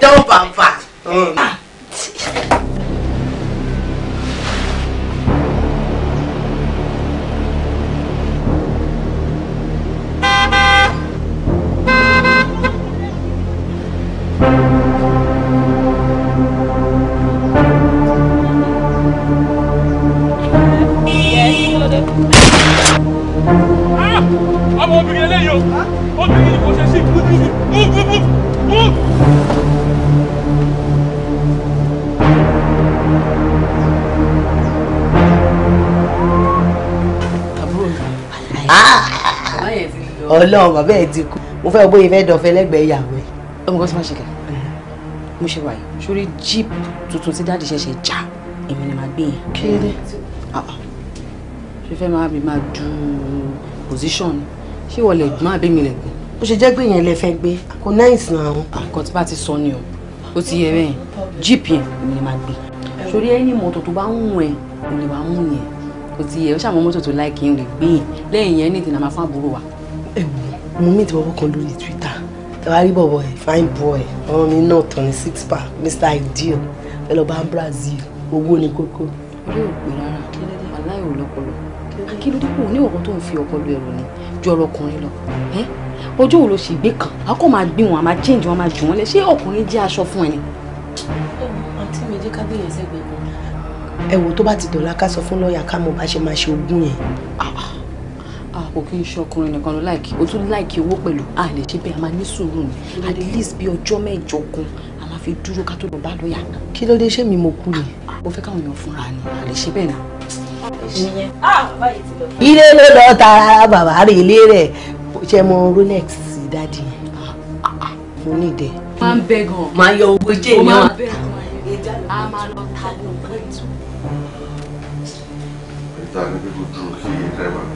dán bàbà. Ah. Hmm. Ọlọ́run bàbá ẹ ti kú mo fẹ́ bóyá fẹ́ dọ̀fẹ́ lẹ́gbẹ̀ẹ́ ìyàwó ẹ. ọmọ kan tí wọ́n ṣe kẹ́ mo ṣe wáyé sórí jíìpù tuntun tí dáàdì ṣẹ̀ṣẹ̀ já èmi ni màá gbé yẹn. kéde ah, ah. ṣe fẹ́ máa bí máa du position ni ṣé wọ́n lè gbọ́n àbí mi lè gbọ́n. bó ṣe jẹ́ gbé yẹn lè fẹ́ gbé kò náìsì náà. àkọ́ ah, tí bá ti sọ ni o ó ti yẹ bẹ́ẹ̀ jíìpù yẹn èmi ni màá gbé sórí ẹni mọ́tò tó bá ń wù ẹ́ òun lè wá mú yẹn kò ti yẹ ó ṣàmọ́ mọ́tò tó láì kí lè gbé yẹn lẹ́yìn yẹn ní ìdènà máa fún àbúrò wa ẹ wò mo meet bọ́bọ́ kan lórí Twitter tẹwàá rí bọ̀bọ̀ ẹ̀ fine boy ọmọ mi náà tán ní six pack Mr Ideal ẹ lọ Brazil owó ni kókó. orí òpè rárá kí ló dé aláì ò lọpọlọ kí ló dé kò ní ọkàn tó ń fi ọpọlọ ẹ̀rọ ni ju ọ̀rọ̀ ọkùnrin lọ ọjọ́ wo ló ṣe ìgbé kan a kò máa gbé wọn a máa change wọn a máa jù wọn lẹ ṣé ọkùnrin jẹ́ aṣọ fún ẹni. àǹtí mi jẹ́ kábíyèsí ẹsẹ̀ gbẹ̀gbẹ̀. ẹ tó bá ti dọ̀la ká sọ fún lọ́ọ̀yà ká mọ̀ bá ṣe máa ṣe ogún yẹn. Ah, ah. Ah, kò kí n ṣe ọkùnrin nìkan ló láìkí o tún láìkí owó pẹ̀lú a lè ṣe bẹ́ẹ̀ a máa ní sùúrù ni at least bí ọjọ́ mẹ́jọ kan a máa fi dúró ká tó lọ bá lọ́ọ̀yà. kí ló dé ṣé mi mo kú ni. mo fẹ́ káwọn èèyàn fúnra ni a lè ṣe bẹ́ẹ̀ náà. ilé ló lọ tara bàbá rẹ̀ ilé rẹ̀ ṣe mọ rolex dáàdi yẹn mo ní ìdẹ. máa ń bẹ gan. máa yọ owó jẹ́ èèyàn. a máa lọ ta ló pẹ̀lú. ìta ni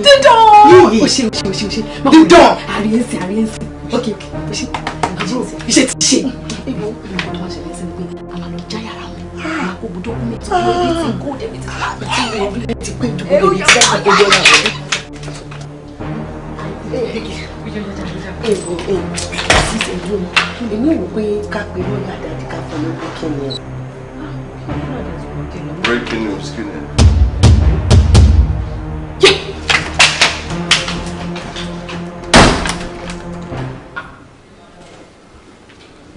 dídán o ṣe o ṣe o ṣe o ṣe dídán àríyànsì àríyànsì ok ok o breaking news kí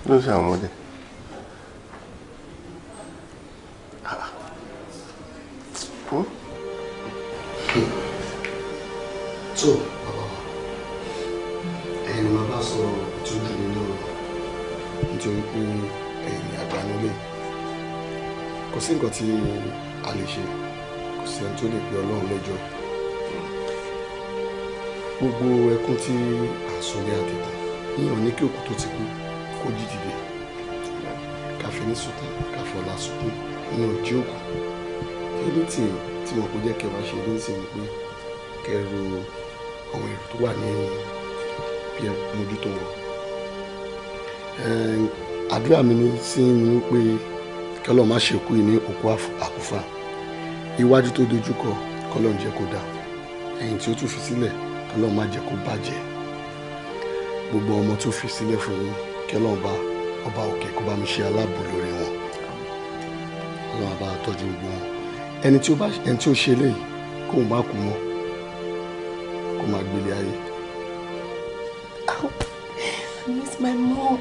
ló ṣe àwọn ọmọdé tó hmm. ẹni máa bá sọ ìtọ́jú nínú ọ̀rọ̀ nítorí pé ẹ̀yìn àgbànúlé a lè ṣe kò sí ẹni tó lè pe ọlọ́run lẹ́jọ́ gbogbo ẹkún tí àsùnlé àtẹ̀tẹ̀ níyàn ní kí òkú tó ti kú kó jí dìde káfí ní sùkún káfí ọ̀la sùkún ní ọjọ́ òkú ẹni tí tí wọn kò jẹ́ kẹ́ wá ṣe ní sìn pé kẹrù àwọn èrò tó wà ní bí ẹ mójútó wọn. àdúrà mi ní sí mi ní pé kẹ́lọ́ má ṣe kú yìí ní òkú àkúfà iwájú tó dojúkọ kọ́lọ́ ń jẹ́ kó dáa ẹ̀yìn tí ó tún fi sílẹ̀ kọ́lọ́ má jẹ́ kó bàjẹ́ gbogbo ọmọ tó fi sílẹ̀ fún yín kẹlọ́n ọba òkè kó bá mi ṣe aláàbò lórí wọn ọlọ́run bá tọ́jú gbogbo wọn ẹni tí ó bá ẹni tí ó ṣe léyìí kóun bá kú mọ́ kó máa gbélé ayé. I miss my mom.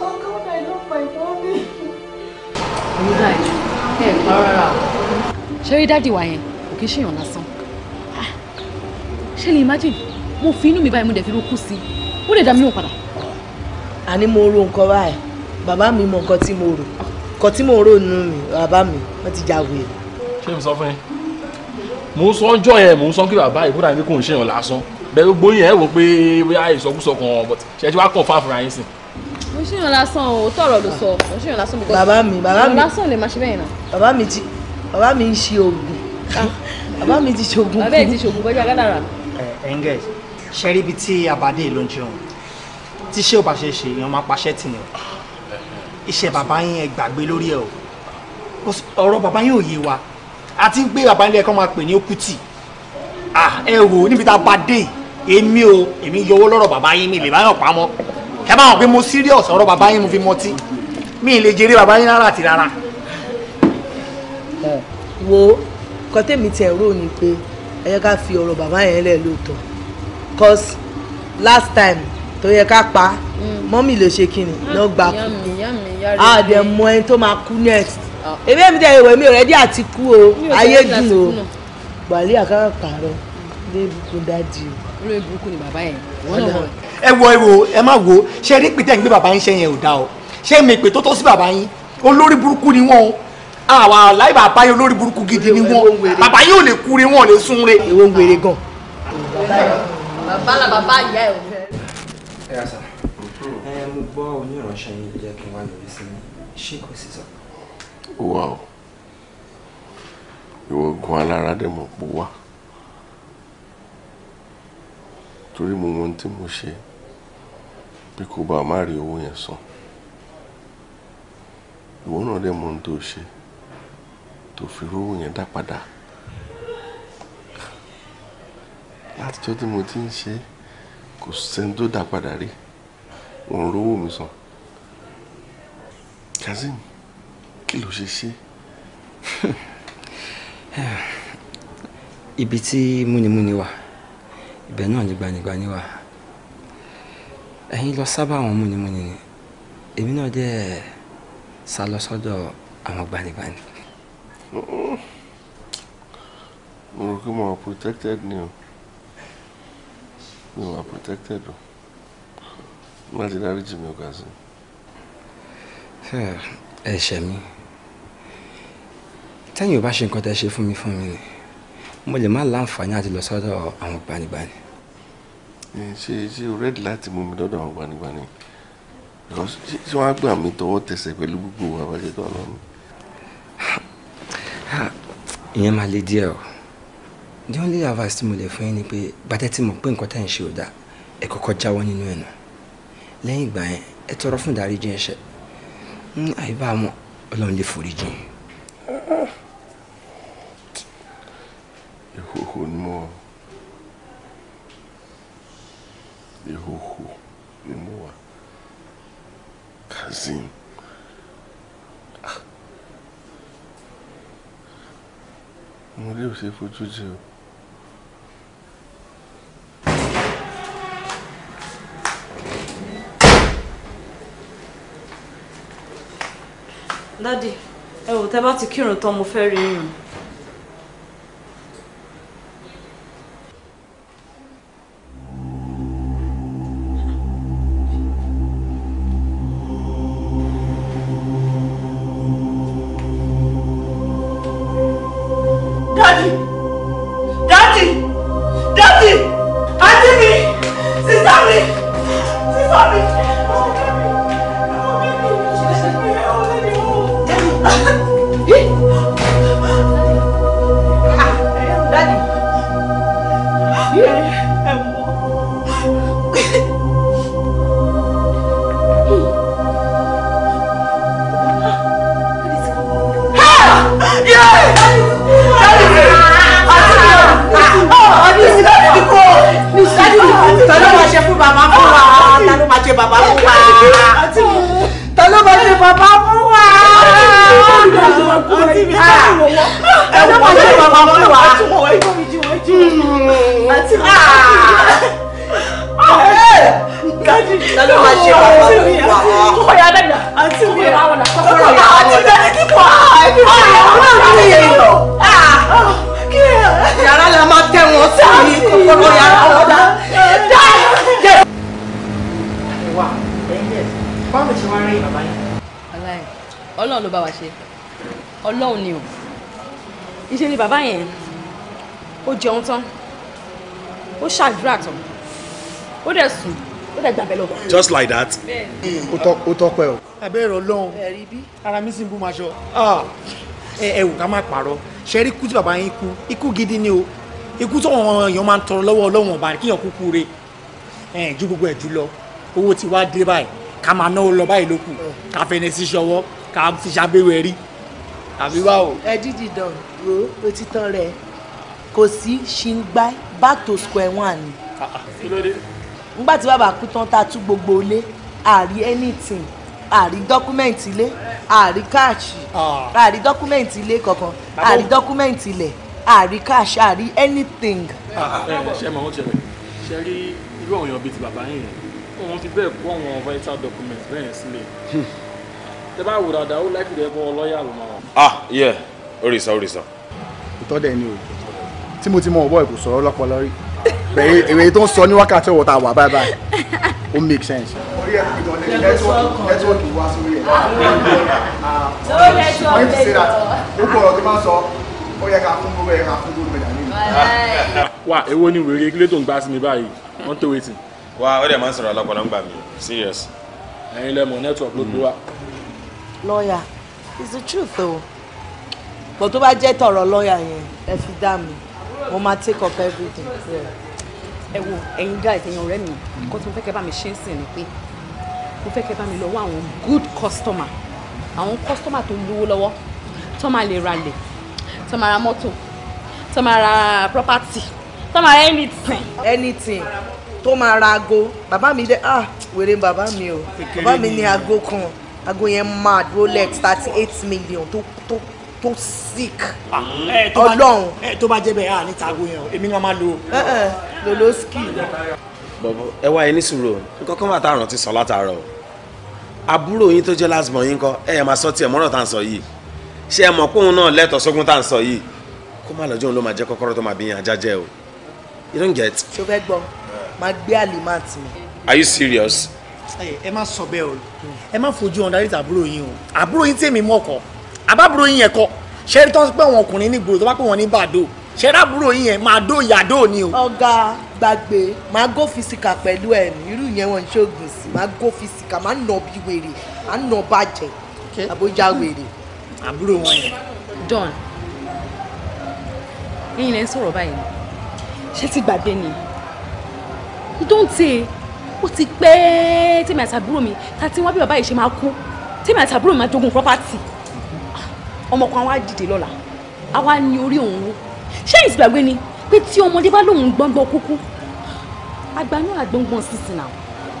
How come I love my mommy? Ẹ̀yin dájú, ẹ̀ ń pa rárá o. Ṣé rí dáàdì wa yẹn? Kò kí ń ṣèyàn lásán ṣe lè imagine mo fi inú mi báyìí mo dẹ̀ fi ro kú sí i ó lè dá mi lóhùn padà. àní mo ro nǹkan báyìí bàbá mi mọ nǹkan tí mo rò nǹkan tí mo rò nínú mi bàbá mi wọ́n ti jáwé. ṣé mo sọ fún yín mò ń sọ ọjọ́ yẹn mò ń sọ kí bàbá yìí kúrò àbí kò ń ṣèyàn lásán bẹ́ẹ̀ gbogbo yẹn wò pé bóyá ìsọkúsọ kan but ṣe ti wá kàn fáfúra yín sìn. mo ṣèyàn lásán o tọ̀rọ̀ ló sọ mo ṣèyàn lásán because bàbá mi bàbá mi lásán lè máa ṣe bẹ́ẹ̀ náà. bàbá mi ti bàbá mi ń ṣe oògùn ah. bàbá mi ti ṣoògùn kù bàbá mi ti ṣoògùn kọjá gádàrà engage ṣe rí ibi tí abadé ló ń jẹun tí ṣé ò bá ṣe ṣe èèyàn máa paṣẹ tì ní o iṣẹ́ bàbá yín ẹ gbàgbé lórí ẹ o ọ̀rọ̀ bàbá yín ò yé wa àti gbé bàbá yín lẹ́ẹ̀kan máa pè ní okùtì ẹ wò níbi tá a bá dé èmi o èmi yọwọ́ lọ́rọ̀ bàbá yín mi lè bá yàn pamọ́ ẹ bá wọn pé mo serious ọ̀rọ̀ bàbá yín mo fi mọtí mi lè jèrè bàbá yín rárá àti rárá. wo kọ́tẹ́mi tẹ̀ rò ní pé ẹ yẹ ká fi ọ̀rọ̀ bàbá yẹn lẹ̀ lóòótọ́ cause last time tó yẹ ká pa mm. mọ́mì ló ṣe kí ni mm, ló gbà kú àdẹ̀ mọ ẹni tó máa kú next ah. èmi èmi tẹ̀ ìwé mi ọ̀rẹ́dí àti kú o ayé dùn o wàlẹ́ àkàrà pààrọ̀ lé ibùkún dájú o. olórí ibùkún ni bàbá yẹn wọ́n náà wọ̀ ẹ wọ ẹwọ ẹ má wo ṣe rí pété ń gbé bàbá yín ṣe yẹn ò dáa o mi pè tó tọ́ sí bàbá yín olórí burúkú ni wọ́n o àwọn aláì bàbá yẹn olórí burúkú gidi ni wọn bàbá yẹn ò lè kúre wọn ò lè súnre. èwo ń wèrè gan. bàbá la bàbá ìyá ẹ o. ẹ yà sà ẹ mo gbọ́ oníránṣẹ́ yín jẹ́ kí n wá yọrí sí ṣé kò sí sọ. wà ó ìwọ gan alára mọ̀ pé wá torí mo mọ ohun tí mo ṣe bí kò bá má rí owó yẹn san ìwọ náà dẹ̀ mọ ohun tó ṣe tó fi rówó yẹn dá padà látijọ́ tí mo ti ń ṣe kò sẹ́ni tó dá padà rí wọn rówó mi sàn Kazeem kí ló ṣe ṣe. ibi tí múnimúni wà ibẹ̀ náà ni gbanigbani wà ẹ̀yin lọ sábà àwọn múnimúni ni èmi náà dẹ̀ sá sọ́dọ̀ àwọn gbanigbani mo rò pé mo protected ni o mi wà protected o má ti dárí jì mí o kà sí. ẹ̀ṣẹ̀ mi tẹ́yìn ò bá ṣe nǹkan tẹ́ ṣe fún mi fún mi ni mo lè má láǹfààní àti lọ sọ́dọ̀ àwọn gbanigbani. ṣe ṣe o rẹ́dì láti mú mi lọ́dọ̀ àwọn gbanigbani ṣé wọ́n á gbà mí tọwọ́ tẹsẹ̀ pẹ̀lú gbogbo àbájẹ́tọ̀ ọlọ́run ìyẹn máa le díẹ̀ o the only advice tí mo lè fún yín ni pé gbàtẹ́ tí mo pé nǹkan tẹ́ ń ṣe ò dáa ẹ kọ́kọ́ jáwọ́ nínú ẹ̀ nà lẹ́yìn ìgbà yẹn ẹ tọrọ fún ìdáríjì ẹ̀ṣẹ̀ ní àyíbámu ọlọ́run lè foríjì. ìhòhò ni mo wà ìhòhò ni mo wà Kazeem. mo lè ṣe fojú jẹ o. dádì ẹ wò tẹ bá ti kírun tán mo fẹ́ rí yín. ọlọ́run ni o ìṣe ni bàbá yẹn ó jẹun tán ó ṣàdúrà tán ó dẹ̀ sùn ó dẹ̀ gbàbẹ̀ lọ. just like that. ó tọpẹ o. abẹ́rẹ́ ọlọ́run ara mi sì ń bú maṣọ ah! ẹ wò ká má parọ́ ṣe rí ikú tí bàbá yín kú ikú gidi ni o ikú tí àwọn èèyàn máa ń tọrọ lọ́wọ́ ọlọ́run ọba kíyàn kúkú re ju gbogbo ẹ̀ jù lọ owó ti wá dé báyìí ká máa náwó lọ báyìí lókù ká fẹ́ni sí ṣọwọ́ ká fi ṣàbẹ̀wò ẹ̀rí àbí báwo. ẹ dídì dàn ro òtítọ́ rẹ̀ kò sí ṣìngbá back to square one ni. Ah, ah, kí ló dé. nígbà tí bàbá kú tán ta tú gbogbo ilé àrí anything àrí dọ́kúmẹ̀ntì ilé àrí káàṣì àrí ah. dọ́kúmẹ̀ntì ilé kankan àrí dọ́kúmẹ̀ntì ilẹ̀ àrí káàṣì àrí anything. ṣe mọ̀ wọ́n ṣẹlẹ̀ ṣe rí irú àwọn èèyàn bíi ti bàbá yìí wọ́n ti bẹ́ẹ̀ kó àwọn vital document. bẹ́ẹ̀ sílẹ̀ tẹ bá wò dáadáa ó láìpẹ́ rẹ bọ́ lọ́ọ̀yà ló máa. ah yẹ oríṣà oríṣà. ìtọ́ dẹ̀ ni o tí mo ti mọ ọ̀bọ̀ ìkò sọ̀rọ̀ lọ́pọlọ rí bẹ̀rẹ̀ èrè tó ń sọ ní wákàtí ọ̀wọ̀ tá a wà báyìí báyìí ó make sense. orí ẹ̀ ti dọ̀lẹ́ nẹ́tíwọ́ọ̀kì wá sórí ẹ̀. ṣé wọ́n ti ṣe that gbogbo ọ̀rọ̀ tó máa sọ ó yẹ ká fún gbogbo ẹ̀ ká fún gbogbo ẹ̀ dàní. wà èwo ni wèrè kílé tó ń gbá sí mi báyìí wọ́n tó wetin. wà ó dẹ̀ máa ń sọ̀rọ̀ lọ́pọlọ ń gbà mí serious. ẹ̀yin lẹ́mọ̀ network ló gbé wa lọ́ọ̀yà it's the truth o But tó bá jẹ́ tọ̀rọ̀ lọ́ọ̀yà yẹn ẹ fi dá mi mo máa take up everything. ẹ wo ẹ̀yin guys ẹ̀yin ọ̀rẹ́ mi kó tó fẹ́ kẹ́ bá mi ṣe é sìn ni pé mo fẹ́ kẹ́ bá mi lọ́wọ́ àwọn good customer àwọn customer tó lówó lọ́wọ́ tó máa lè ralẹ̀ tó máa ra mọ́tò tó máa ra property tó máa ra anything. anything tó máa ra aago bàbá mi dé ah wèrè bàbá mi o bàbá mi ní aago kan aago yẹn mad rolex thirty eight million tó tó tó sick ah, eh, ọlọ́run. Eh, tó bá jẹ́ bẹ́ẹ̀ à ah, níta aago yẹn o èmi náà máa lo. loloski. bọ̀bọ̀ ẹ wá ẹ ní sùúrù nǹkan kan máa tààràn ti sọ látàárọ̀ o àbúrò yín tó jẹ́ lásìmọ̀ yín kọ́ ẹ yẹ máa sọ tiẹ̀ mọ́rọ̀ tá à ń sọ yìí ṣé ẹ mọ̀ pé òun náà lẹ́tọ̀ọ́ sógun tá à ń sọ yìí kó má lọ́jọ́ òun ló máa jẹ́ kọ́kọ́rọ́ tó máa bí yín ajá jẹ́ o you don't get. ṣo fẹ́ gbọ́ máa gbé àlè are you serious? ẹ má sọ bẹ́ẹ̀ o hmm. ẹ má fojú ọ̀nà dáríta àbúrò yín o àbúrò yín tèmi mọ̀ kọ́ àbábúrò yín yẹn kọ́ ṣé tó ń pẹ́ wọn ọkùnrin ní gbòòrò tó bá pẹ́ wọn ní bàdó ṣé rábúrò yín yẹn máa dó ìyàdó ni o. ọ̀gá gbàgbé máa gó fisika pẹ̀lú ẹ̀ irú yẹn wọn ṣoògùn sí máa gó fisika máa nà bí wèrè máa nà bàjẹ́ àbójá wèrè. àbúrò wọn yẹn. Don ẹ̀yin lẹ ń sọ̀rọ̀ báyìí ṣé ti gbàgbé ni you don't tey ó ti pẹ́ tèmi àti àbúrò mi tàti wọ́n bí bàbá yìí ṣe máa kú tèmi àti àbúrò mi máa jogún property ọmọ kan wá dìde lọ́la a wá ní orí òun wó ṣé ìsìgbàgbé ni pé tí ọmọdé bá lòun gbọ́ngbọ́n kúkú àgbà náà àgbọ̀ngbọ̀n sísìn náà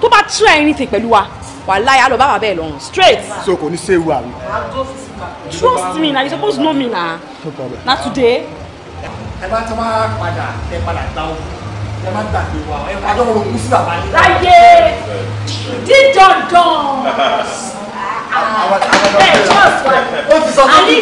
tó bá try anything pẹ̀lú wa wà láyà lọ bá wà bẹ́ẹ̀ lọ́rùn straight. so kò ní ṣe ewu àmì. trust me na you suppose know me na. no problem. na today. ẹ bá tọ́ bá padà ẹ padà gbá ogun ẹ má gbàgbé wa ẹ má jọ ronú sí bàbá yín. láyé dídọ̀dàn ẹ jọ́sí wa ó ti sọ fún mi.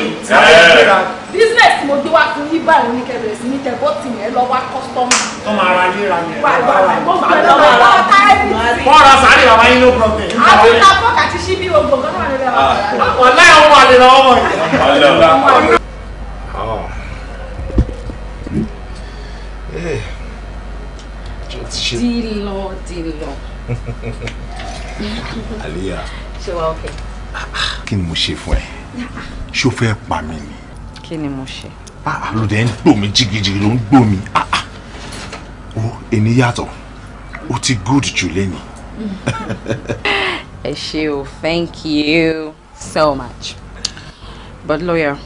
business mo gbé wá fún yín báyìí ní kẹbẹ̀rẹ̀ sí ní kẹbọ́ tì yẹn lọ wá kọ́sítọ́mù. tó máa ra yé ra yẹn. wà á wà á gbọ́dọ̀ lọ́wọ́ wa ká ẹbí sí. wọ́n ra sáré bàbá yín ló pọ̀ bẹ́ẹ̀. àbí ta fọ́ọ̀kì àti síbí ogbò kan náà lè ra ah, wọn. ọ̀la ẹ̀ ń wà lè ra ọmọ yìí ti ṣe. dìlọ dìlọ. àlíyà. ṣé wàá ok. kí ni mo ṣe fún ẹ ṣó fẹ́ pa mí ni. kí ni mo ṣe. Ah, ah, ló dé ń gbò mí jigijigi ló ń gbò mí ó ẹni yàtọ̀ ó ti good jù lẹ́ni. ẹ ṣé o thank you so much but lawyer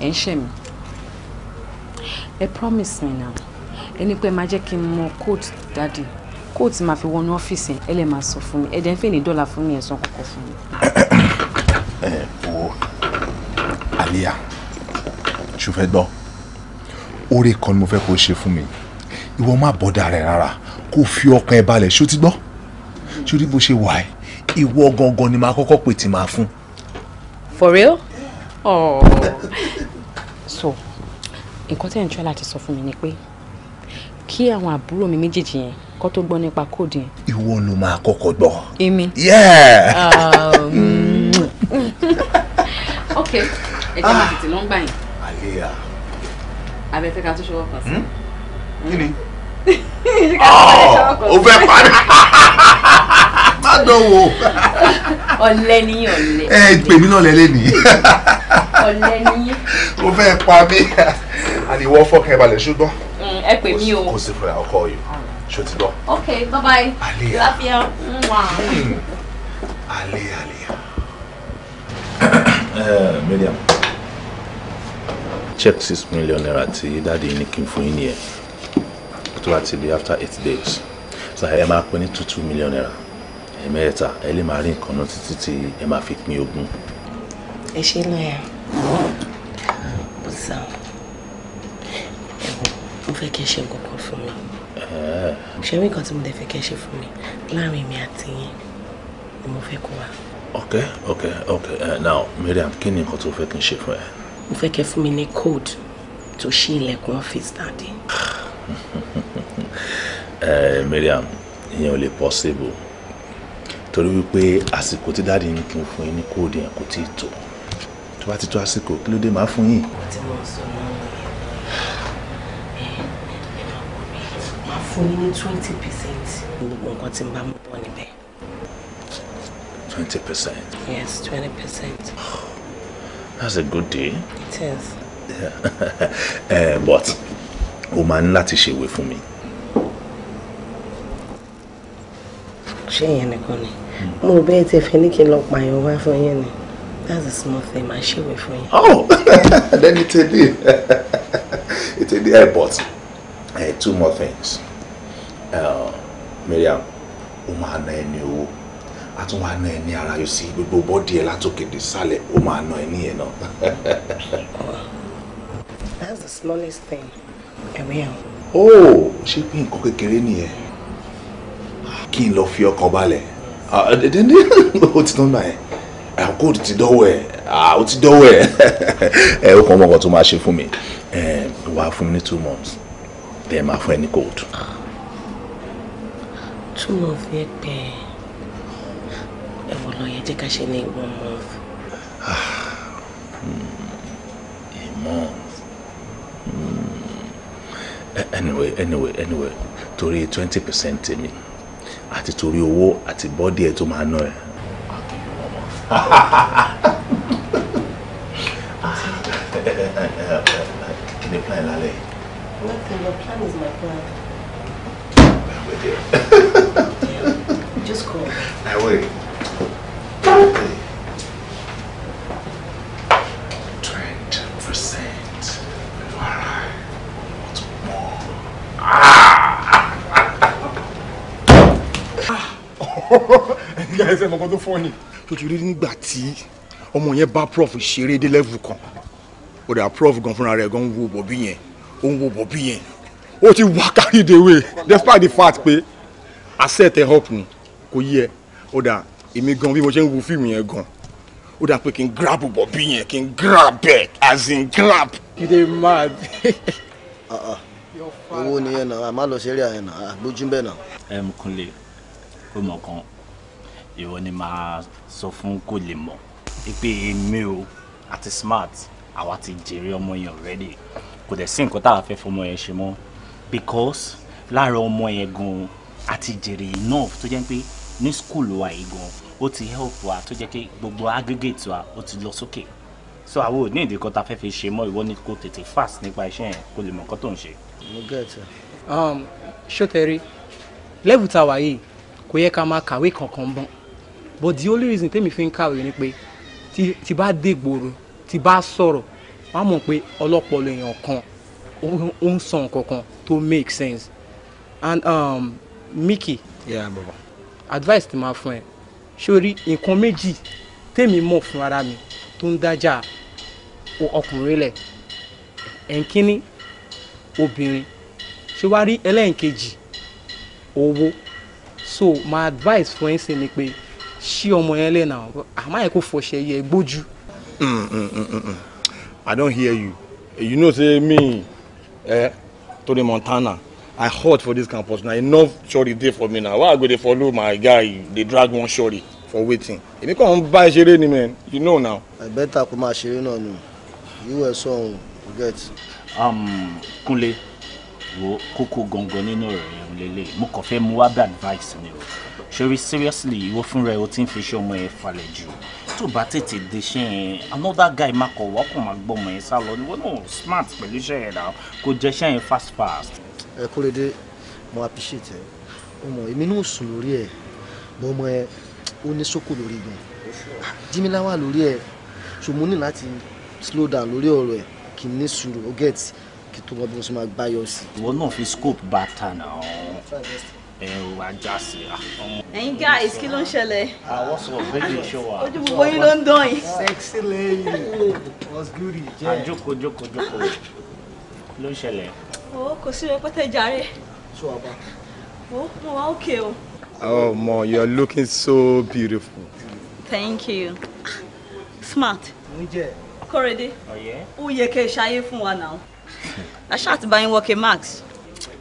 ẹ ń ṣe mi ẹ promise me now ẹni pé máa jẹ́ kí n mọ coat dáàdì coat máa fi wọnú ọ́fíìsì ẹ lè máa sọ fún mi ẹ̀dẹ̀ ń fẹ́ ní dọ́là fún mi ẹ̀sán kọ̀ọ̀kan fún mi. ẹ wo Aliyah ṣùfẹ́ gbọ́ oore kan ni mo fẹ́ kó o ṣe fún mi ìwọ má bọ́dà rẹ̀ rárá kó o fi ọkàn ẹ balẹ̀ ṣó ti gbọ́ ṣó rí bó ṣe wà ẹ́ ìwọ gangan ni màá kọ́kọ́ pè tí màá fún. for real? Oh. so nǹkan tẹ́ ẹ̀ ń tọ́ láti sọ fún mi ni pé kí àwọn àbúrò mi méjèèjì yẹn kó tó gbọ́ nípa kóòdù yẹn. ìwọ ló máa kọ́kọ́ gbọ́. èmi. ok ẹ jẹ́ máa tètè lọ́ngbà yẹn. Ah. àlẹ́ à. abẹ fẹ́ ká tó ṣọwọ́ kan sí. Hmm? kí ni. Oh, ó fẹ́ parí má dán wò. ọ̀lẹ ni ọ̀lẹ. ẹ pèmí náà lẹ́lẹ́ nìyí ọ̀lẹ fẹ́ pa mí àní ìwọ fọkàn balẹ̀ ṣùgbọ́n. Mm, ẹ pè mí o. kò sí fúnra ọkọ yìí ṣó ti gbọ́. ok bye bye. àlè àlè àlè àlè. Miriam check six million naira tí dáàdi yìí ní kí n fún yín nìyẹn ti di after eight days so ẹ máa pín ní two two million naira ẹ̀mẹ́ta ẹ lè máa rí nǹkan náà títí tí ẹ máa fi pín ogún. ẹ ṣe lọ́yà bùsà ẹ̀wọ̀n mo fẹ́ kí for me. nǹkan kan fún mi ṣe mí kan tí mo dẹ̀ fẹ́ kí the ṣe fún mi láàrin mi àti yín ni mo fẹ́ kó wa. ok ok ok uh, now Mariam kí ni nǹkan to fẹ́ kí n ṣe fún ẹ. mo fẹ́ kẹ́ fún mi ní code tó ṣí ilẹ̀kùn ọ́fíìsì dáadé. Eh, Mariam ìyẹn ò lè possible to wípé àsìkò tí dáàdi ní kí n fún yín ní kóòdù yẹn kò tí ì tó tó bá ti tó àsìkò kí ló dé máa fún yín. ó ti mọ sọ náà máa fún yín ní twenty percent gbogbo nǹkan tí yes twenty percent. that's a good day it is. Yeah. uh, but o máa ń láti ṣèwé fún mi. ṣé ìyẹn nìkan ni mo rò bẹ́ẹ̀ tẹ fẹ́ ní kí n lọ pààyàn wá fún yẹn ni. That's a small thing. I show it for you. Oh, then it's a deal. it's a deal. But uh, two more things. Uh, Miriam, ó máa ná ẹni owó. A You see, ná ẹni ara yóò sí gbogbo bọ́dí ẹ̀ látòkè dé sálẹ̀ ó máa ná That's the smallest thing. Miriam. Oh, she pé nǹkan kékeré King love your lọ Uh, then balẹ̀? Ah, eh, ó ti gold eh, ti dọ́wọ́ ẹ̀ ah, ó ti dọ́wọ́ ẹ̀ ẹ eh, ó kàn mọ́kàn tó máa ṣe fún mi eh, wàá fún mi ní two months then máa fún ẹ ní gold. two months yẹn pẹ́ ẹ̀wọ̀n lọ yẹn jẹ́ ká ṣe ní one month. Ah, hmm, a month. Hmm. anyway anyway anyway torí twenty percent tèmi àti torí owó àti bọ́dì ẹ̀ tó máa ná ẹ̀. Kí ni plan lálẹ́ yìí? Nothing, your plan is my plan. I'm with you. Just call. I will. tó ti rí nígbà tí ọmọ yẹn bá prof ṣeré dé level kan ó dà prof gan fúnra rẹ̀ gan ń wo bọ̀bí yẹn ó ń wo bọ̀bí yẹn ó ti wá carry the despite the fact pé accept ẹ help ni kò yẹ ó dà èmi gan bí mo ṣe ń wo fíìmù yẹn gan ó dà pé kí n grab bọ̀bí yẹn kí n grab ẹ̀ as in grab. you dey mad. owó nìyẹn náà a máa lọ sí eré àyẹn náà àgbójú bẹ́ẹ̀ náà. ẹ mú kúnlẹ̀ ó mọ̀ kan ìwọ ni màá sọ fún kò lè mọ̀ pé èmi o àti smart àwa ti jèrè ọmọ yẹn already kò dẹ̀ sí nǹkan tá a fẹ́ fọmọ yẹn ṣe mọ́ because lára ọmọ yẹn gan àti jèrè enough tó jẹ́ pé ní school wa yìí gan ó ti help wa tó jẹ́ pé gbogbo aggregate wa ó ti lọ sókè so àwọn ò ní èdè kan tá a fẹ́ fi ṣe mọ́ ìwọ ni kò tètè fast nípa iṣẹ́ yẹn kò lè mọ̀ nǹkan tó ń ṣe. mo gẹ̀ẹ́tì ṣó tẹ lẹ́bùtà wàyí kò yẹ ká máa kàwé kankan bọ́n but the only reason tèmi fi ń kàwé ni pé tí bá dégboro tí bá sọ̀rọ̀ wọ́n á mọ̀ pé ọlọ́pọlọ èèyàn kan ó ń sọ nǹkan kan to make sense and um, Mickey yeah, baba. advice ti máa fún ẹ sórí nǹkan méjì tèmi mọ̀ fún ara mi tó ń dájà ọkùnrin lẹ̀ ẹ̀ńkíní obìnrin ṣé wàá rí ẹlẹ́ǹkejì owó so my advice fún ẹ sí ni pé ṣí ọmọ yẹn lẹ́nà àmọ́ ẹ̀ kò fọṣẹ yẹ gbójú. Mm, mm, mm, I don't hear you you know say me eh, Tony Montana I hot for this campus na enough shorty dey for me na why I go dey follow my guy dey drag one shorty for wetin èmi kàn ń bá ṣeré ni man you know now. ẹ bẹ́tà kó máa ṣeré náà You yíwọ ẹ sọ̀hún you get. Um, Kúnlé wo kókó gangan nínú ọ̀rọ̀ yẹn lélẹ̀ mo kàn fẹ́ mu wá bí advice ni o ṣeré seriously ìwọ fúnra ẹ o ti ń fi iṣẹ́ ọmọ ẹ falẹ̀ jù tó bá tètè dé iṣẹ́ yẹn another guy máa kọ̀ wọ́pọ̀ máa gbọ́ ọmọ ẹ sá lọ níwọ́n náà smart pẹ̀lú iṣẹ́ yẹn náà kò jẹ́ iṣẹ́ yẹn fast fast. ẹ kó lè dé mo appreciate ẹ ọmọ èmi náà sùn lórí ẹ mo mọ ẹ ó ní sókò lórí gan jimilawa lórí ẹ so ní láti slow down lórí ọ̀rọ̀ ẹ kì í ní sùúrù o get kí tó mọ bí mo ṣe máa gbáyọ sí. ìwọ náà fi scope bá ta náà ẹ ò sí i. ẹ̀yin guys kí ló ń ṣẹlẹ̀. àwọn sọ méjì ṣó wa. ojú gbogbo yín ló ń dán yìí. sexy lady was good ah, jẹ. àjókòó jókòó jókòó ló ń ṣẹlẹ̀. o kò sí rẹpẹtẹ jàre. ṣó wa bá. o mo wá òkè o. oh mo you are looking so beautiful. thank you smart. oúnjẹ. kọ́rẹ́dé. ọ̀yẹ́. ó yẹ kẹ́ ẹ ṣayé fún wa náà. aṣáàtì bá yín wọ́kẹ́ max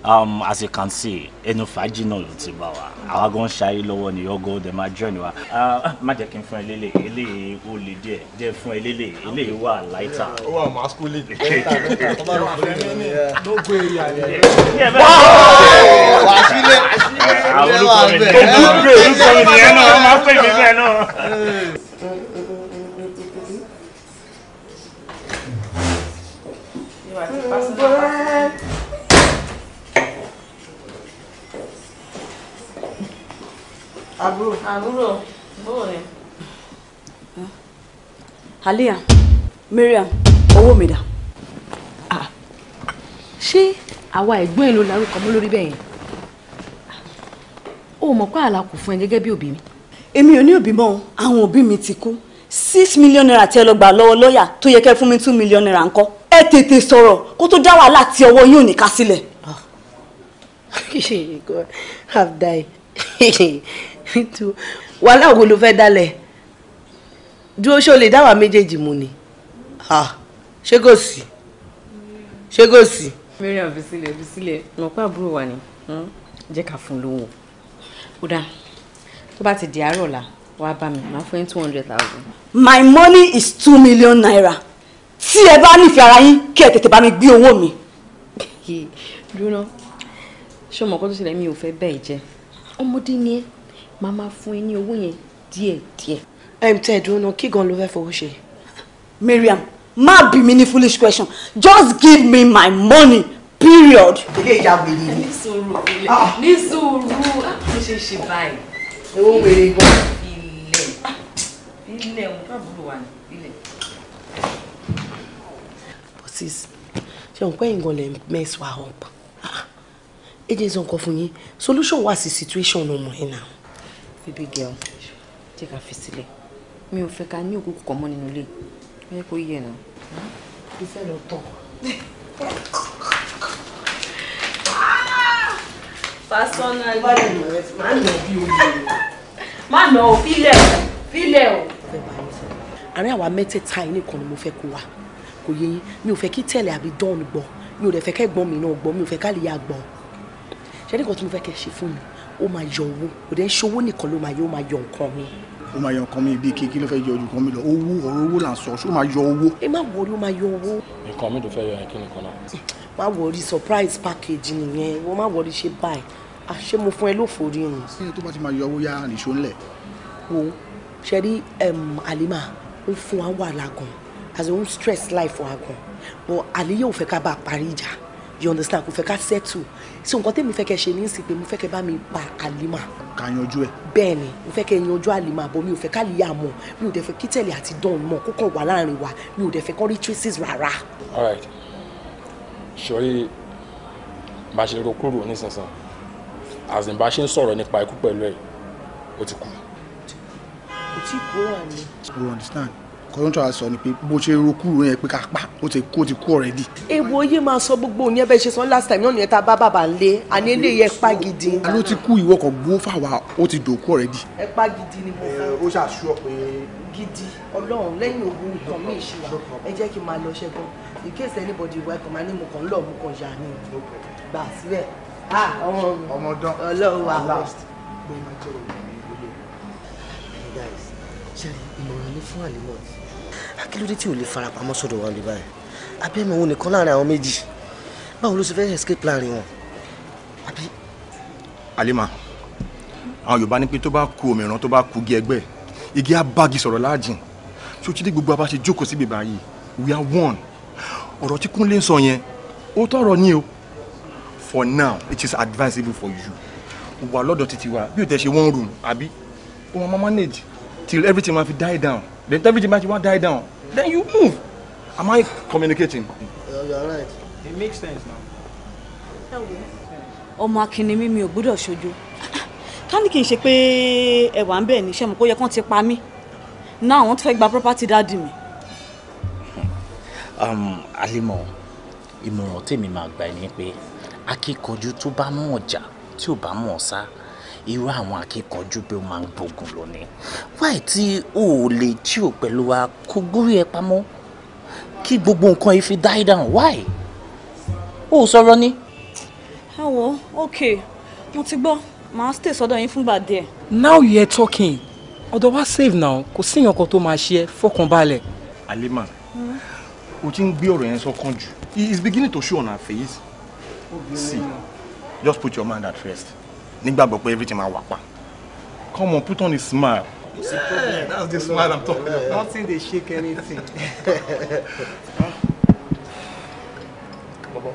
um, as you can see ẹnu fàájì náà ló ti bá wa àwa gan ṣayé lọ́wọ́ ni ọgọ́ ọdẹ máa jẹ́ ìnìwá uh, má jẹ́ kí n fún ẹ lélẹ̀ eléyìí ó le díẹ̀ díẹ̀ fún ẹ lélẹ̀ eléyìí wà láìta. ó wà máa skú lè dé. ló gbé ìyá rẹ̀. wà á àwọn olùkọ́ mi nìyẹn náà olùkọ́ náà wọ́n máa pè mí bẹ́ẹ̀ náà. Bye. àbúrò. àbúrò bóò ni. Aliya Mariam owó mi dà. ṣé àwa ẹ̀gbọ́n ẹ̀ ló larúkọ mọ́ lórí bẹ́ẹ̀ yẹn o mọ̀ pé àlà kò fún ẹ gẹ́gẹ́ bí òbí mi. èmi ò ní òbí mọ́ àwọn òbí mi ti kú six million naira tí ẹ lọ gbà lọ́wọ́ lọ́ọ̀yà tó yẹ kẹ́ fún mi two million naira ńkọ́ ẹ tètè sọ̀rọ̀ kó tó dá wàhálà tí ọwọ́ yóò ní ká sílẹ̀. Ah, have die wàhálà wo ló fẹ́ dálẹ̀ dúró ṣó lè dáwà méjèèjì mu ni ṣé kò sí ṣé kò sí. mẹ́rin ọ̀fi sílẹ̀ ọ̀fi sílẹ̀ mọ̀ pé àbúrò wa ni hmm? jẹ́ ká fún un lówó ó dáa tó bá ti di àárọ̀ ọ̀la wàá bá mi máa fún yín two hundred thousand. my money is two million naira tí ẹ bá nífẹ̀ẹ́ ara yín kí ẹ tètè bá mi gbé owó mi. dúró náà ṣé o mọ̀ kó tó ṣẹlẹ̀ mi ò fẹ́ bẹ́ẹ̀ jẹ́ ọmọdé ni ẹ́ màá máa fún yín ní owó yẹn díẹ̀díẹ̀. ẹm tẹ́ ẹ̀ dúró náà kí gan ló fẹ́ fowó ṣe. Mariam má bí mi ní foolish question just give me my money period. ilé ìyá wèrè ni. ní sùúrù ilé ah. ní sùúrù ah, ló ṣe ṣe báyìí. owó wèrè gan. ilé ilé òun bá burú wa ní ilé. bosses ṣe òun pẹ́ ìgbọ̀n lè mess wa up. Ah, ẹ jẹ́ sọ̀kan fún yín solution wà sí situation ọmọ ẹ̀ náà. Baby girl, jẹ́ ká fi sílẹ̀. Mi ò fẹ́ ká ní òkú kọ̀ọ̀kan mọ́ nínú ilé. Ó yẹ kó yẹ náà. Ìfẹ́ lọ tọ̀. Personally. Má nà ó fílẹ̀ o. Fílẹ̀ o. Àárín àwa mẹ́tẹ̀ẹ̀ta yìí nìkan ni mo fẹ́ kó wà. Kò yẹ yín. Mi ò fẹ́ kí tẹ̀lé àbí dán gbọ́. Mi ò dẹ̀ fẹ́ kẹ́gbọ́n mi náà gbọ́. Mi ò fẹ́ ká lè yá gbọ́. Ṣé ní kan tí mo fẹ́ kẹ́ ṣe fún ó máa yọ owó kò dẹ́ ṣe owó nìkan ló máa yọ ó máa yọ nǹkan mi. ó máa yọ nǹkan mi bíi kí kí ló fẹ́ yọ ojú kan mi lọ owó ọ̀rọ̀ owó là ń sọ ṣó máa yọ owó. ẹ má wọrí ó máa yọ owó. nǹkan mi tó fẹ́ yọ yẹn kí nìkan náà. má wọrí surprise package nìyẹn wọ́n má wọrí ṣe báyìí àṣé mo fún ẹ lófo rí ni. ṣé tó bá ti máa yọ owó yá nìṣó ńlẹ̀. wo ṣe rí àlìmà ó fún wa wàhálà gan-an àti stress life wa gan-an but àlìyé ò fẹ́ ká bá a parí ìjà you understand kò fẹ́ ká settle so nǹkan tẹ́mi fẹ́ kẹ́ ṣe ní ìsìn pé mo fẹ́ kẹ́ bá mi pa àlìmà. ká yanjú ẹ. bẹ́ẹ̀ mo fẹ́ kẹ́ yanjú àlìmà bọ́ mi ò fẹ́ ká lè àmọ́ mi ò dẹ̀ fẹ́ kí àti dán mọ́ kókàn wà láàrin wa mi ò dẹ̀ fẹ́ kọ́ rí traces rárá. all sori bá a ṣe ro kúrò nísinsìn àzìn bá a ṣe ń sọ̀rọ̀ nípa ikú pẹ̀lú ẹ̀ ó ti kú. ó ti kú wà ní. you understand kọ́ńtà sọ ni pé bó ṣe ro kúrò yẹn pé ká pa ó ti kú ó ti kú already. èwo yé máa sọ gbogbo òun yẹn bẹ́ẹ̀ ṣe sọ last time náà nìyẹn tá a bá bàbá ń lé àní eléyìí ẹ pa gidi. a ló ti kú ìwọ kan gbó fàwa ó ti dòkú already. ẹ pa gidi ni mo fẹ́. ó ṣàṣùọ pé. gidi ọlọ́run lẹ́yìn ogun nǹkan mi ìṣúra ẹ jẹ́ kí n máa lọ ṣẹ́gun in case anybody wá ẹ̀kọ́ máa ní mo kàn lọ mo kàn yà ni gbà síbẹ̀ ṣe ìmọ̀ràn ní fún àlè akílódé tí ò lè farapamọ́ sọ́dọ̀ wa lè báyìí abẹ́mi òun nìkan láàrin àwọn méjì báwo ló ṣe fẹ́ escape láàrin wọn àbí. Halima àwọn Yorùbá ní pé tó bá ku òmìrán tó bá ku gé ẹgbẹ́ igi abági sọ̀rọ̀ láàjìn tí o ti dé gbogbo abáṣe jókòó síbi báyìí we are one ọ̀rọ̀ tí Kúnlé ń sọ yẹn ó tọrọ ní o for now it is advisable for you wà lọ́dọ̀ títí wa bí o tẹ̀ ṣe one room àbí o wọn manage till everything ma fi die down Then everything might want die down. Then you move. Am I communicating? Yeah, you're right. It makes sense now. Oh akínni mi mi ò gbọ́dọ̀ ṣojú. Ká ní kì í ṣe pé ẹwà ń bẹ̀ ní ṣẹ́mu kó ti pa mí. Náà wọ́n ti gba property dáàdì mi. Um, Alimọ̀, ìmọ̀ràn tèmi máa gbà ẹ́ ni pé akíkanjú tó bá mọ̀ ọjà tí ò bá mọ̀ ọ́ irú àwọn akíkanjú pé ó máa ń gbógun lọ ni wáì tí o ò lè jí ò pẹ̀lú wa kó gbórí ẹ pamọ́ kí gbogbo nǹkan yìí fi die down wáì o ò sọ̀rọ̀ ni. àwọ̀ ok mo ti gbọ́ màá stay sọ́dọ̀ yín fúngbà díẹ̀. now you are talking ọ̀dọ̀ wa save now kò sí ìyànkan tó máa ṣe é fọkànbalẹ̀. Halima o ti ń gbé ọ̀rọ̀ yẹn sọ́kàn jù he is beginning to show on her face see just put your mind at rest nígbàgbọ́ pé everything máa wà pa come on put on a smile. Yeah, that's the smile I'm talking about. Nothing dey shake anything. Bọ̀bọ̀,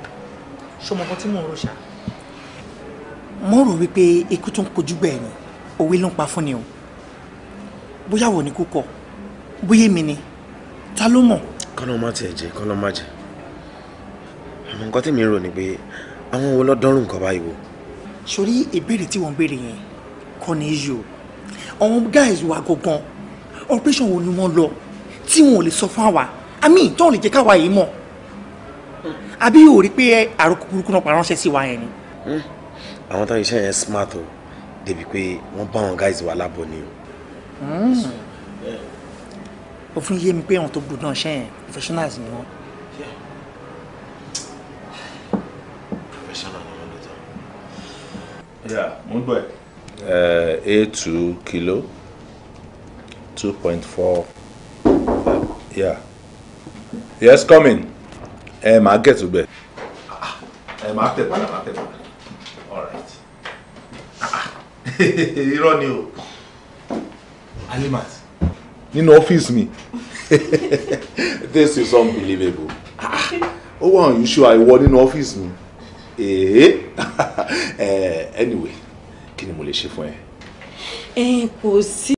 ṣé ọmọ kan tí mò ń rò ṣá? Mo rò wípé ikú tó ń kojú bẹ́ẹ̀ ni, òwe ló ń pa fún ni o. Bóyá wọ̀ ni kú kọ, bóyá mi ni, ta ló mọ̀? Kọ́nà má tiẹ̀ jẹ́, kọ́nà má jẹ́. Àmọ́ nǹkan tí mi rò ni pé àwọn wo lọ́dọ́rùn nǹkan báyìí wò? sórí ìbéèrè tí wọ́n ń béèrè yẹn kọ́ ni yìí o àwọn guys wa gangan operation wo ni wọ́n lọ tí wọn ò lè sọ fún àwa àmì ìtàn lè jẹ́ káwa yìí mọ̀ àbí yóò rí pé àrùn burúkú náà paránṣẹ́ sí wa yẹn ni. Hmm. àwọn táwọn iṣẹ́ yẹn smart o débi pé wọ́n bá àwọn guys wa lábọ̀ ni o. òfin hmm. yé mi pé àwọn tó gbọdọ̀ ṣẹ́yìn professionals ni wọ́n. Yeah, mo gbọ́ ẹ. Eh, two kilo two point four yeah yes coming. in ẹ máa gẹ̀tù bẹ̀. ẹ máa tẹ̀ all right irọ́ ni o alimat. nínú office me. this is unbelievable Oh wow, you sure I àìwọ in office me ee eh? eh, anyway kí ni mo lè ṣe fún ẹ eh, kò sí